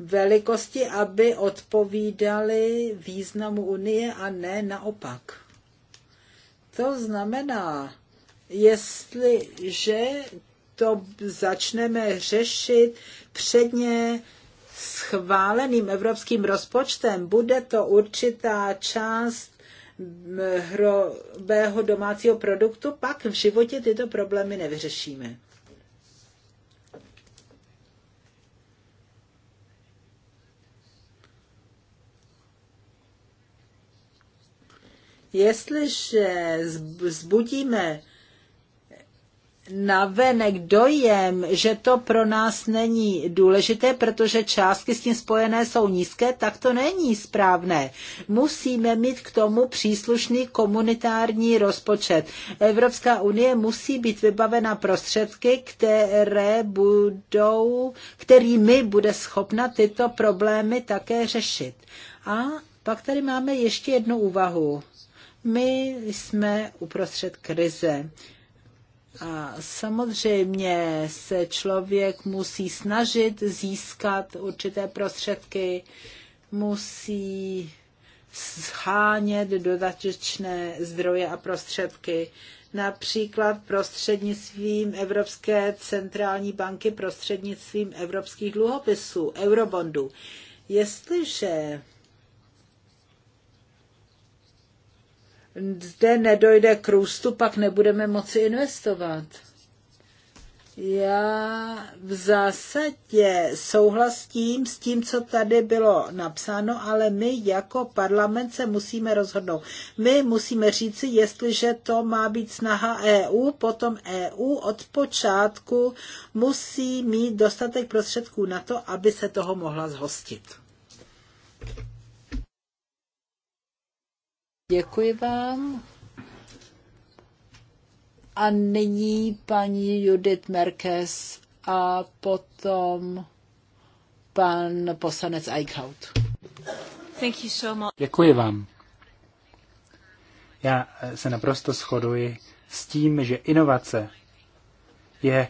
velikosti, aby odpovídaly významu Unie a ne naopak. To znamená, jestliže to začneme řešit předně schváleným evropským rozpočtem, bude to určitá část hrobého domácího produktu, pak v životě tyto problémy nevyřešíme. Jestliže zbudíme navenek dojem, že to pro nás není důležité, protože částky s tím spojené jsou nízké, tak to není správné. Musíme mít k tomu příslušný komunitární rozpočet. Evropská unie musí být vybavena prostředky, které budou, kterými bude schopna tyto problémy také řešit. A pak tady máme ještě jednu úvahu my jsme uprostřed krize. A samozřejmě se člověk musí snažit získat určité prostředky, musí schánět dodatečné zdroje a prostředky, například prostřednictvím Evropské centrální banky, prostřednictvím evropských dluhopisů, eurobondů. Jestliže zde nedojde k růstu, pak nebudeme moci investovat. Já v zásadě souhlasím s tím, co tady bylo napsáno, ale my jako parlament se musíme rozhodnout. My musíme říci, jestliže to má být snaha EU, potom EU od počátku musí mít dostatek prostředků na to, aby se toho mohla zhostit. Děkuji vám. A nyní paní Judith Merkes a potom pan poslanec Eichhout. Děkuji vám. Já se naprosto shoduji s tím, že inovace je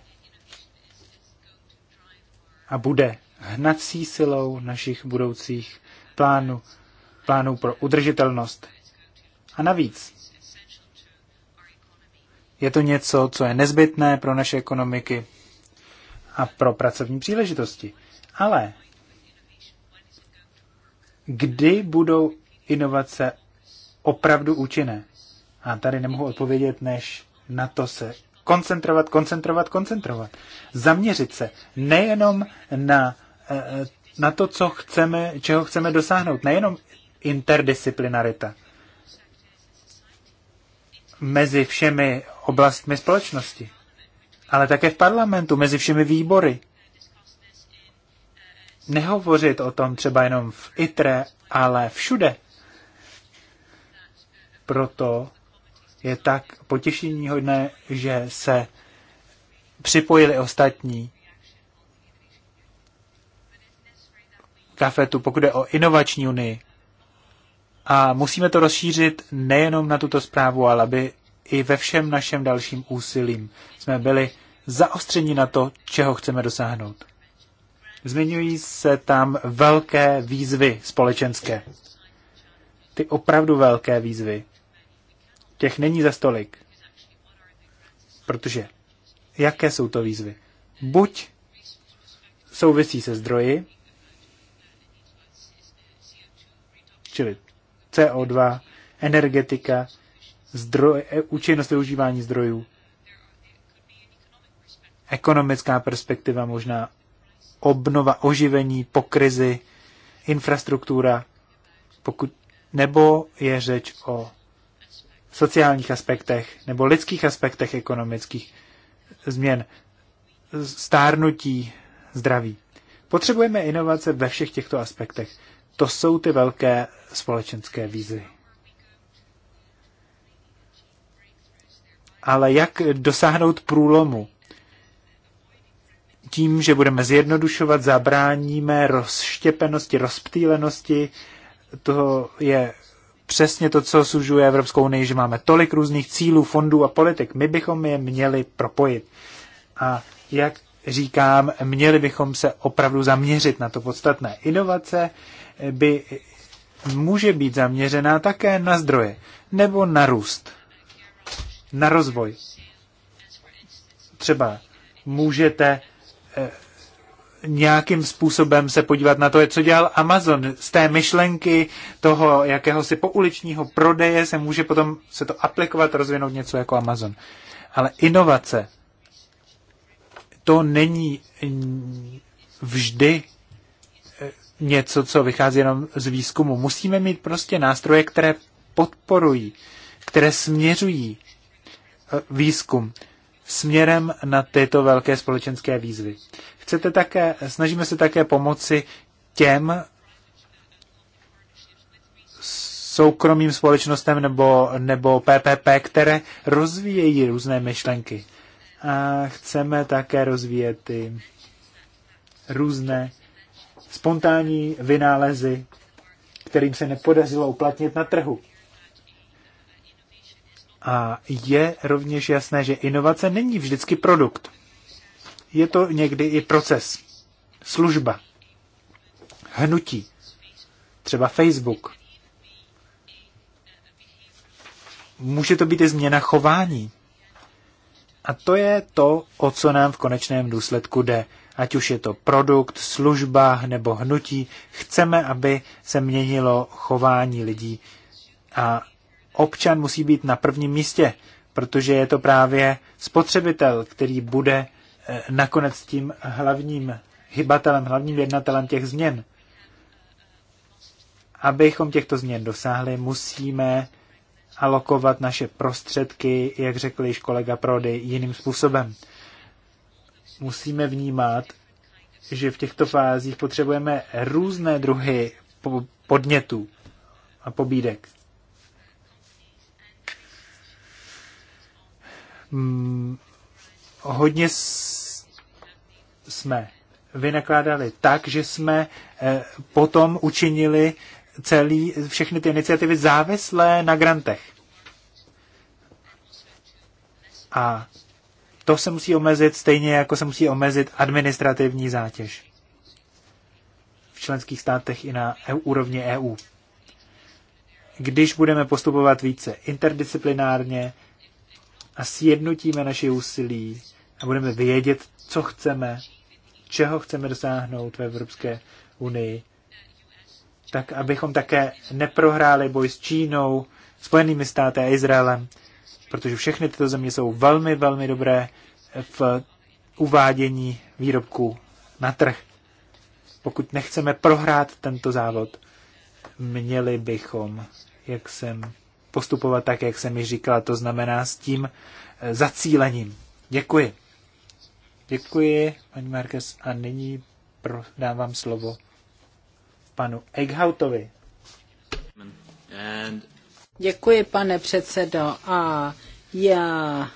a bude hnací silou našich budoucích plánů, plánů pro udržitelnost a navíc je to něco, co je nezbytné pro naše ekonomiky a pro pracovní příležitosti. Ale kdy budou inovace opravdu účinné? A tady nemohu odpovědět, než na to se koncentrovat, koncentrovat, koncentrovat. Zaměřit se nejenom na, eh, eh, na to, co chceme, čeho chceme dosáhnout, nejenom interdisciplinarita, mezi všemi oblastmi společnosti, ale také v parlamentu, mezi všemi výbory. Nehovořit o tom třeba jenom v ITRE, ale všude. Proto je tak potěšení hodné, že se připojili ostatní kafetu, pokud je o inovační unii. A musíme to rozšířit nejenom na tuto zprávu, ale aby i ve všem našem dalším úsilím jsme byli zaostření na to, čeho chceme dosáhnout. Zmiňují se tam velké výzvy společenské. Ty opravdu velké výzvy. Těch není za stolik. Protože jaké jsou to výzvy? Buď souvisí se zdroji, čili CO2, energetika, zdroj, e, účinnost využívání zdrojů, ekonomická perspektiva možná, obnova, oživení po krizi, infrastruktura, pokud, nebo je řeč o sociálních aspektech nebo lidských aspektech ekonomických změn, stárnutí, zdraví. Potřebujeme inovace ve všech těchto aspektech. To jsou ty velké společenské výzvy. Ale jak dosáhnout průlomu? Tím, že budeme zjednodušovat, zabráníme rozštěpenosti, rozptýlenosti. To je přesně to, co sužuje Evropskou unii, že máme tolik různých cílů, fondů a politik. My bychom je měli propojit. A jak říkám, měli bychom se opravdu zaměřit na to podstatné. Inovace by může být zaměřená také na zdroje nebo na růst, na rozvoj. Třeba můžete eh, nějakým způsobem se podívat na to, co dělal Amazon. Z té myšlenky toho jakéhosi pouličního prodeje se může potom se to aplikovat, rozvinout něco jako Amazon. Ale inovace to není vždy eh, něco, co vychází jenom z výzkumu. Musíme mít prostě nástroje, které podporují, které směřují eh, výzkum směrem na tyto velké společenské výzvy. Chcete také, snažíme se také pomoci těm soukromým společnostem nebo, nebo PPP, které rozvíjejí různé myšlenky. A chceme také rozvíjet ty různé spontánní vynálezy, kterým se nepodařilo uplatnit na trhu. A je rovněž jasné, že inovace není vždycky produkt. Je to někdy i proces, služba, hnutí, třeba Facebook. Může to být i změna chování. A to je to, o co nám v konečném důsledku jde. Ať už je to produkt, služba nebo hnutí, chceme, aby se měnilo chování lidí. A občan musí být na prvním místě, protože je to právě spotřebitel, který bude eh, nakonec tím hlavním hybatelem, hlavním jednatelem těch změn. Abychom těchto změn dosáhli, musíme alokovat naše prostředky, jak řekl již kolega Prody, jiným způsobem. Musíme vnímat, že v těchto fázích potřebujeme různé druhy podnětů a pobídek. Hmm, hodně jsme vynakládali tak, že jsme eh, potom učinili celý, všechny ty iniciativy závislé na grantech. A to se musí omezit stejně, jako se musí omezit administrativní zátěž v členských státech i na EU, úrovni EU. Když budeme postupovat více interdisciplinárně a sjednotíme naše úsilí a budeme vědět, co chceme, čeho chceme dosáhnout ve Evropské unii, tak abychom také neprohráli boj s Čínou, Spojenými státy a Izraelem, protože všechny tyto země jsou velmi, velmi dobré v uvádění výrobků na trh. Pokud nechceme prohrát tento závod, měli bychom, jak jsem postupovat tak, jak jsem mi říkala, to znamená s tím eh, zacílením. Děkuji. Děkuji, paní Marquez, a nyní dávám slovo panu Eichhautovi. Děkuji, pane předsedo. A já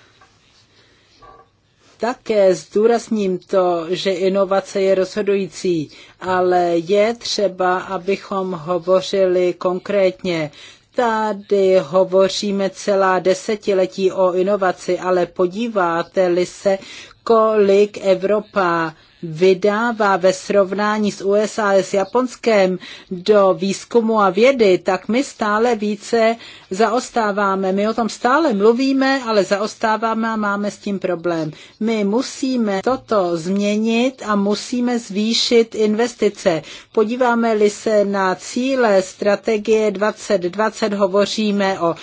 také zdůrazním to, že inovace je rozhodující, ale je třeba, abychom hovořili konkrétně. Tady hovoříme celá desetiletí o inovaci, ale podíváte-li se, kolik Evropa vydává ve srovnání s USA a s Japonskem do výzkumu a vědy, tak my stále více zaostáváme. My o tom stále mluvíme, ale zaostáváme a máme s tím problém. My musíme toto změnit a musíme zvýšit investice. Podíváme-li se na cíle strategie 2020, hovoříme o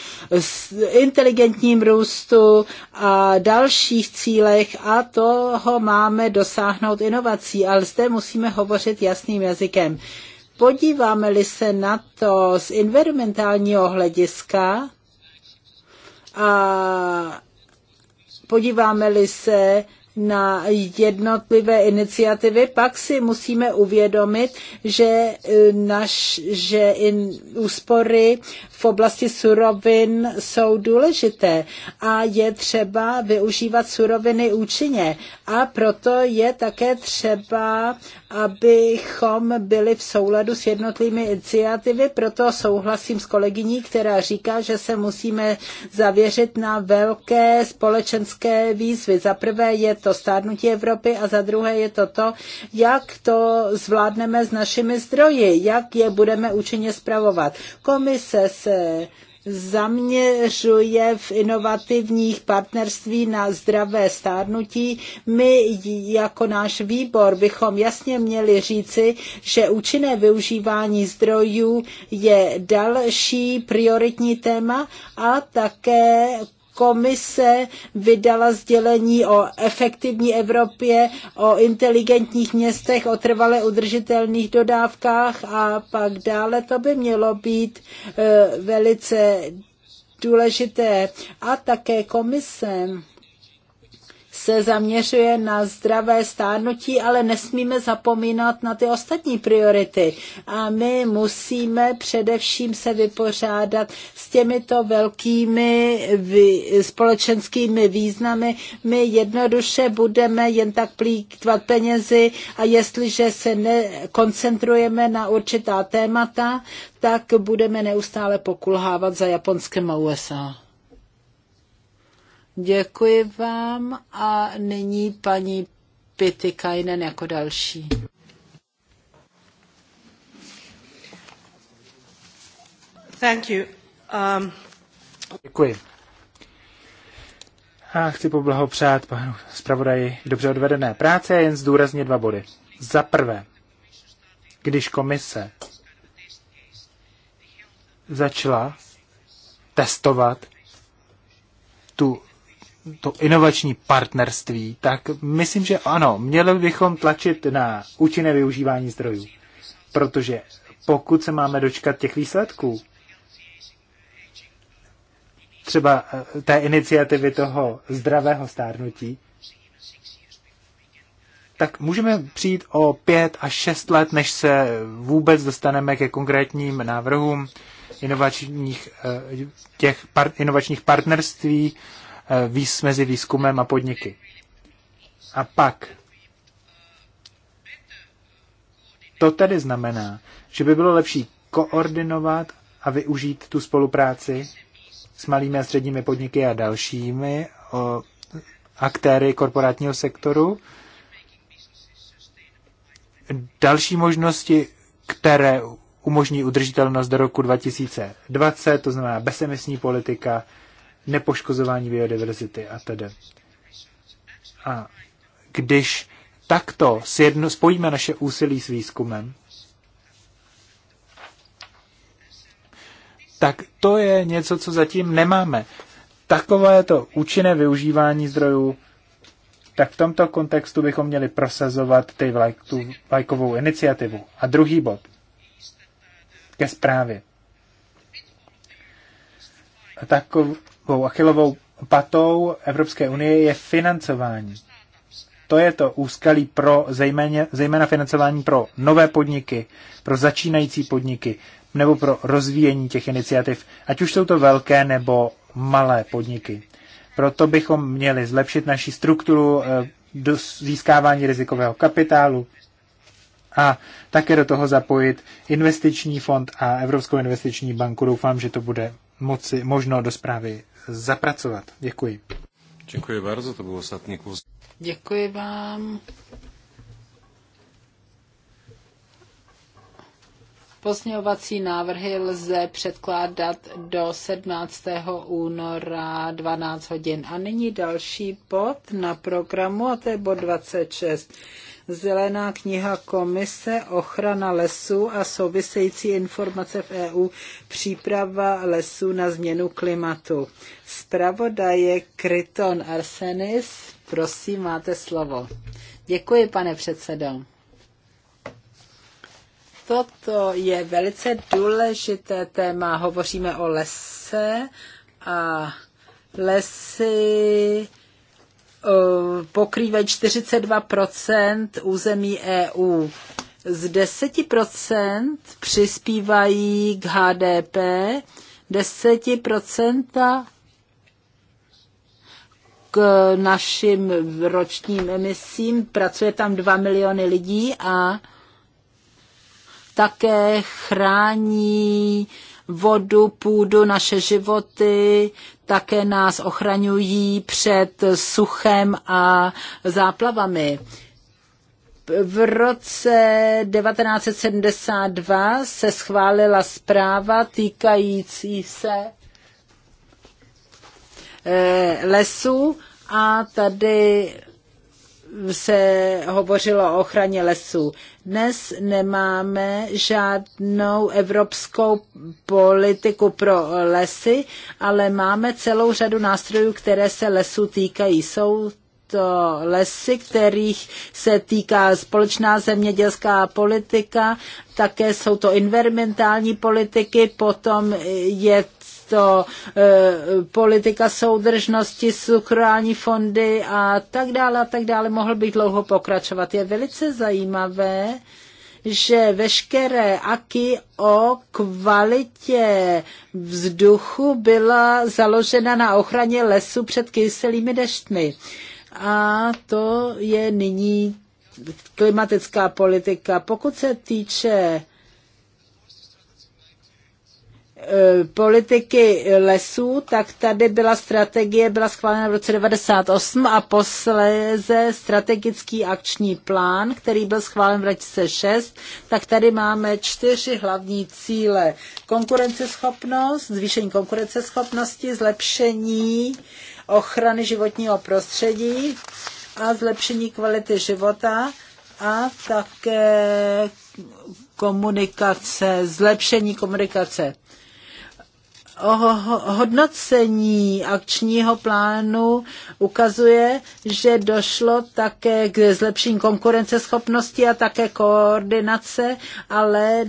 inteligentním růstu a dalších cílech a toho máme dosáhnout inovací, ale zde musíme hovořit jasným jazykem. Podíváme-li se na to z environmentálního hlediska a podíváme-li se na jednotlivé iniciativy, pak si musíme uvědomit, že, e, naš, že in, úspory v oblasti surovin jsou důležité a je třeba využívat suroviny účinně. A proto je také třeba, abychom byli v souladu s jednotlivými iniciativy. Proto souhlasím s kolegyní, která říká, že se musíme zavěřit na velké společenské výzvy. Za prvé je to stárnutí Evropy a za druhé je to to, jak to zvládneme s našimi zdroji, jak je budeme účinně zpravovat. Komise se zaměřuje v inovativních partnerství na zdravé stárnutí. My jako náš výbor bychom jasně měli říci, že účinné využívání zdrojů je další prioritní téma a také komise vydala sdělení o efektivní Evropě, o inteligentních městech, o trvale udržitelných dodávkách a pak dále. To by mělo být e, velice důležité. A také komise se zaměřuje na zdravé stárnutí, ale nesmíme zapomínat na ty ostatní priority. A my musíme především se vypořádat s těmito velkými společenskými významy. My jednoduše budeme jen tak plítvat penězi a jestliže se nekoncentrujeme na určitá témata, tak budeme neustále pokulhávat za Japonskem a USA. Děkuji vám a nyní paní Pitikainen jako další. Thank you. Um... Děkuji. A chci poblahopřát panu zpravodaji dobře odvedené práce a jen zdůrazně dva body. Za prvé, když komise začala testovat tu to inovační partnerství, tak myslím, že ano, měli bychom tlačit na účinné využívání zdrojů. Protože pokud se máme dočkat těch výsledků, třeba eh, té iniciativy toho zdravého stárnutí, tak můžeme přijít o pět až šest let, než se vůbec dostaneme ke konkrétním návrhům inovačních, eh, těch par, inovačních partnerství Eh, výz, mezi výzkumem a podniky. A pak to tedy znamená, že by bylo lepší koordinovat a využít tu spolupráci s malými a středními podniky a dalšími o, aktéry korporátního sektoru. Další možnosti, které umožní udržitelnost do roku 2020, to znamená bezemisní politika, nepoškozování biodiverzity a tedy. A když takto sjedno, spojíme naše úsilí s výzkumem, tak to je něco, co zatím nemáme. Takové to účinné využívání zdrojů, tak v tomto kontextu bychom měli prosazovat ty vlaj, tu vlajkovou iniciativu. A druhý bod ke zprávě. Takov, takovou achilovou patou Evropské unie je financování. To je to úskalí pro zejména, zejména financování pro nové podniky, pro začínající podniky nebo pro rozvíjení těch iniciativ, ať už jsou to velké nebo malé podniky. Proto bychom měli zlepšit naši strukturu eh, do získávání rizikového kapitálu a také do toho zapojit investiční fond a Evropskou investiční banku. Doufám, že to bude moci, možno do zprávy zapracovat. Děkuji. Děkuji bardzo, to byl ostatní kus. Děkuji vám. Pozměňovací návrhy lze předkládat do 17. února 12 hodin. A nyní další bod na programu, a to je bod 26. Zelená kniha Komise ochrana lesů a související informace v EU příprava lesů na změnu klimatu. Zpravodaj je Kryton Arsenis. Prosím, máte slovo. Děkuji, pane předsedo. Toto je velice důležité téma. Hovoříme o lese a lesy Eh, pokrývají 42 území EU. Z 10 přispívají k HDP, 10 k našim ročním emisím. Pracuje tam 2 miliony lidí a také chrání vodu, půdu, naše životy, také nás ochraňují před suchem a záplavami. V roce 1972 se schválila zpráva týkající se eh, lesů a tady se hovořilo o ochraně lesů. Dnes nemáme žádnou evropskou politiku pro lesy, ale máme celou řadu nástrojů, které se lesů týkají. Jsou to lesy, kterých se týká společná zemědělská politika, také jsou to environmentální politiky, potom je to e, politika soudržnosti, strukturální fondy a tak dále a tak dále. Mohl bych dlouho pokračovat. Je velice zajímavé, že veškeré aky o kvalitě vzduchu byla založena na ochraně lesu před kyselými deštmi. A to je nyní klimatická politika. Pokud se týče Eh, politiky lesů, tak tady byla strategie, byla schválena v roce 98 a posléze strategický akční plán, který byl schválen v 2006, tak tady máme čtyři hlavní cíle. Konkurenceschopnost, zvýšení konkurenceschopnosti, zlepšení ochrany životního prostředí a zlepšení kvality života a také komunikace, zlepšení komunikace hodnocení akčního plánu ukazuje, že došlo také k zlepšení konkurenceschopnosti a také koordinace, ale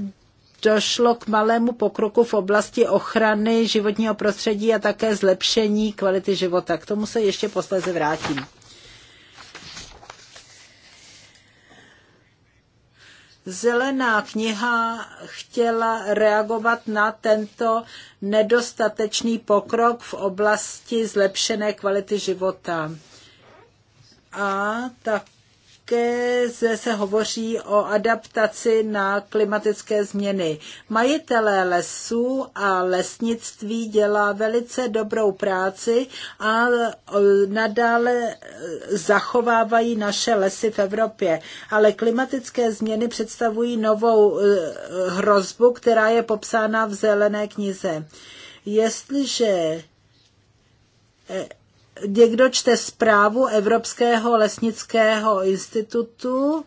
došlo k malému pokroku v oblasti ochrany životního prostředí a také zlepšení kvality života. K tomu se ještě posléze vrátím. Zelená kniha chtěla reagovat na tento nedostatečný pokrok v oblasti zlepšené kvality života. A tak také se hovoří o adaptaci na klimatické změny. Majitelé lesů a lesnictví dělá velice dobrou práci a e, nadále e, zachovávají naše lesy v Evropě. Ale klimatické změny představují novou e, hrozbu, která je popsána v zelené knize. Jestliže někdo čte zprávu Evropského lesnického institutu,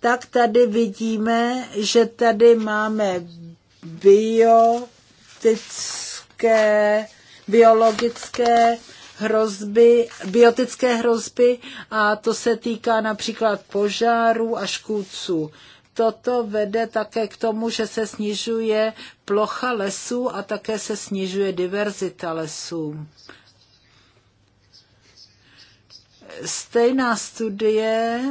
tak tady vidíme, že tady máme biotické, biologické hrozby, biotické hrozby a to se týká například požárů a škůdců. Toto vede také k tomu, že se snižuje plocha lesů a také se snižuje diverzita lesů. Stejná studie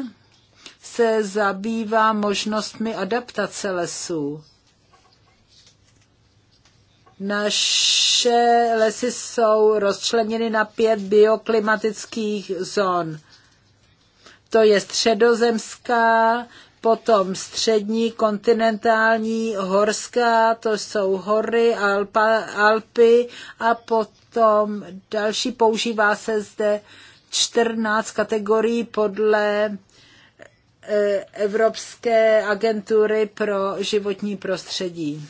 se zabývá možnostmi adaptace lesů. Naše lesy jsou rozčleněny na pět bioklimatických zón. To je středozemská, potom střední, kontinentální, horská, to jsou hory, Alpa, Alpy a potom další používá se zde 14 kategorií podle e, Evropské agentury pro životní prostředí.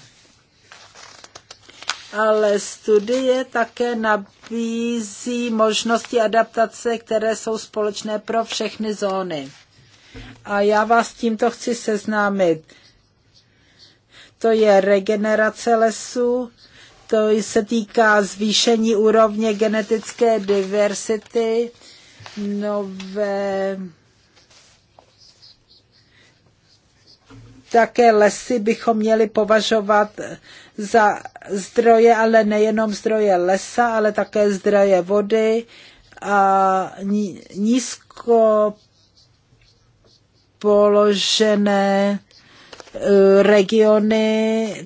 Ale studie také nabízí možnosti adaptace, které jsou společné pro všechny zóny. A já vás tímto chci seznámit. To je regenerace lesů, to se týká zvýšení úrovně genetické diversity, nové také lesy bychom měli považovat za zdroje, ale nejenom zdroje lesa, ale také zdroje vody a nízko položené eh, regiony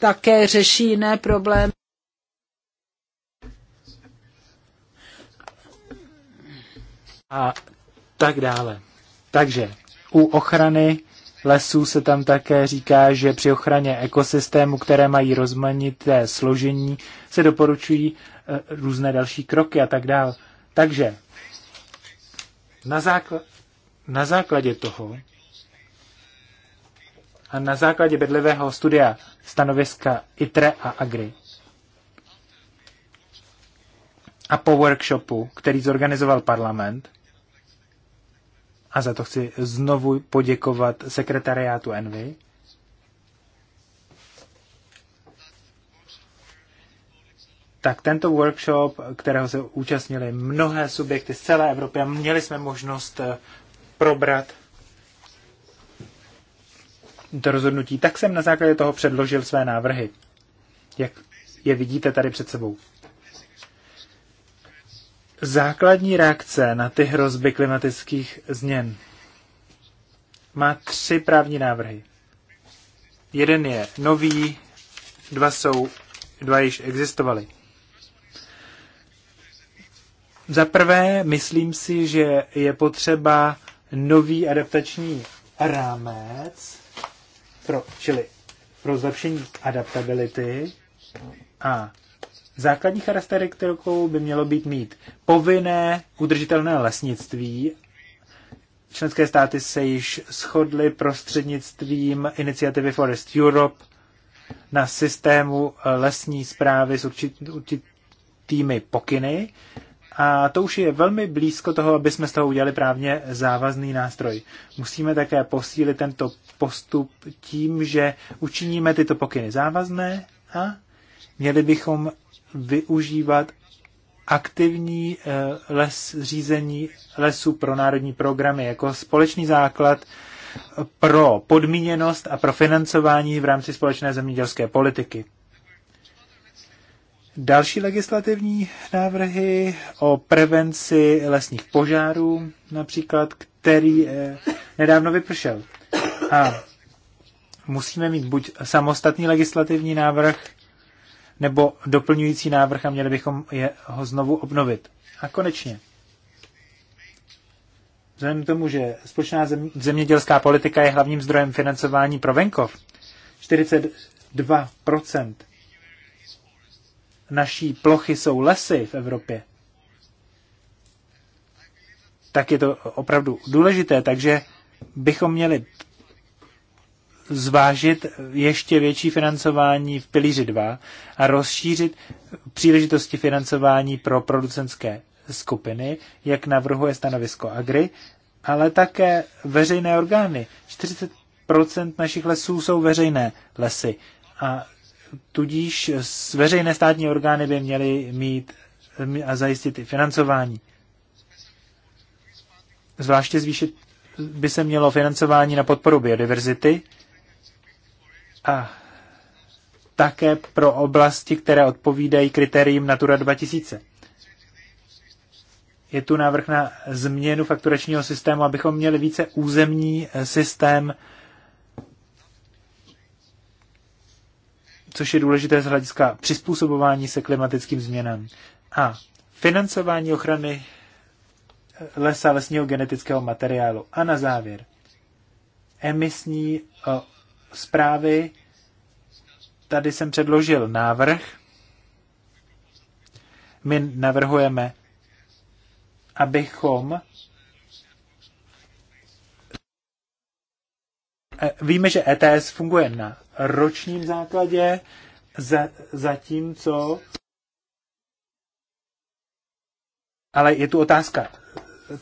také řeší jiné problémy. A tak dále. Takže u ochrany lesů se tam také říká, že při ochraně ekosystému, které mají rozmanité složení, se doporučují eh, různé další kroky a tak dále. Takže na, zákl- na základě toho a na základě bedlivého studia stanoviska ITRE a AGRI. A po workshopu, který zorganizoval parlament, a za to chci znovu poděkovat sekretariátu Envy, tak tento workshop, kterého se účastnili mnohé subjekty z celé Evropy a měli jsme možnost eh, probrat to rozhodnutí, tak jsem na základě toho předložil své návrhy. Jak je vidíte tady před sebou. Základní reakce na ty hrozby klimatických změn má tři právní návrhy. Jeden je nový, dva jsou, dva již existovaly. Za prvé, myslím si, že je potřeba nový adaptační rámec pro, čili pro zlepšení adaptability a základní charakteristikou by mělo být mít povinné udržitelné lesnictví. Členské státy se již shodly prostřednictvím iniciativy Forest Europe na systému lesní zprávy s určitými pokyny, a to už je velmi blízko toho, aby jsme z toho udělali právně závazný nástroj. Musíme také posílit tento postup tím, že učiníme tyto pokyny závazné a měli bychom využívat aktivní eh, les, řízení lesu pro národní programy jako společný základ pro podmíněnost a pro financování v rámci společné zemědělské politiky. Další legislativní návrhy o prevenci lesních požárů, například, který eh, nedávno vypršel. A musíme mít buď samostatný legislativní návrh, nebo doplňující návrh a měli bychom je, ho znovu obnovit. A konečně, vzhledem k tomu, že společná zem, zemědělská politika je hlavním zdrojem financování pro venkov, 42 naší plochy jsou lesy v Evropě, tak je to opravdu důležité. Takže bychom měli zvážit ještě větší financování v pilíři 2 a rozšířit příležitosti financování pro producentské skupiny, jak navrhuje stanovisko Agri, ale také veřejné orgány. 40% našich lesů jsou veřejné lesy a Tudíž veřejné státní orgány by měly mít a zajistit i financování. Zvláště zvýšit by se mělo financování na podporu biodiverzity a také pro oblasti, které odpovídají kritériím Natura 2000. Je tu návrh na změnu fakturačního systému, abychom měli více územní eh, systém což je důležité z hlediska přizpůsobování se klimatickým změnám. A financování ochrany lesa, lesního genetického materiálu. A na závěr, emisní o, eh, zprávy. Tady jsem předložil návrh. My navrhujeme, abychom eh, Víme, že ETS funguje na ročním základě, za, zatímco. Ale je tu otázka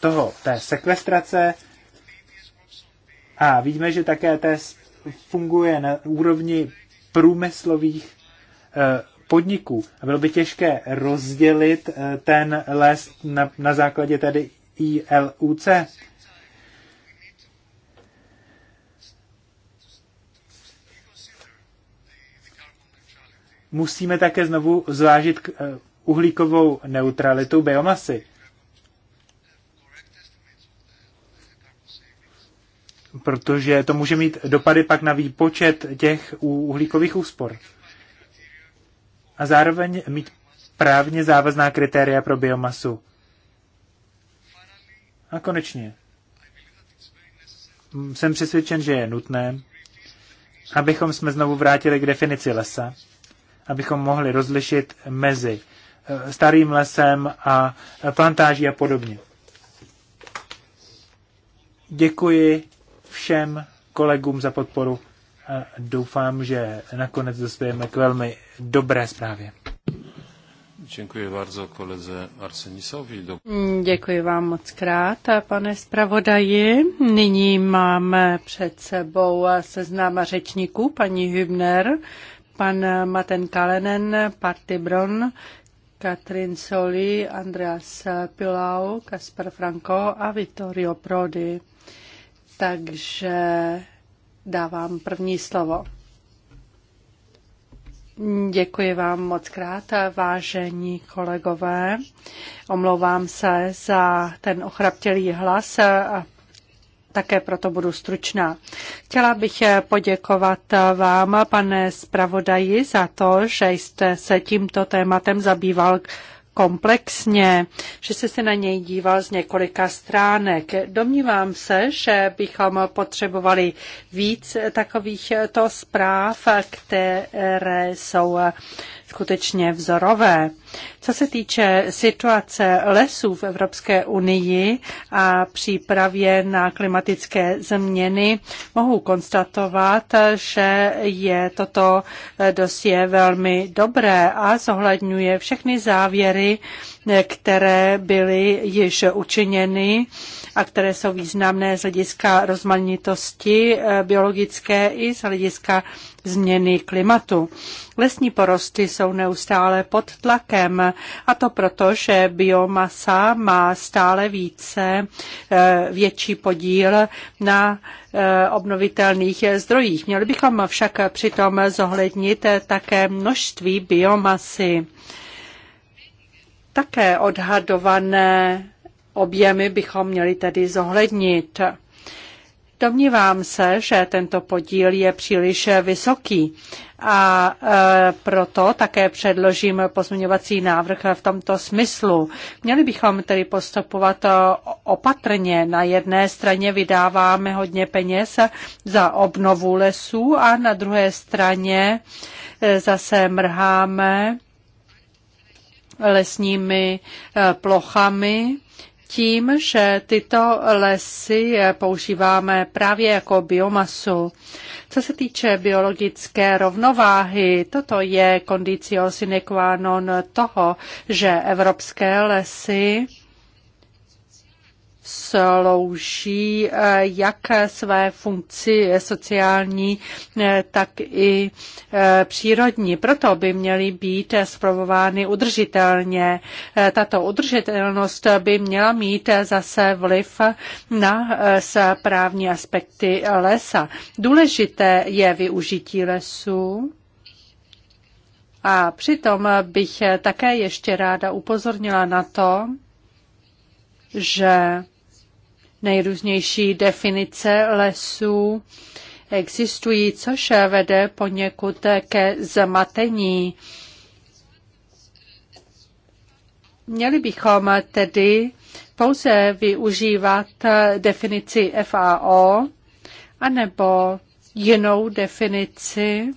toho, té sekvestrace. A víme, že také test funguje na úrovni průmyslových eh, podniků. A bylo by těžké rozdělit eh, ten les na, na základě tedy ILUC. musíme také znovu zvážit eh, uhlíkovou neutralitu biomasy. Protože to může mít dopady pak na výpočet těch uhlíkových úspor. A zároveň mít právně závazná kritéria pro biomasu. A konečně. Jsem přesvědčen, že je nutné, abychom jsme znovu vrátili k definici lesa abychom mohli rozlišit mezi eh, starým lesem a plantáží a podobně. Děkuji všem kolegům za podporu a doufám, že nakonec dospějeme k velmi dobré zprávě. Děkuji bardzo koleze Arsenisovi. Děkuji vám moc krát, pane zpravodaji. Nyní máme před sebou seznáma řečníků, paní Hübner pan Maten Kalenen, Party Bron, Katrin Soli, Andreas Pilau, Kasper Franco a Vittorio Prodi. Takže dávám první slovo. Děkuji vám moc krát, vážení kolegové. Omlouvám se za ten ochraptělý hlas také proto budu stručná. Chtěla bych poděkovat vám, pane zpravodaji, za to, že jste se tímto tématem zabýval komplexně, že jste se na něj díval z několika stránek. Domnívám se, že bychom potřebovali víc takovýchto zpráv, které jsou skutečně vzorové. Co se týče situace lesů v Evropské unii a přípravě na klimatické změny, mohu konstatovat, že je toto dosie velmi dobré a zohledňuje všechny závěry, které byly již učiněny a které jsou významné z hlediska rozmanitosti eh, biologické i z hlediska změny klimatu. Lesní porosty jsou neustále pod tlakem a to proto, že biomasa má stále více eh, větší podíl na eh, obnovitelných zdrojích. Měli bychom však přitom zohlednit také množství biomasy. Také odhadované objemy bychom měli tedy zohlednit. Domnívám se, že tento podíl je příliš vysoký a e, proto také předložím pozměňovací návrh v tomto smyslu. Měli bychom tedy postupovat opatrně. Na jedné straně vydáváme hodně peněz za obnovu lesů a na druhé straně e, zase mrháme lesními e, plochami tím, že tyto lesy používáme právě jako biomasu. Co se týče biologické rovnováhy, toto je kondicio sine qua non toho, že evropské lesy slouží eh, jak své funkci sociální, eh, tak i eh, přírodní. Proto by měly být zpravovány udržitelně. Tato udržitelnost by měla mít zase vliv na správní aspekty lesa. Důležité je využití lesů. A přitom bych také ještě ráda upozornila na to, že nejrůznější definice lesů existují, což vede poněkud ke zamatení. Měli bychom tedy pouze využívat definici FAO anebo jinou definici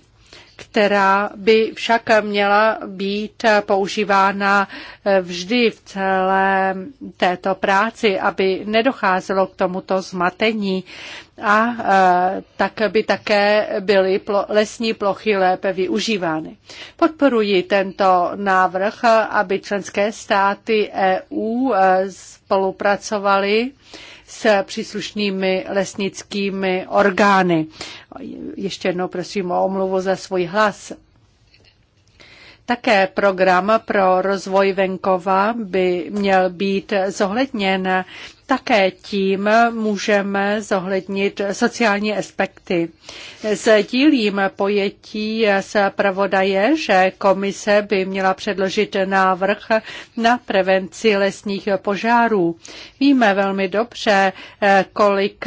která by však měla být používána eh, vždy v celé této práci, aby nedocházelo k tomuto zmatení a eh, tak by také byly lesní plochy lépe využívány. Podporuji tento návrh, aby členské státy EU eh, spolupracovaly s příslušnými lesnickými orgány. Ještě jednou prosím o omluvu za svůj hlas. Také program pro rozvoj venkova by měl být zohledněn. Také tím můžeme zohlednit sociální aspekty. Sdílím pojetí z pravodaje, že komise by měla předložit návrh na prevenci lesních požárů. Víme velmi dobře, kolik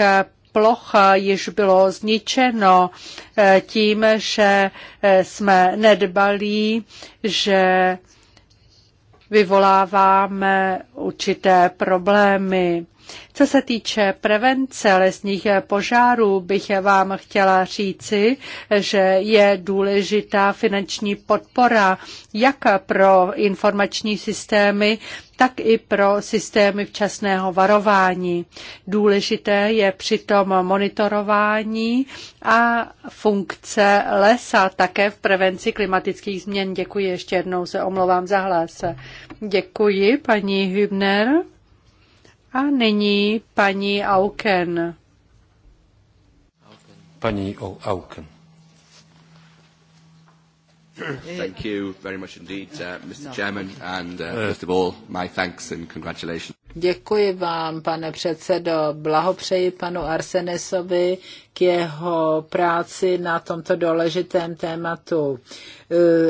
ploch již bylo zničeno eh, tím, že eh, jsme nedbalí, že vyvoláváme určité problémy. Co se týče prevence lesních požárů, bych vám chtěla říci, že je důležitá finanční podpora jak pro informační systémy, tak i pro systémy včasného varování. Důležité je přitom monitorování a funkce lesa také v prevenci klimatických změn. Děkuji ještě jednou, se omlouvám za hlas. Děkuji, paní Hübner. A nyní paní Auken. Paní Auken. Thank you very much indeed, uh, Mr. No. Chairman, and uh, eh. first of all, my thanks and congratulations. Děkuji vám, pane předsedo. Blahopřeji panu Arsenesovi k jeho práci na tomto důležitém tématu.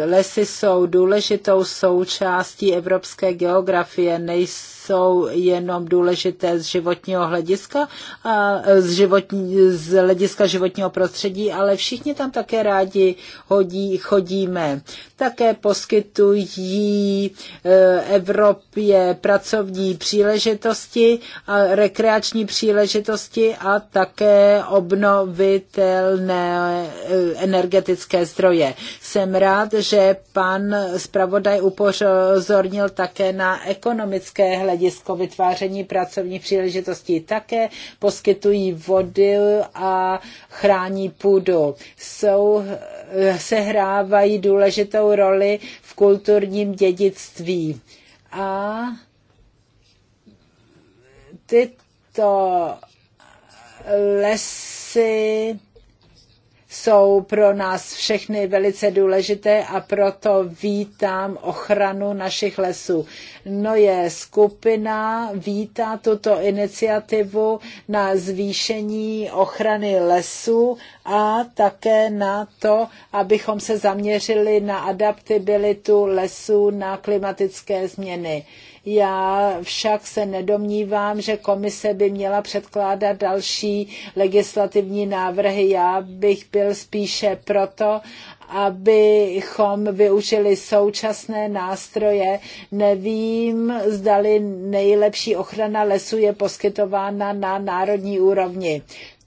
E, lesy jsou důležitou součástí evropské geografie, nejsou jenom důležité z životního hlediska, a z, životní, z hlediska životního prostředí, ale všichni tam také rádi hodí, chodíme. Také poskytují e, Evropě pracovní příležitosti, příležitosti, rekreační příležitosti a také obnovitelné eh, energetické zdroje. Jsem rád, že pan zpravodaj upozornil také na ekonomické hledisko vytváření pracovních příležitostí. Také poskytují vody a chrání půdu. Jsou, eh, sehrávají důležitou roli v kulturním dědictví. A Tyto lesy jsou pro nás všechny velice důležité a proto vítám ochranu našich lesů. No je skupina vítá tuto iniciativu na zvýšení ochrany lesů a také na to, abychom se zaměřili na adaptabilitu lesů na klimatické změny. Já však se nedomnívám, že komise by měla předkládat další legislativní návrhy. Já bych byl spíše proto, abychom využili současné nástroje. Nevím, zdali nejlepší ochrana lesů je poskytována na národní úrovni.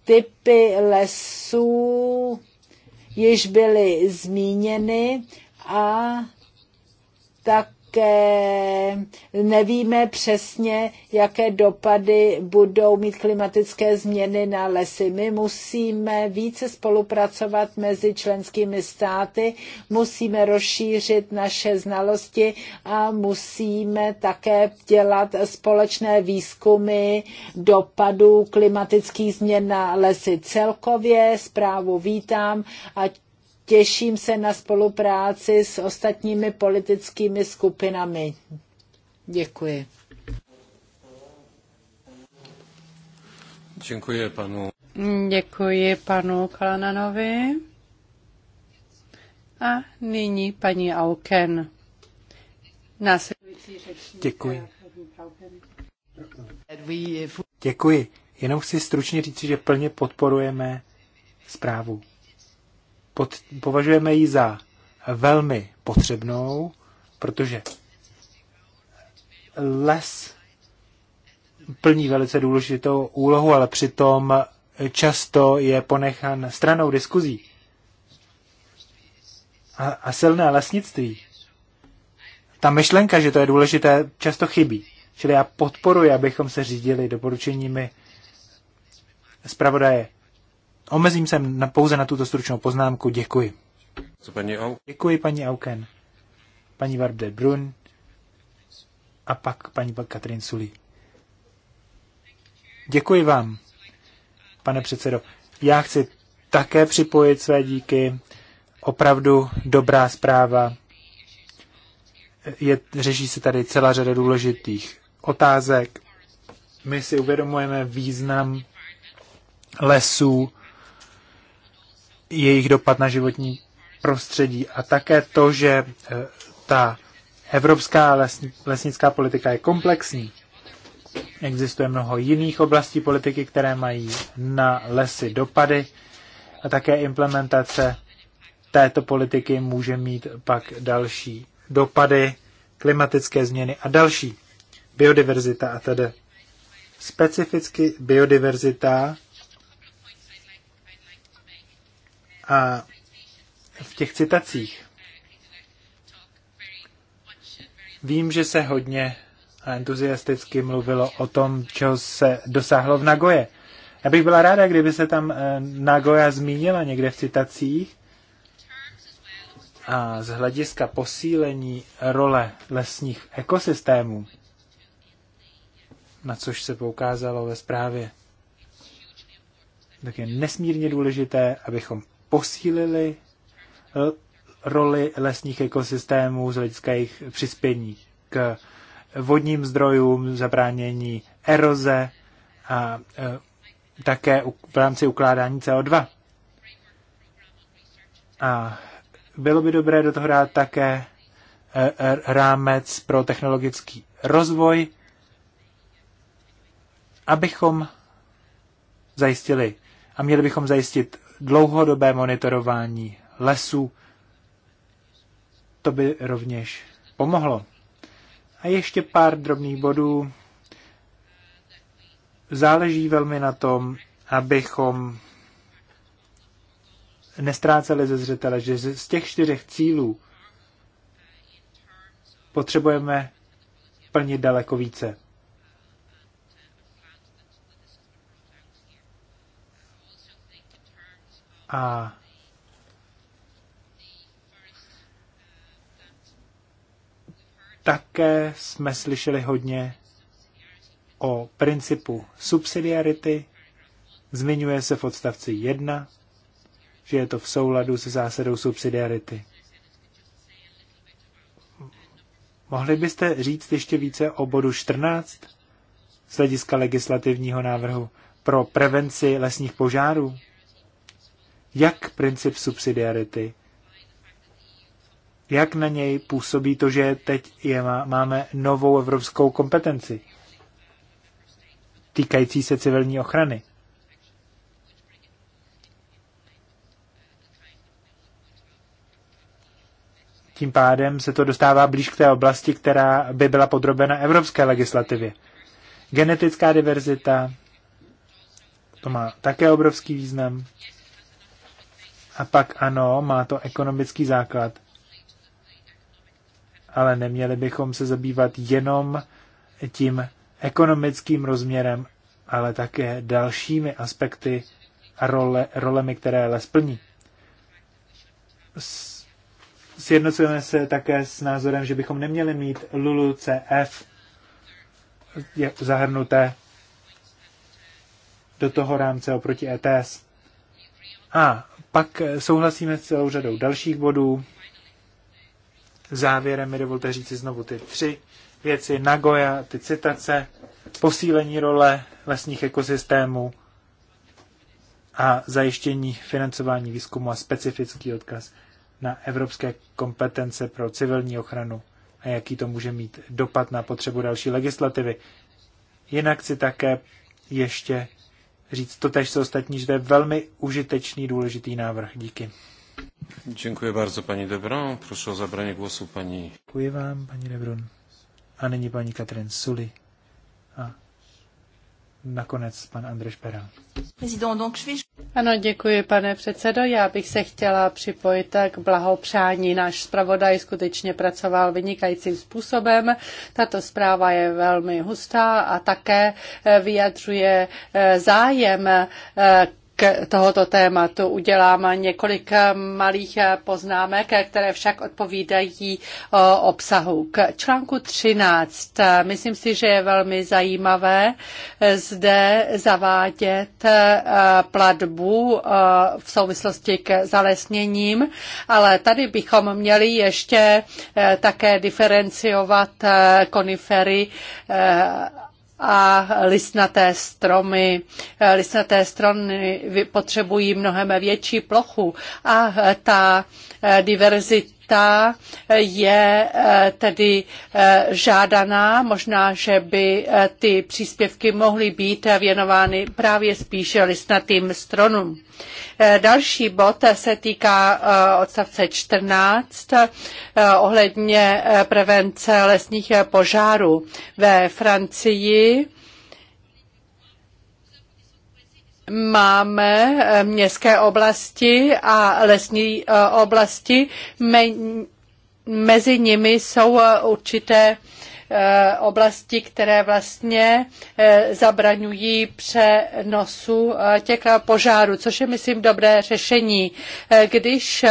Typy lesů již byly zmíněny a tak také nevíme přesně, jaké dopady budou mít klimatické změny na lesy. My musíme více spolupracovat mezi členskými státy, musíme rozšířit naše znalosti a musíme také dělat společné výzkumy dopadů klimatických změn na lesy. Celkově zprávu vítám a Těším se na spolupráci s ostatními politickými skupinami. Děkuji. Děkuji panu. Děkuji panu Kalananovi. A nyní paní Auken. Děkuji. Děkuji. Jenom chci stručně říct, že plně podporujeme zprávu pod, považujeme ji za velmi potřebnou, protože les plní velice důležitou úlohu, ale přitom často je ponechan stranou diskuzí. A, a silné lesnictví. Ta myšlenka, že to je důležité, často chybí. Čili já podporuji, abychom se řídili doporučeními zpravodaje omezím se na, pouze na tuto stručnou poznámku. Děkuji. Co paní Au? Děkuji, paní Auken. Paní Varde Brun a pak paní Katrin Suli. Děkuji vám, pane předsedo. Já chci také připojit své díky. Opravdu dobrá zpráva. Je, řeší se tady celá řada důležitých otázek. My si uvědomujeme význam lesů jejich dopad na životní prostředí a také to, že e, ta evropská lesní, lesnická politika je komplexní. Existuje mnoho jiných oblastí politiky, které mají na lesy dopady a také implementace této politiky může mít pak další dopady, klimatické změny a další. Biodiverzita a tedy. Specificky biodiverzita A v těch citacích vím, že se hodně entuziasticky mluvilo o tom, čeho se dosáhlo v Nagoje. Já bych byla ráda, kdyby se tam eh, Nagoya zmínila někde v citacích a z hlediska posílení role lesních ekosystémů, na což se poukázalo ve zprávě, tak je nesmírně důležité, abychom posílili eh, roli lesních ekosystémů z hlediska jejich přispění k vodním zdrojům, zabránění eroze a eh, také v rámci ukládání CO2. A bylo by dobré do toho dát také eh, rámec pro technologický rozvoj, abychom zajistili a měli bychom zajistit dlouhodobé monitorování lesů. To by rovněž pomohlo. A ještě pár drobných bodů. Záleží velmi na tom, abychom nestráceli ze zřetele, že z těch čtyřech cílů potřebujeme plnit daleko více. A také jsme slyšeli hodně o principu subsidiarity. Zmiňuje se v odstavci 1, že je to v souladu se zásadou subsidiarity. Mohli byste říct ještě více o bodu 14 z hlediska legislativního návrhu pro prevenci lesních požárů? jak princip subsidiarity, jak na něj působí to, že teď je, máme novou evropskou kompetenci týkající se civilní ochrany. Tím pádem se to dostává blíž k té oblasti, která by byla podrobena evropské legislativě. Genetická diverzita, to má také obrovský význam. A pak ano, má to ekonomický základ, ale neměli bychom se zabývat jenom tím ekonomickým rozměrem, ale také dalšími aspekty a role, rolemi, které les plní. Sjednocujeme se také s názorem, že bychom neměli mít LULU CF zahrnuté do toho rámce oproti ETS. A pak souhlasíme s celou řadou dalších bodů. Závěrem mi dovolte si znovu ty tři věci. Nagoya, ty citace, posílení role lesních ekosystémů a zajištění financování výzkumu a specifický odkaz na evropské kompetence pro civilní ochranu a jaký to může mít dopad na potřebu další legislativy. Jinak si také ještě říct to tež se ostatní, že to je velmi užitečný, důležitý návrh. Díky. Děkuji bardzo, paní Debron. Prosím o zabrání głosu paní. Děkuji vám, paní Debron. A nyní paní Katrin Suli. A nakonec pan Andreš Pera. Ano, děkuji, pane předsedo. Já bych se chtěla připojit k blahopřání. Náš zpravodaj skutečně pracoval vynikajícím způsobem. Tato zpráva je velmi hustá a také eh, vyjadřuje eh, zájem eh, tohoto tématu udělám několik malých poznámek, které však odpovídají obsahu. K článku 13. Myslím si, že je velmi zajímavé e, zde zavádět e, platbu e, v souvislosti k zalesněním, ale tady bychom měli ještě také diferenciovat konifery a listnaté stromy. Listnaté stromy potřebují mnohem větší plochu a ta diverzita ta je eh, tedy eh, žádaná. Možná, že by eh, ty příspěvky mohly být věnovány právě spíše listnatým stronům. Další bod se týká odstavce 14 ohledně prevence lesních požárů. Ve Francii máme eh, městské oblasti a lesní eh, oblasti. Mezi nimi jsou eh, určité oblasti, které vlastně zabraňují přenosu těch požárů, což je, myslím, dobré řešení. Když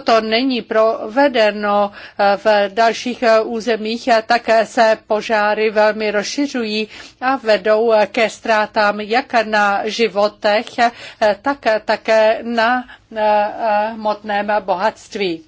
toto není provedeno eh, v dalších eh, územích, eh, tak se požáry velmi rozšiřují a vedou ke ztrátám jak na životech, tak také na hmotném bohatství.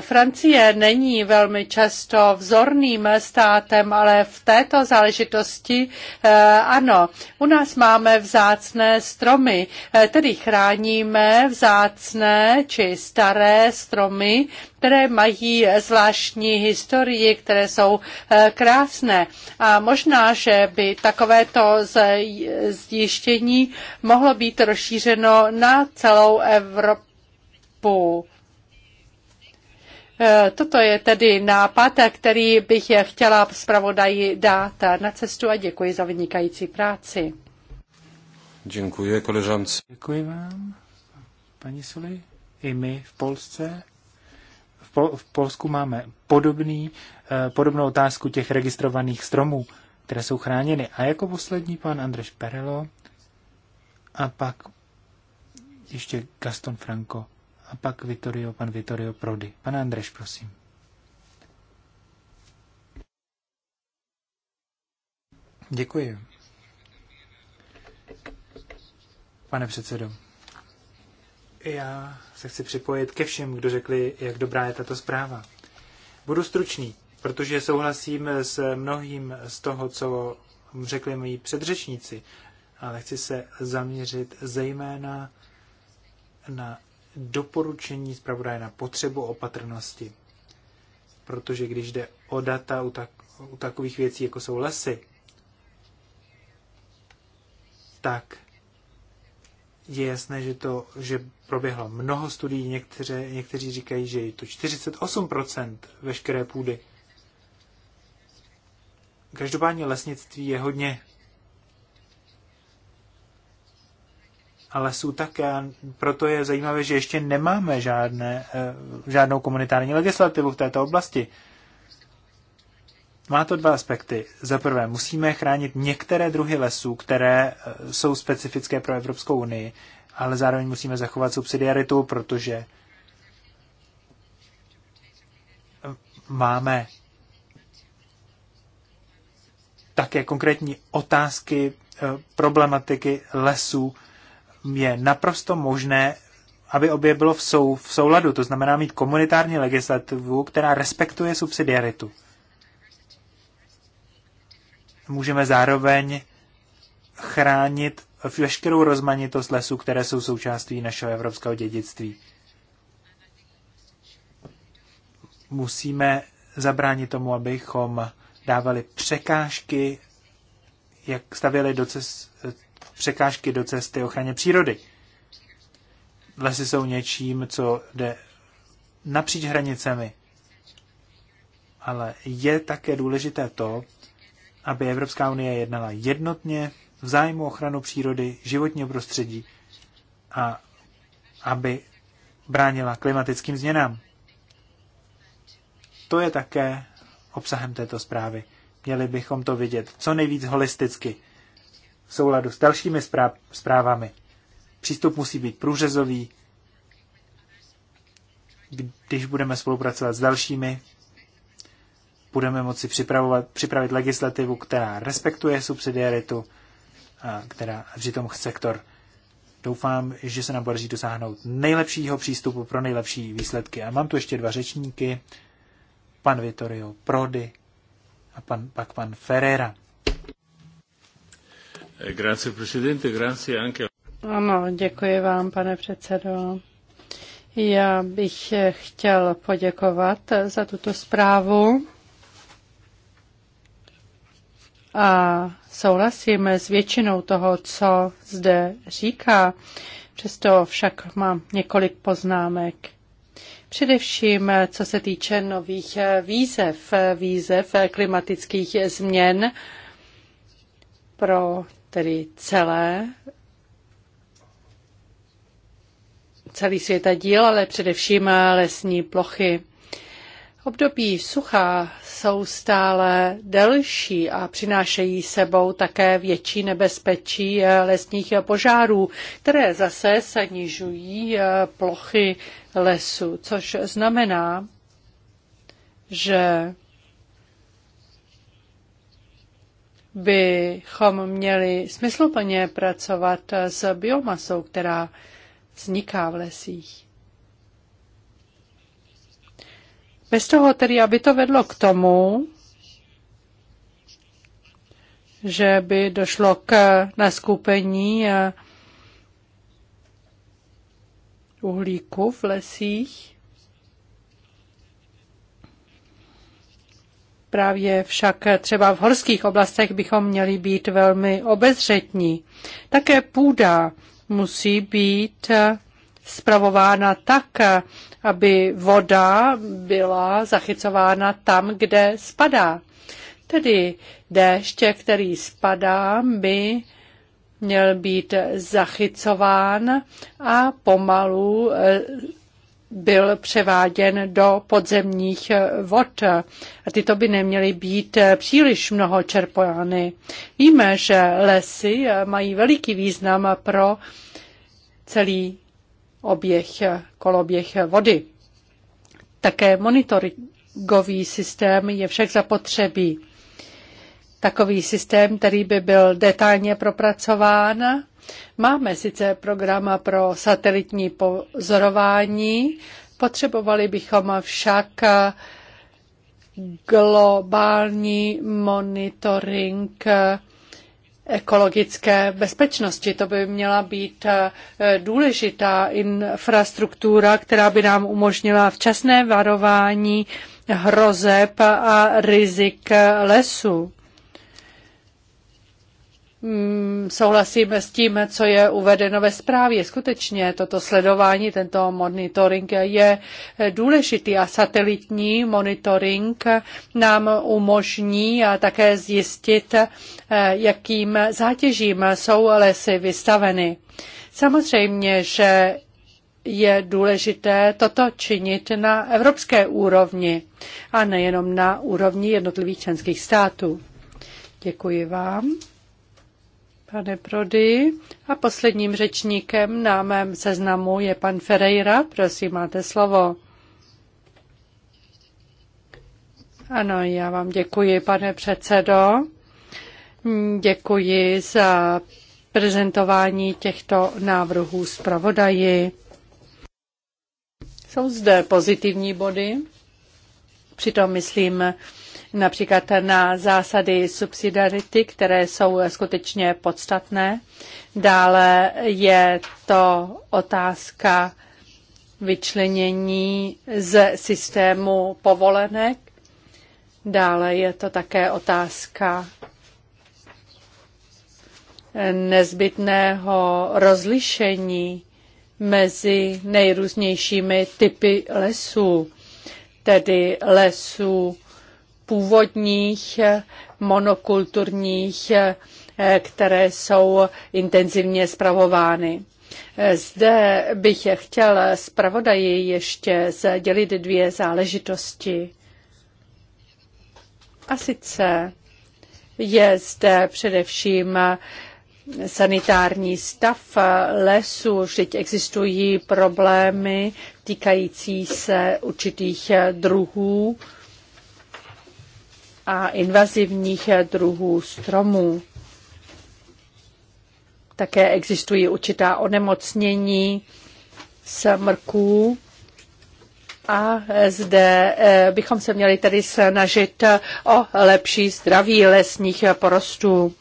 Francie není velmi často vzorným státem, ale v této záležitosti eh, ano. U nás máme vzácné stromy, eh, tedy chráníme vzácné či staré stromy, které mají zvláštní historii, které jsou eh, krásné. A možná, že by takovéto zjištění mohlo být rozšířeno na celou Evropu. Eh, toto je tedy nápad, který bych chtěla zpravodaji dát na cestu a děkuji za vynikající práci. Děkuji koleżance. Děkuji vám, paní Suli. I my v Polsce. V, Pol- v Polsku máme podobný, eh, podobnou otázku těch registrovaných stromů, které jsou chráněny. A jako poslední pan Andreš Perelo a pak ještě Gaston Franco a pak Vittorio, pan Vittorio Prody. Pane Andreš, prosím. Děkuji. Pane předsedo, já se chci připojit ke všem, kdo řekli, jak dobrá je tato zpráva. Budu stručný, protože souhlasím s mnohým z toho, co řekli moji předřečníci, ale chci se zaměřit zejména na doporučení zpravodaje na potřebu opatrnosti. Protože když jde o data u, tak, u takových věcí, jako jsou lesy, tak je jasné, že, to, že proběhlo mnoho studií. Někteře, někteří říkají, že je to 48% veškeré půdy. Každopádně lesnictví je hodně Ale jsou také. Proto je zajímavé, že ještě nemáme žádné, eh, žádnou komunitární legislativu v této oblasti. Má to dva aspekty. Za prvé, musíme chránit některé druhy lesů, které eh, jsou specifické pro Evropskou unii, ale zároveň musíme zachovat subsidiaritu, protože máme také konkrétní otázky eh, problematiky lesů, je naprosto možné, aby obě bylo v, sou, v souladu, to znamená mít komunitární legislativu, která respektuje subsidiaritu. Můžeme zároveň chránit veškerou rozmanitost lesů, které jsou součástí našeho evropského dědictví. Musíme zabránit tomu, abychom dávali překážky, jak stavěli do cest, překážky do cesty ochraně přírody. Lesy jsou něčím, co jde napříč hranicemi. Ale je také důležité to, aby Evropská unie jednala jednotně v zájmu ochranu přírody, životního prostředí a aby bránila klimatickým změnám. To je také obsahem této zprávy. Měli bychom to vidět co nejvíc holisticky v souladu s dalšími zprávami. Přístup musí být průřezový, když budeme spolupracovat s dalšími, budeme moci připravovat, připravit legislativu, která respektuje subsidiaritu, a která přitom sektor. Doufám, že se nám podaří dosáhnout nejlepšího přístupu pro nejlepší výsledky. A mám tu ještě dva řečníky, pan Vittorio Prodi a pan, pak pan Ferreira. Eh, ano, děkuji vám, pane předsedo. Já bych chtěl poděkovat za tuto zprávu a souhlasím s většinou toho, co zde říká. Přesto však mám několik poznámek. Především, co se týče nových výzev, výzev klimatických změn pro tedy celé celý světa díl, ale především lesní plochy. Období sucha jsou stále delší a přinášejí sebou také větší nebezpečí lesních požárů, které zase snižují plochy lesu, což znamená, že bychom měli smysluplně pracovat s biomasou, která vzniká v lesích. Bez toho tedy, aby to vedlo k tomu, že by došlo k naskupení eh, uhlíku v lesích, Právě však třeba v horských oblastech bychom měli být velmi obezřetní. Také půda musí být spravována tak, aby voda byla zachycována tam, kde spadá. Tedy déště, který spadá, by měl být zachycován a pomalu eh, byl převáděn do podzemních vod. A tyto by neměly být příliš mnoho čerpány. Víme, že lesy mají veliký význam pro celý oběh, koloběh vody. Také monitoringový systém je však zapotřebí takový systém, který by byl detailně propracován. Máme sice program pro satelitní pozorování, potřebovali bychom však globální monitoring ekologické bezpečnosti. To by měla být důležitá infrastruktura, která by nám umožnila včasné varování hrozeb a rizik lesů. Mm, souhlasím s tím, co je uvedeno ve zprávě. Skutečně toto sledování, tento monitoring je důležitý a satelitní monitoring nám umožní a také zjistit, eh, jakým zátěžím jsou lesy vystaveny. Samozřejmě, že je důležité toto činit na evropské úrovni a nejenom na úrovni jednotlivých členských států. Děkuji vám pane Prody. A posledním řečníkem na mém seznamu je pan Ferreira. Prosím, máte slovo. Ano, já vám děkuji, pane předsedo. Děkuji za prezentování těchto návrhů zpravodaji. Jsou zde pozitivní body, přitom myslím, například na zásady subsidiarity, které jsou skutečně podstatné. Dále je to otázka vyčlenění z systému povolenek. Dále je to také otázka nezbytného rozlišení mezi nejrůznějšími typy lesů, tedy lesů původních eh, monokulturních, eh, které jsou intenzivně spravovány. Eh, zde bych chtěl zpravodaji ještě sdělit dvě záležitosti. A sice je zde především sanitární stav lesů. Vždyť existují problémy týkající se určitých druhů a invazivních druhů stromů. Také existují určitá onemocnění smrků, a zde eh, bychom se měli tedy snažit o lepší zdraví lesních porostů.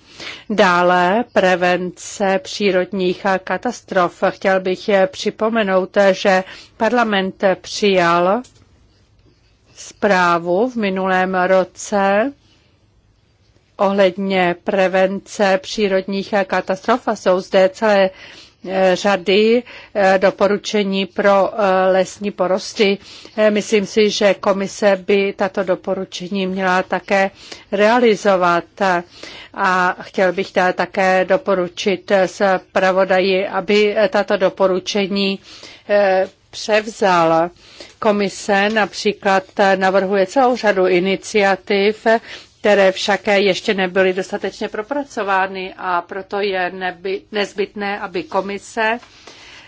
Dále prevence přírodních katastrof. Chtěl bych připomenout, že parlament přijal zprávu v minulém roce ohledně prevence přírodních katastrof a jsou zde celé e, řady e, doporučení pro e, lesní porosty. Myslím si, že komise by tato doporučení měla také realizovat a chtěl bych také doporučit zpravodaji, aby tato doporučení převzal. Komise například navrhuje celou řadu iniciativ, které však ještě nebyly dostatečně propracovány a proto je neby, nezbytné, aby komise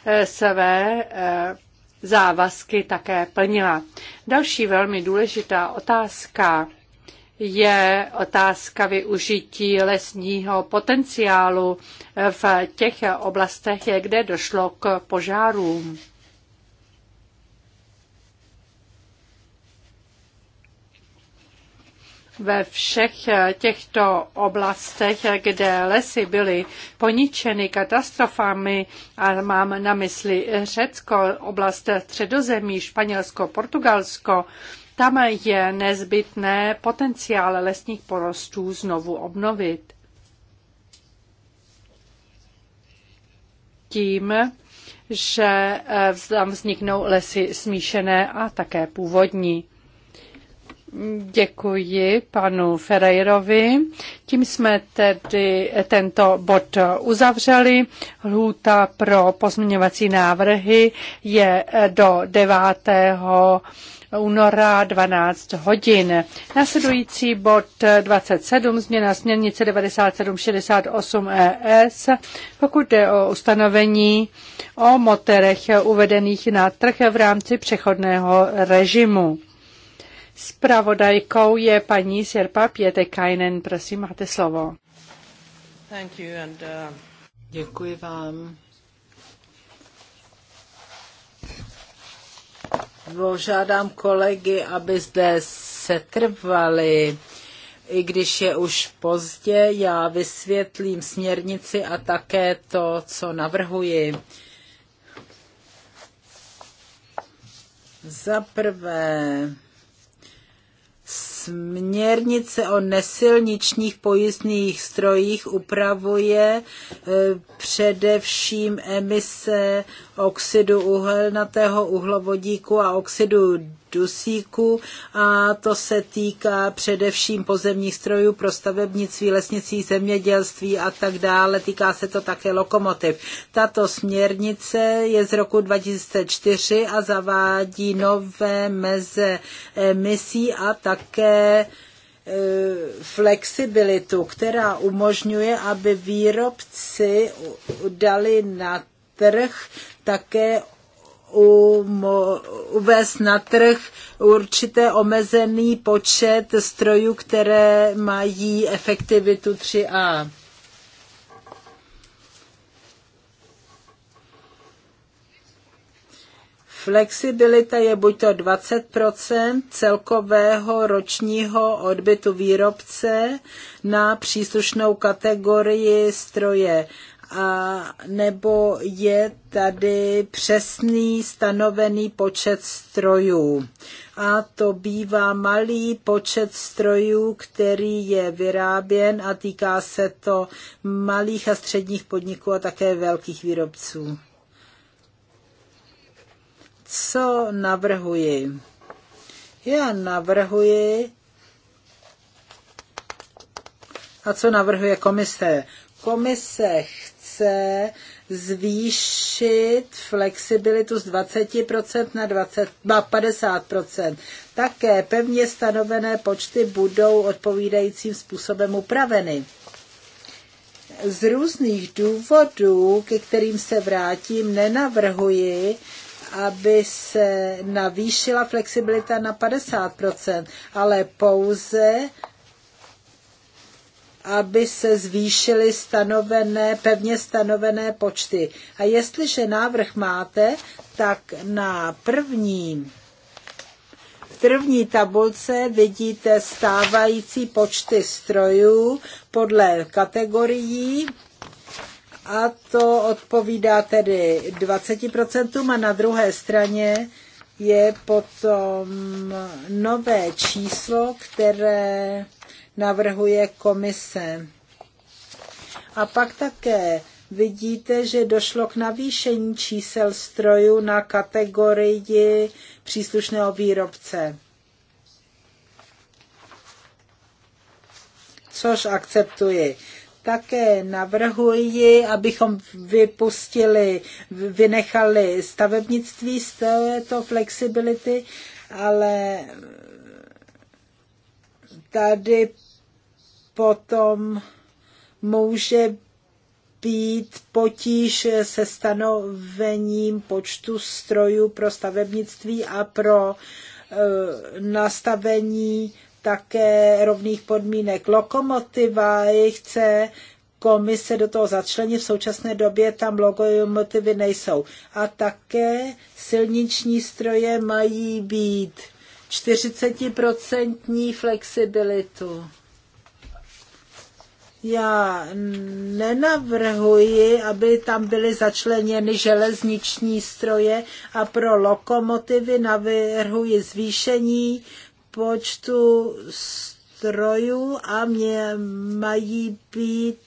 eh, své eh, závazky také plnila. Další velmi důležitá otázka je otázka využití lesního potenciálu eh, v těch oblastech, kde došlo k požárům. ve všech eh, těchto oblastech, kde lesy byly poničeny katastrofami, a mám na mysli Řecko, oblast Středozemí, Španělsko, Portugalsko, tam je nezbytné potenciál lesních porostů znovu obnovit. Tím, že eh, tam vzniknou lesy smíšené a také původní. Děkuji panu Ferreirovi. Tím jsme tedy tento bod uzavřeli. Lhůta pro pozměňovací návrhy je do 9 února 12 hodin. Nasledující bod 27, změna směrnice 9768 ES, pokud jde o ustanovení o motorech uvedených na trh v rámci přechodného režimu. Spravodajkou je paní Sirpa Pietekainen. Prosím, máte slovo. Thank you and, uh... Děkuji vám. Žádám kolegy, aby zde setrvali. I když je už pozdě, já vysvětlím směrnici a také to, co navrhuji. Za prvé, Směrnice o nesilničních pojízdných strojích upravuje eh, především emise oxidu uhelnatého uhlovodíku a oxidu dusíku a to se týká především pozemních strojů pro stavebnictví, lesnictví, zemědělství a tak dále. Týká se to také lokomotiv. Tato směrnice je z roku 2004 a zavádí nové meze emisí a také e, flexibilitu, která umožňuje, aby výrobci dali na trh také uvést na trh určité omezený počet strojů, které mají efektivitu 3A. Flexibilita je buď to 20 celkového ročního odbytu výrobce na příslušnou kategorii stroje a nebo je tady přesný stanovený počet strojů. A to bývá malý počet strojů, který je vyráběn a týká se to malých a středních podniků a také velkých výrobců. Co navrhuji? Já navrhuji, a co navrhuje komise? Komise chce, se zvýšit flexibilitu z 20% na 20, 50%. Také pevně stanovené počty budou odpovídajícím způsobem upraveny. Z různých důvodů, ke kterým se vrátím, nenavrhuji, aby se navýšila flexibilita na 50%, ale pouze aby se zvýšily stanovené, pevně stanovené počty. A jestliže návrh máte, tak na první první tabulce vidíte stávající počty strojů podle kategorií a to odpovídá tedy 20% a na druhé straně je potom nové číslo, které navrhuje komise. A pak také vidíte, že došlo k navýšení čísel strojů na kategorii příslušného výrobce. Což akceptuji také navrhuji, abychom vypustili, vynechali stavebnictví z této flexibility, ale tady potom může být potíž se stanovením počtu strojů pro stavebnictví a pro e, nastavení také rovných podmínek. Lokomotiva chce komise do toho začlenit, v současné době tam lokomotivy nejsou. A také silniční stroje mají být 40% flexibilitu. Já nenavrhuji, aby tam byly začleněny železniční stroje a pro lokomotivy navrhuji zvýšení počtu strojů a mě mají být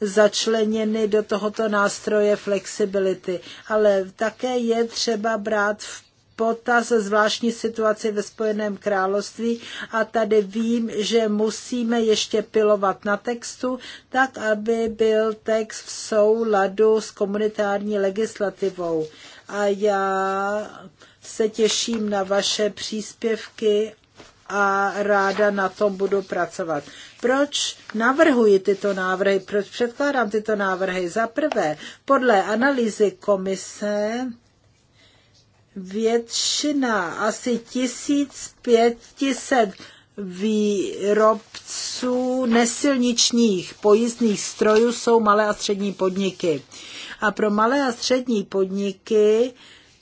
začleněny do tohoto nástroje flexibility. Ale také je třeba brát v potaz zvláštní situaci ve Spojeném království a tady vím, že musíme ještě pilovat na textu, tak aby byl text v souladu s komunitární legislativou. A já se těším na vaše příspěvky a ráda na tom budu pracovat. Proč navrhuji tyto návrhy? Proč předkládám tyto návrhy? Za prvé, podle analýzy komise většina, asi 1500 výrobců nesilničních pojízdných strojů jsou malé a střední podniky. A pro malé a střední podniky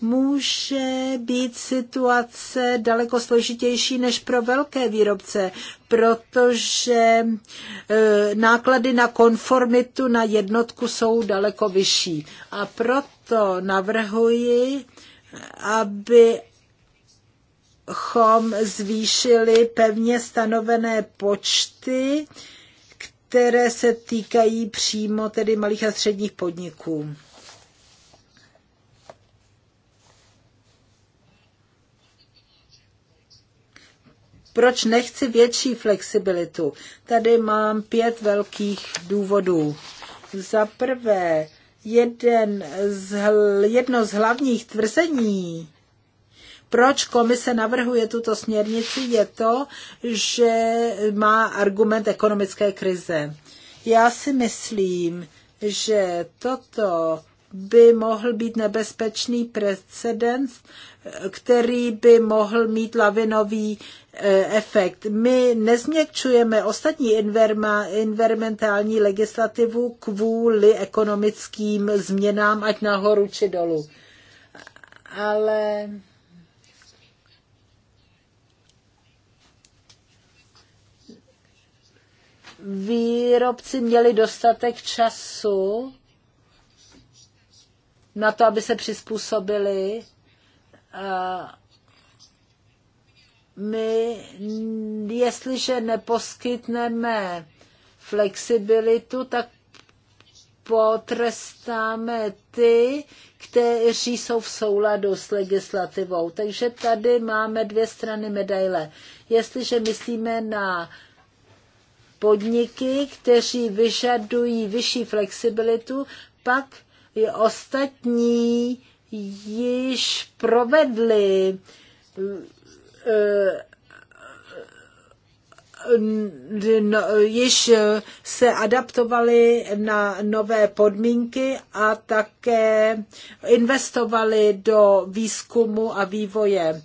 může být situace daleko složitější než pro velké výrobce, protože e, náklady na konformitu na jednotku jsou daleko vyšší. A proto navrhuji, aby chom zvýšili pevně stanovené počty, které se týkají přímo tedy malých a středních podniků. Proč nechci větší flexibilitu? Tady mám pět velkých důvodů. Za prvé, jeden z, jedno z hlavních tvrzení, proč komise navrhuje tuto směrnici, je to, že má argument ekonomické krize. Já si myslím, že toto by mohl být nebezpečný precedens, který by mohl mít lavinový eh, efekt. My nezměkčujeme ostatní environmentální legislativu kvůli ekonomickým změnám, ať nahoru či dolů. Ale výrobci měli dostatek času na to, aby se přizpůsobili. A eh, my, jestliže neposkytneme flexibilitu, tak potrestáme ty, kteří jsou v souladu s legislativou. Takže tady máme dvě strany medaile. Jestliže myslíme na podniky, kteří vyžadují vyšší flexibilitu, pak i ostatní již provedli eh, no, již se adaptovali na nové podmínky a také investovali do výzkumu a vývoje.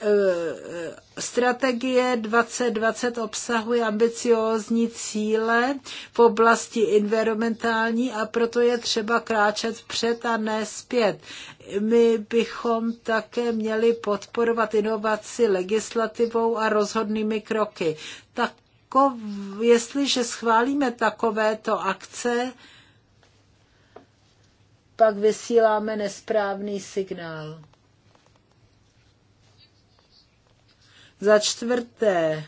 E, e, strategie 2020 obsahuje ambiciózní cíle v oblasti environmentální a proto je třeba kráčet před a ne zpět. My bychom také měli podporovat inovaci legislativou a rozhodnými kroky. Takov, jestliže schválíme takovéto akce, pak vysíláme nesprávný signál. Za čtvrté,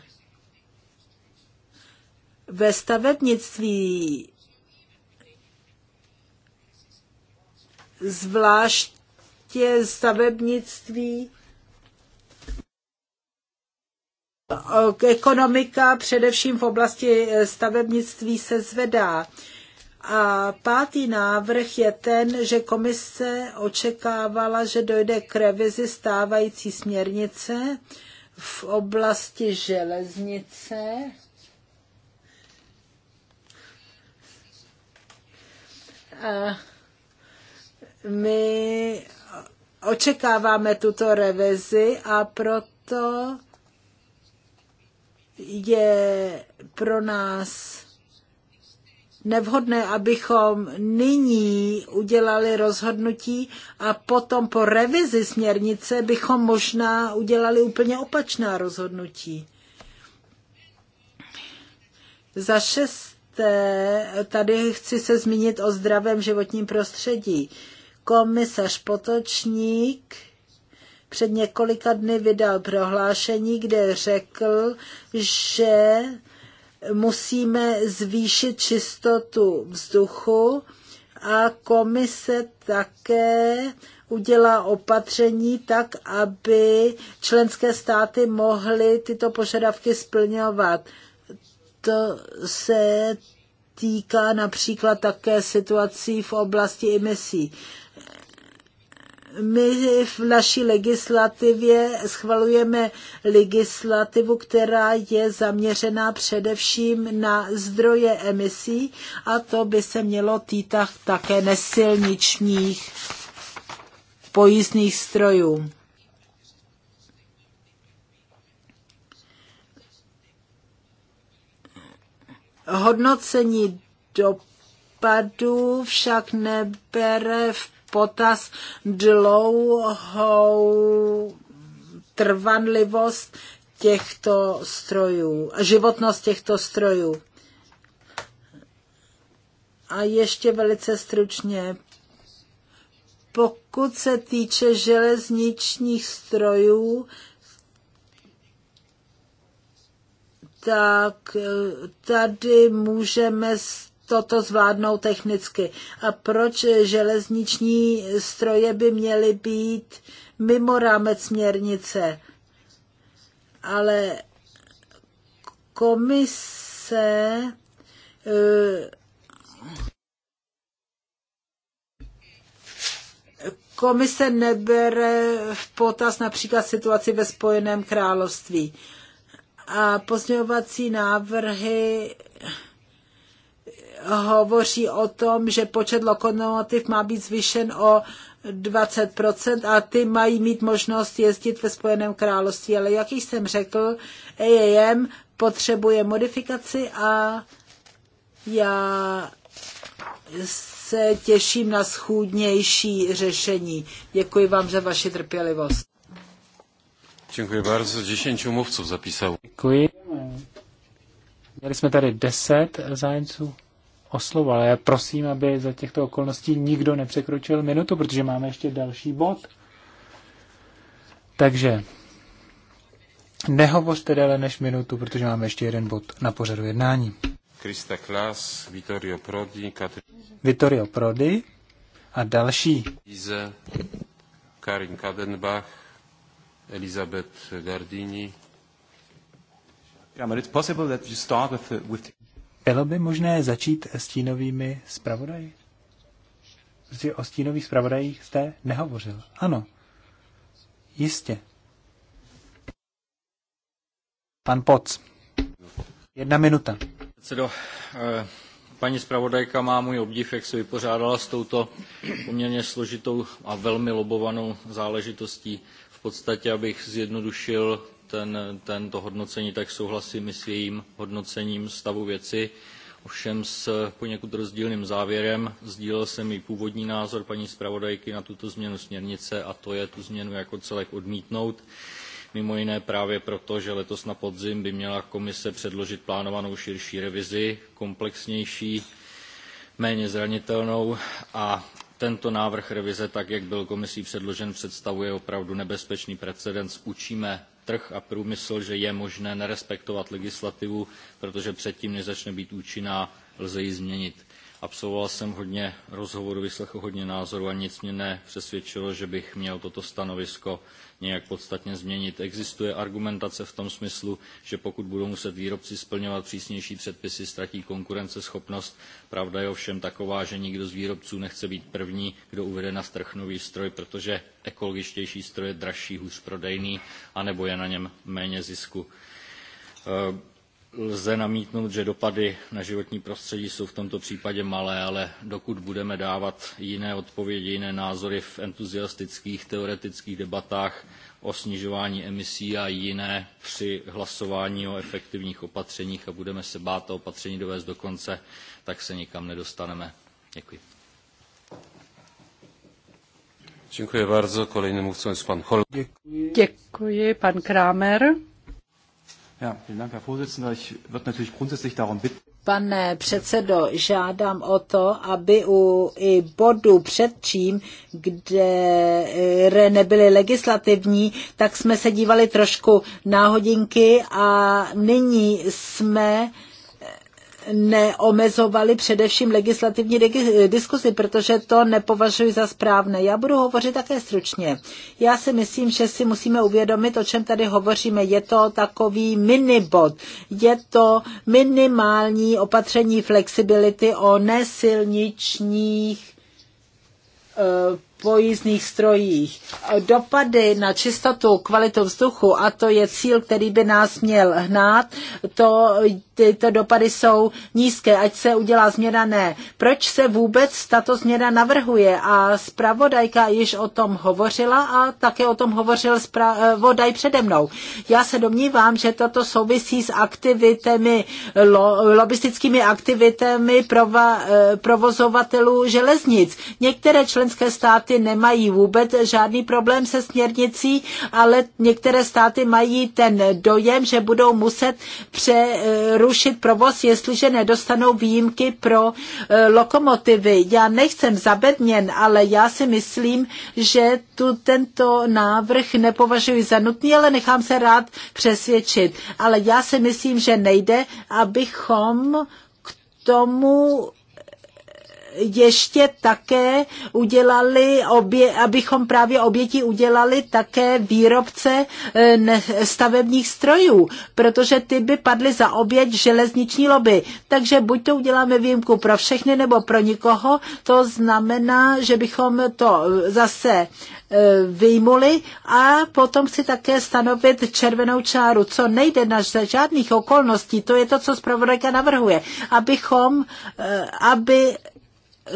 ve stavebnictví zvláště stavebnictví ekonomika především v oblasti eh, stavebnictví se zvedá. A pátý návrh je ten, že komise očekávala, že dojde k revizi stávající směrnice v oblasti železnice a my očekáváme tuto revizi a proto je pro nás nevhodné, abychom nyní udělali rozhodnutí a potom po revizi směrnice bychom možná udělali úplně opačná rozhodnutí. Za šesté, tady chci se zmínit o zdravém životním prostředí. Komisař Potočník před několika dny vydal prohlášení, kde řekl, že musíme zvýšit čistotu vzduchu a komise také udělá opatření tak, aby členské státy mohly tyto požadavky splňovat. To se týká například také situací v oblasti emisí my v naší legislativě schvalujeme legislativu, která je zaměřená především na zdroje emisí a to by se mělo týtat také nesilničních pojízdných strojů. Hodnocení dopadů však nebere v potaz dlouhou trvanlivost těchto strojů, životnost těchto strojů. A ještě velice stručně, pokud se týče železničních strojů, tak eh, tady můžeme toto zvládnou technicky. A proč železniční stroje by měly být mimo rámec směrnice? Ale komise eh, komise nebere v potaz například situaci ve Spojeném království. A pozměňovací návrhy hovoří o tom, že počet lokomotiv má být zvýšen o 20% a ty mají mít možnost jezdit ve Spojeném království. Ale jak již jsem řekl, EJM potřebuje modifikaci a já se těším na schůdnější řešení. Děkuji vám za vaši trpělivost. Děkuji bardzo. 10 mluvců zapísal. Děkuji. Měli jsme tady deset zájemců o ale já prosím, aby za těchto okolností nikdo nepřekročil minutu, protože máme ještě další bod. Takže nehovořte déle než minutu, protože máme ještě jeden bod na pořadu jednání. Krista Klas, Vittorio Prodi, Katr... Vittorio Prodi a další. Ize, Karin Kadenbach, Elizabeth Gardini. Yeah, but it's possible that you start with, with bylo by možné začít stínovými zpravodaji? Protože o stínových zpravodajích jste nehovořil. Ano, jistě. Pan Poc. Jedna minuta. Předsedo, eh, paní zpravodajka má můj obdiv, jak se vypořádala s touto poměrně složitou a velmi lobovanou záležitostí. V podstatě, abych zjednodušil, ten, tento hodnocení, tak souhlasím i s jejím hodnocením stavu věci, ovšem s poněkud rozdílným závěrem. Sdílel jsem i původní názor paní zpravodajky na tuto změnu směrnice a to je tu změnu jako celek odmítnout. Mimo jiné právě proto, že letos na podzim by měla komise předložit plánovanou širší revizi, komplexnější, méně zranitelnou a tento návrh revize, tak jak byl komisí předložen, představuje opravdu nebezpečný precedens. Učíme trh a průmysl, že je možné nerespektovat legislativu, protože předtím, než začne být účinná, lze ji změnit Absolvoval jsem hodně rozhovorů, vyslechl hodně názorů a nic mě nepřesvědčilo, že bych měl toto stanovisko nějak podstatně změnit. Existuje argumentace v tom smyslu, že pokud budou muset výrobci splňovat přísnější předpisy, ztratí konkurenceschopnost. Pravda je ovšem taková, že nikdo z výrobců nechce být první, kdo uvede na trh nový stroj, protože ekologičtější stroj je dražší, hůř prodejný, anebo je na něm méně zisku lze namítnout, že dopady na životní prostředí jsou v tomto případě malé, ale dokud budeme dávat jiné odpovědi, jiné názory v entuziastických teoretických debatách o snižování emisí a jiné při hlasování o efektivních opatřeních a budeme se bát ta opatření dovést do konce, tak se nikam nedostaneme. Děkuji. Děkuji pan Děkuji. Děkuji, pan Kramer. Pane předsedo, žádám o to, aby u i bodu předčím, kde eh, nebyly legislativní, tak jsme se dívali trošku na hodinky a nyní jsme neomezovali především legislativní diskuzi, protože to nepovažuji za správné. Já budu hovořit také stručně. Já si myslím, že si musíme uvědomit, o čem tady hovoříme. Je to takový minibod. Je to minimální opatření flexibility o nesilničních eh, pojízdných strojích. Dopady na čistotu, kvalitu vzduchu, a to je cíl, který by nás měl hnát, to, tyto dopady jsou nízké, ať se udělá změna, ne. Proč se vůbec tato změna navrhuje? A zpravodajka již o tom hovořila a také o tom hovořil zpravodaj přede mnou. Já se domnívám, že toto souvisí s aktivitami, lo, lobistickými aktivitami prova, eh, provozovatelů železnic. Některé členské státy státy nemají vůbec žádný problém se směrnicí, ale některé státy mají ten dojem, že budou muset přerušit provoz, jestliže nedostanou výjimky pro eh, lokomotivy. Já nechcem zabedněn, ale já si myslím, že tu tento návrh nepovažuji za nutný, ale nechám se rád přesvědčit. Ale já si myslím, že nejde, abychom k tomu ještě také udělali, obě, abychom právě oběti udělali také výrobce eh, stavebních strojů, protože ty by padly za oběť železniční lobby. Takže buď to uděláme výjimku pro všechny nebo pro nikoho, to znamená, že bychom to eh, zase eh, vyjmuli a potom si také stanovit červenou čáru, co nejde na žádných okolností, to je to, co zpravodajka navrhuje, abychom, aby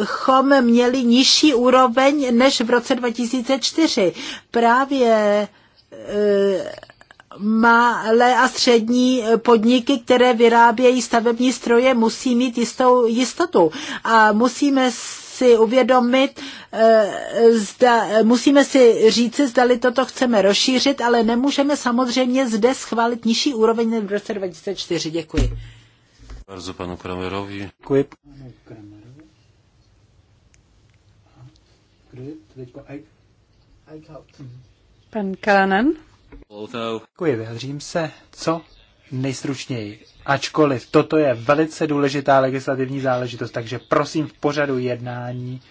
chom měli nižší úroveň než v roce 2004. Právě eh, malé a střední podniky, které vyrábějí stavební stroje, musí mít jistou jistotu. A musíme si uvědomit, eh, zda, musíme si říci, zdali toto chceme rozšířit, ale nemůžeme samozřejmě zde schválit nižší úroveň než v roce 2004. Děkuji. Bardzo panu Kramerowi. Děkuji. teďko mhm. Pan Kalanen. Děkuji, vyjadřím se. Co nejstručněji. Ačkoliv toto je velice důležitá legislativní záležitost, takže prosím v pořadu jednání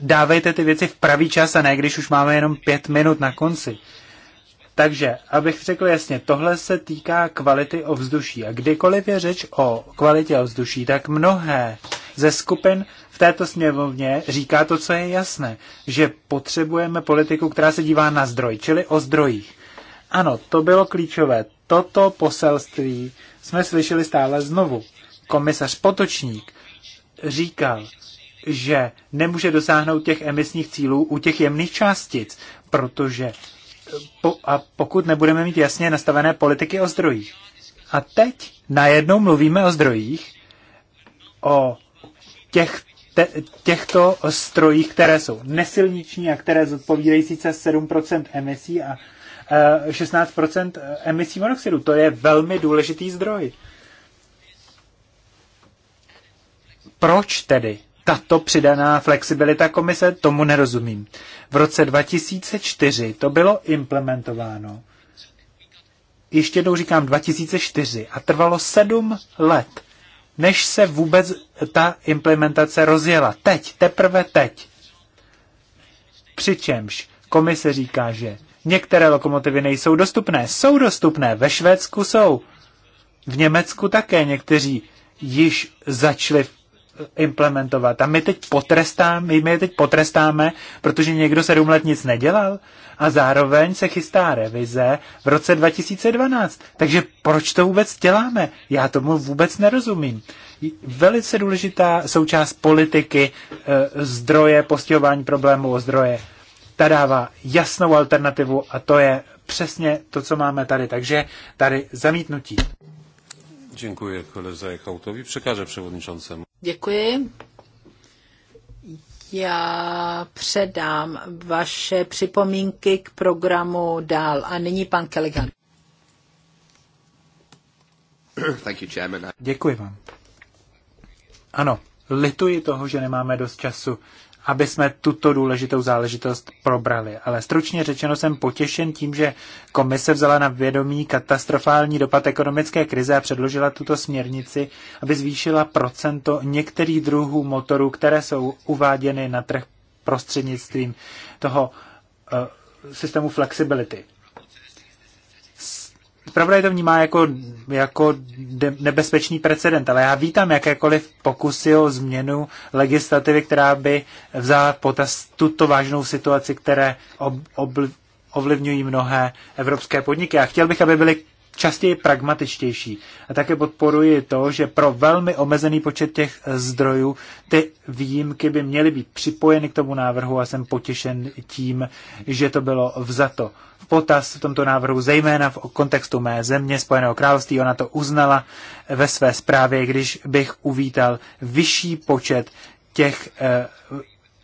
dávejte ty věci v pravý čas a ne, když už máme jenom pět minut na konci. Takže, abych řekl jasně, tohle se týká kvality ovzduší. A kdykoliv je řeč o kvalitě ovzduší, tak mnohé ze skupin v této sněmovně říká to, co je jasné, že potřebujeme politiku, která se dívá na zdroj, čili o zdrojích. Ano, to bylo klíčové. Toto poselství jsme slyšeli stále znovu. Komisař Potočník říkal, že nemůže dosáhnout těch emisních cílů u těch jemných částic, protože a pokud nebudeme mít jasně nastavené politiky o zdrojích. A teď najednou mluvíme o zdrojích, o těch, te, těchto strojích, které jsou nesilniční a které zodpovídají sice 7% emisí a 16% e, emisí monoxidu. To je velmi důležitý zdroj. Proč tedy tato přidaná flexibilita komise? Tomu nerozumím. V roce 2004 to bylo implementováno. Ještě jednou říkám 2004 a trvalo sedm let, než se vůbec ta implementace rozjela. Teď, teprve teď. Přičemž komise říká, že některé lokomotivy nejsou dostupné. Jsou dostupné, ve Švédsku jsou. V Německu také někteří již začali implementovat. A my teď potrestáme, my je teď potrestáme, protože někdo sedm let nic nedělal a zároveň se chystá revize v roce 2012. Takže proč to vůbec děláme? Já tomu vůbec nerozumím. Velice důležitá součást politiky eh, zdroje, postihování problémů o zdroje. Ta dává jasnou alternativu a to je přesně to, co máme tady. Takže tady zamítnutí. Dziękuję koledze Hautowi. Przekażę przewodniczącemu. Děkuji. Já předám vaše připomínky k programu dál. A nyní pan Kelligan. Děkuji vám. Ano, lituji toho, že nemáme dost času aby jsme tuto důležitou záležitost probrali. Ale stručně řečeno jsem potěšen tím, že komise vzala na vědomí katastrofální dopad ekonomické krize a předložila tuto směrnici, aby zvýšila procento některých druhů motorů, které jsou uváděny na trh prostřednictvím toho uh, systému flexibility. Zpravodaj to vnímá jako, jako de, nebezpečný precedent, ale já vítám jakékoliv pokusy o změnu legislativy, která by vzala potaz tuto vážnou situaci, které ob, ob, ovlivňují mnohé evropské podniky. A chtěl bych, aby byly častěji pragmatičtější. A také podporuji to, že pro velmi omezený počet těch zdrojů ty výjimky by měly být připojeny k tomu návrhu a jsem potěšen tím, že to bylo vzato v potaz v tomto návrhu, zejména v kontextu mé země, Spojeného království. Ona to uznala ve své zprávě, když bych uvítal vyšší počet těch eh,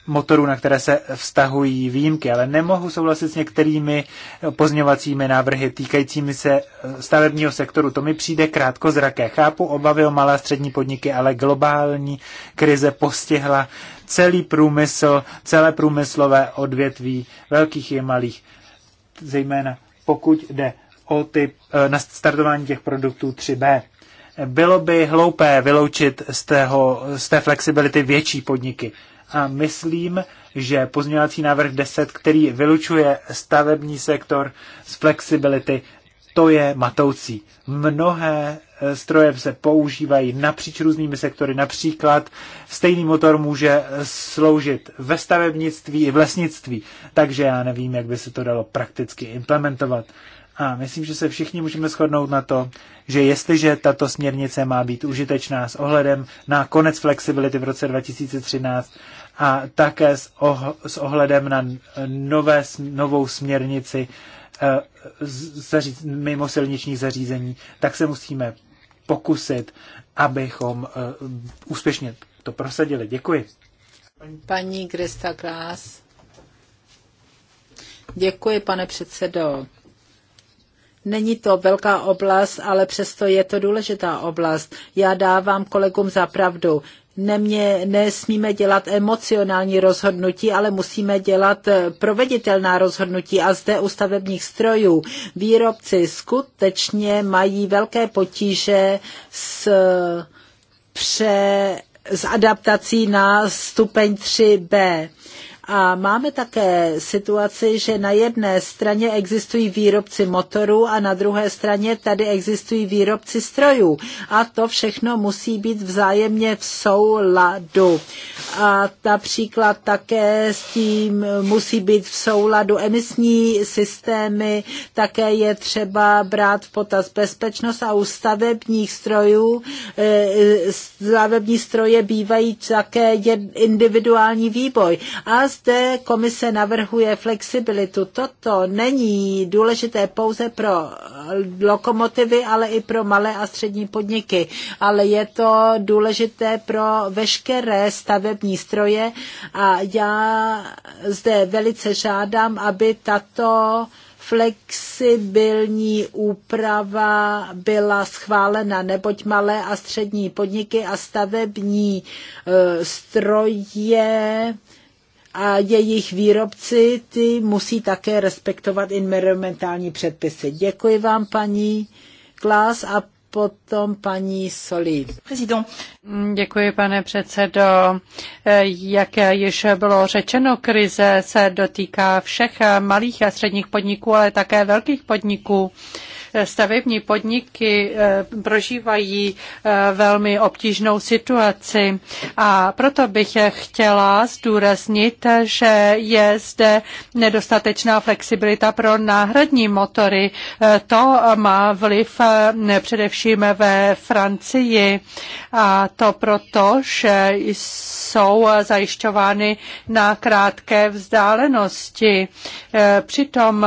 motorů, na které se vztahují výjimky, ale nemohu souhlasit s některými pozňovacími návrhy týkajícími se eh, stavebního sektoru. To mi přijde krátko zraké. Chápu obavy o malé a střední podniky, ale globální krize postihla celý průmysl, celé průmyslové odvětví velkých i malých, zejména pokud jde o ty, eh, na startování těch produktů 3B. Bylo by hloupé vyloučit z, tého, z té flexibility větší podniky a myslím, že pozměňovací návrh 10, který vylučuje stavební sektor z flexibility, to je matoucí. Mnohé e, stroje se používají napříč různými sektory. Například stejný motor může e, sloužit ve stavebnictví i v lesnictví, takže já nevím, jak by se to dalo prakticky implementovat. A myslím, že se všichni můžeme shodnout na to, že jestliže tato směrnice má být užitečná s ohledem na konec flexibility v roce 2013 a také s, oh, s ohledem na nové, novou směrnici eh, mimo silničních zařízení, tak se musíme pokusit, abychom eh, úspěšně to prosadili. Děkuji. Paní Krista Krás. Děkuji, pane předsedo. Není to velká oblast, ale přesto je to důležitá oblast. Já dávám kolegům za pravdu. Nemě, nesmíme dělat emocionální rozhodnutí, ale musíme dělat eh, proveditelná rozhodnutí. A zde u stavebních strojů výrobci skutečně mají velké potíže s, eh, pře, s adaptací na stupeň 3B. A máme také situaci, že na jedné straně existují výrobci motorů a na druhé straně tady existují výrobci strojů. A to všechno musí být vzájemně v souladu. A například také s tím musí být v souladu emisní systémy, také je třeba brát v potaz bezpečnost a u stavebních strojů e, e, stavební stroje bývají také individuální výboj. A zde komise navrhuje flexibilitu. Toto není důležité pouze pro lokomotivy, ale i pro malé a střední podniky. Ale je to důležité pro veškeré stavební stroje a já zde velice žádám, aby tato flexibilní úprava byla schválena, neboť malé a střední podniky a stavební e, stroje a jejich výrobci ty musí také respektovat environmentální předpisy. Děkuji vám, paní Klas a potom paní Solí. Děkuji, pane předsedo. Jak již bylo řečeno, krize se dotýká všech malých a středních podniků, ale také velkých podniků. Stavební podniky eh, prožívají eh, velmi obtížnou situaci a proto bych chtěla zdůraznit, že je zde nedostatečná flexibilita pro náhradní motory. Eh, to má vliv především ve Francii a to proto, že jsou zajišťovány na krátké vzdálenosti. Přitom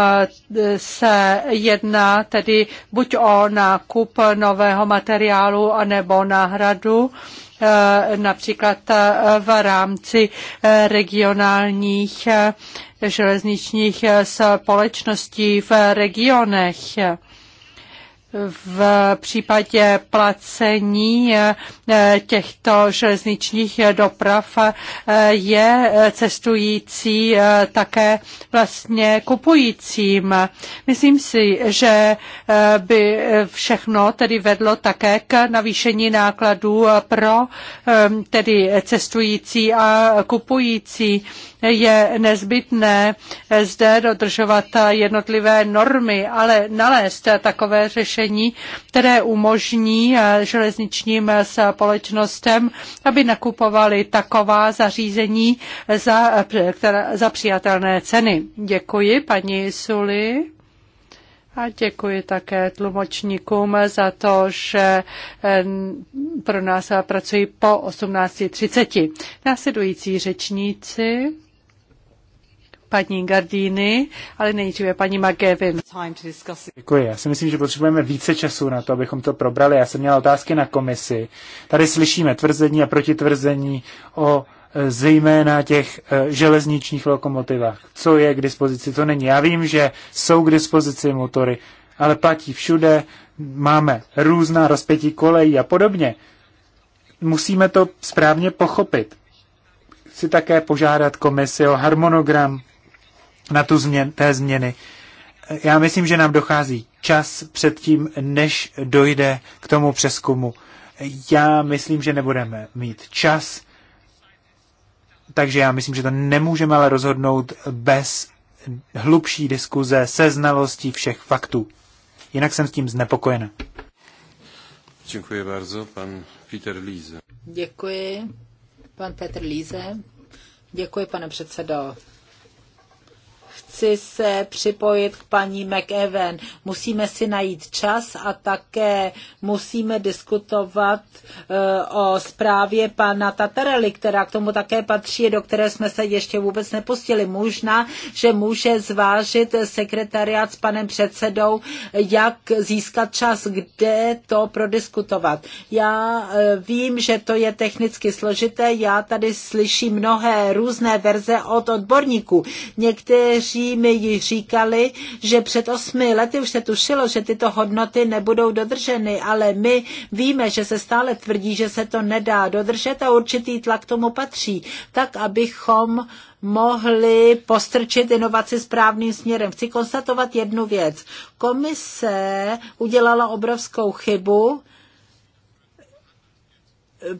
se jedná tedy buď o nákup nového materiálu, anebo náhradu eh, například eh, v rámci eh, regionálních železničních společností v regionech v případě placení eh, těchto železničních doprav eh, je cestující eh, také vlastně kupujícím. Myslím si, že by všechno tedy vedlo také k navýšení nákladů pro tedy cestující a kupující je nezbytné zde dodržovat jednotlivé normy, ale nalézt takové řešení, opatření, které umožní eh, železničním eh, společnostem, aby nakupovali taková zařízení za, eh, která, za přijatelné ceny. Děkuji, paní Suli. A děkuji také tlumočníkům za to, že pro nás pracují po 18.30. Následující řečníci paní Gardíny, ale nejdříve paní McGavin. Děkuji. Já si myslím, že potřebujeme více času na to, abychom to probrali. Já jsem měla otázky na komisi. Tady slyšíme tvrzení a protitvrzení o e, zejména těch e, železničních lokomotivách. Co je k dispozici, To není. Já vím, že jsou k dispozici motory, ale platí všude, máme různá rozpětí kolejí a podobně. Musíme to správně pochopit. Chci také požádat komisi o harmonogram na tu změn, té změny. Já myslím, že nám dochází čas předtím, než dojde k tomu přeskumu. Já myslím, že nebudeme mít čas, takže já myslím, že to nemůžeme ale rozhodnout bez hlubší diskuze se znalostí všech faktů. Jinak jsem s tím znepokojena. Děkuji bardzo, pan Peter Líze. Děkuji, pan Petr Líze. Děkuji, pane předsedo chci se připojit k paní McEwen. Musíme si najít čas a také musíme diskutovat eh, o zprávě pana Tatarely, která k tomu také patří, do které jsme se ještě vůbec nepustili. Možná, že může zvážit sekretariát s panem předsedou, jak získat čas, kde to prodiskutovat. Já eh, vím, že to je technicky složité, já tady slyším mnohé různé verze od odborníků. Někteří mi ji říkali, že před osmi lety už se tušilo, že tyto hodnoty nebudou dodrženy, ale my víme, že se stále tvrdí, že se to nedá dodržet a určitý tlak tomu patří, tak abychom mohli postrčit inovaci správným směrem. Chci konstatovat jednu věc. Komise udělala obrovskou chybu,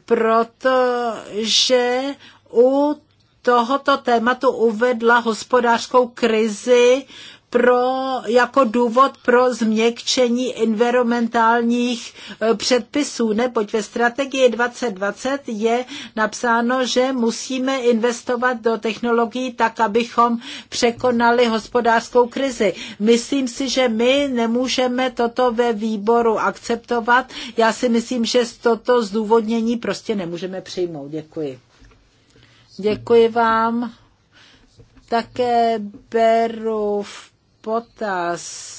protože u tohoto tématu uvedla hospodářskou krizi pro, jako důvod pro změkčení environmentálních e, předpisů, neboť ve strategii 2020 je napsáno, že musíme investovat do technologií tak, abychom překonali hospodářskou krizi. Myslím si, že my nemůžeme toto ve výboru akceptovat. Já si myslím, že toto zdůvodnění prostě nemůžeme přijmout. Děkuji. Děkuji vám. Také beru v potaz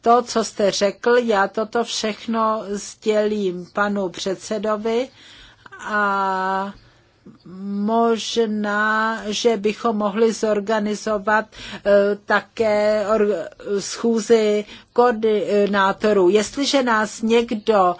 to, co jste řekl, já toto všechno sdělím panu předsedovi a možná, že bychom mohli zorganizovat eh, také schůzi koordinátorů. Jestliže nás někdo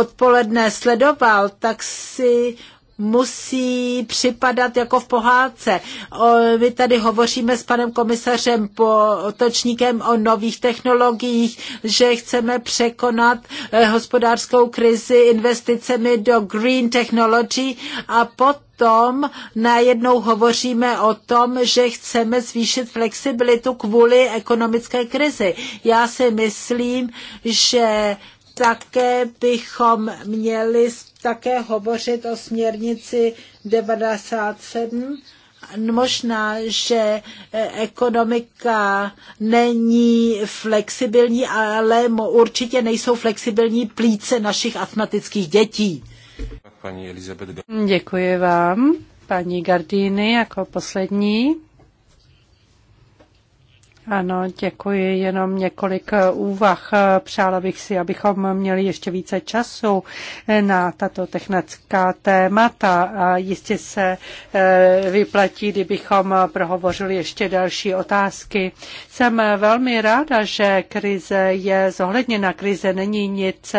odpoledne sledoval, tak si musí připadat jako v pohádce. O, my tady hovoříme s panem komisařem po točníkem o nových technologiích, že chceme překonat eh, hospodářskou krizi investicemi do green technology a potom najednou hovoříme o tom, že chceme zvýšit flexibilitu kvůli ekonomické krizi. Já si myslím, že také bychom měli také hovořit o směrnici 97. Možná, že eh, ekonomika není flexibilní, ale určitě nejsou flexibilní plíce našich astmatických dětí. Paní Elizabeth. Děkuji vám, paní Gardíny, jako poslední. Ano, děkuji. Jenom několik eh, úvah. Eh, přála bych si, abychom měli ještě více času eh, na tato technická témata a jistě se vyplatí, kdybychom prohovořili ještě další otázky. Jsem velmi ráda, že krize je zohledněna. Krize není nic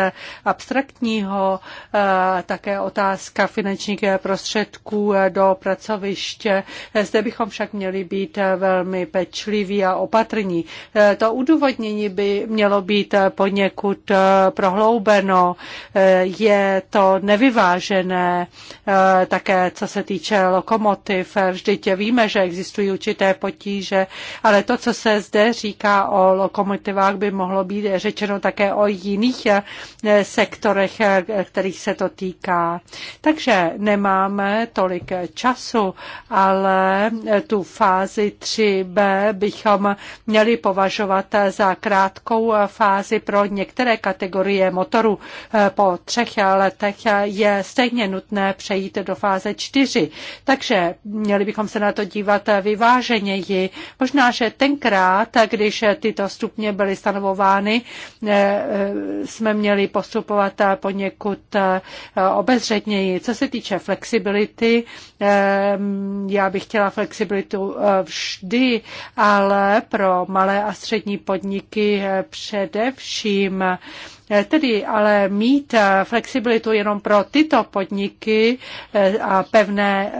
abstraktního, také otázka finančních prostředků do pracoviště. Zde bychom však měli být velmi pečliví a opatrní. Eh, to udůvodnění by mělo být eh, poněkud eh, prohloubeno. Je to nevyvážené také, co se týče lokomotiv. Vždyť víme, že existují určité potíže, ale to, co se zde říká o lokomotivách, by mohlo být řečeno také o jiných sektorech, kterých se to týká. Takže nemáme tolik času, ale tu fázi 3b bychom měli považovat za krátkou fázi pro některé kategorie motorů. Po třech letech je stejně nutné přejít do fáze čtyři. Takže měli bychom se na to dívat vyváženěji. Možná, že tenkrát, když tyto stupně byly stanovovány, eh, eh, jsme měli postupovat poněkud eh, obezřetněji. Co se týče flexibility, já bych chtěla flexibilitu vždy, ale pro malé a střední podniky eh, především. Eh, tedy ale mít eh, flexibilitu jenom pro tyto podniky a pevné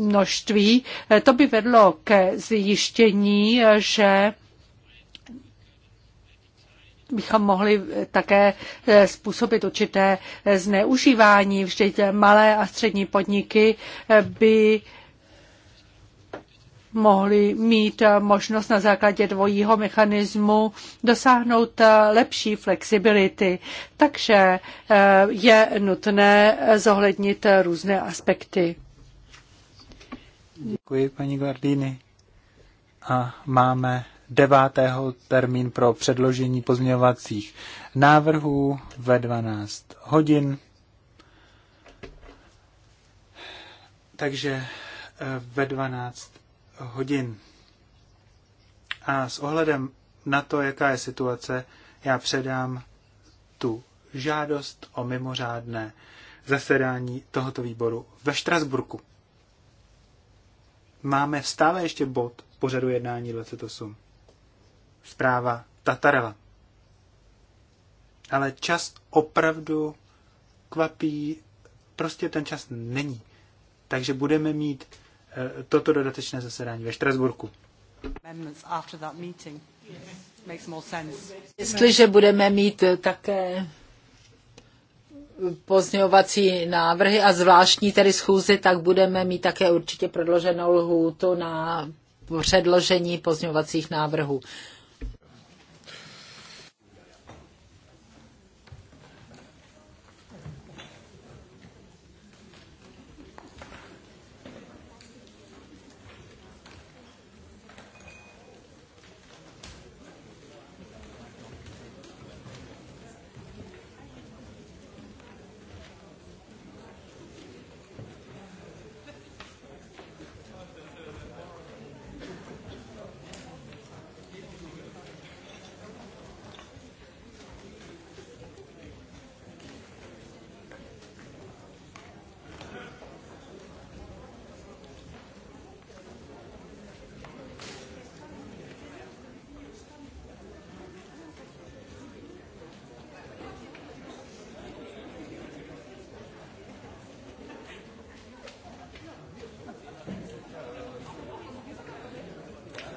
množství, to by vedlo k zjištění, že bychom mohli také způsobit určité zneužívání. Vždyť malé a střední podniky by mohli mít eh, možnost na základě dvojího mechanismu dosáhnout eh, lepší flexibility. Takže eh, je nutné zohlednit různé aspekty. Děkuji, paní Gardini. A máme devátého termín pro předložení pozměňovacích návrhů ve 12 hodin. Takže ve 12 hodin. A s ohledem na to, jaká je situace, já předám tu žádost o mimořádné zasedání tohoto výboru ve Štrasburku. Máme stále ještě bod pořadu jednání 28. Zpráva Tatarela. Ale čas opravdu kvapí, prostě ten čas není. Takže budeme mít Eh, toto dodatečné zasedání ve Štrasburku. Jestliže budeme mít eh, také pozňovací návrhy a zvláštní tedy schůzy, tak budeme mít také určitě prodloženou lhůtu na předložení pozňovacích návrhů.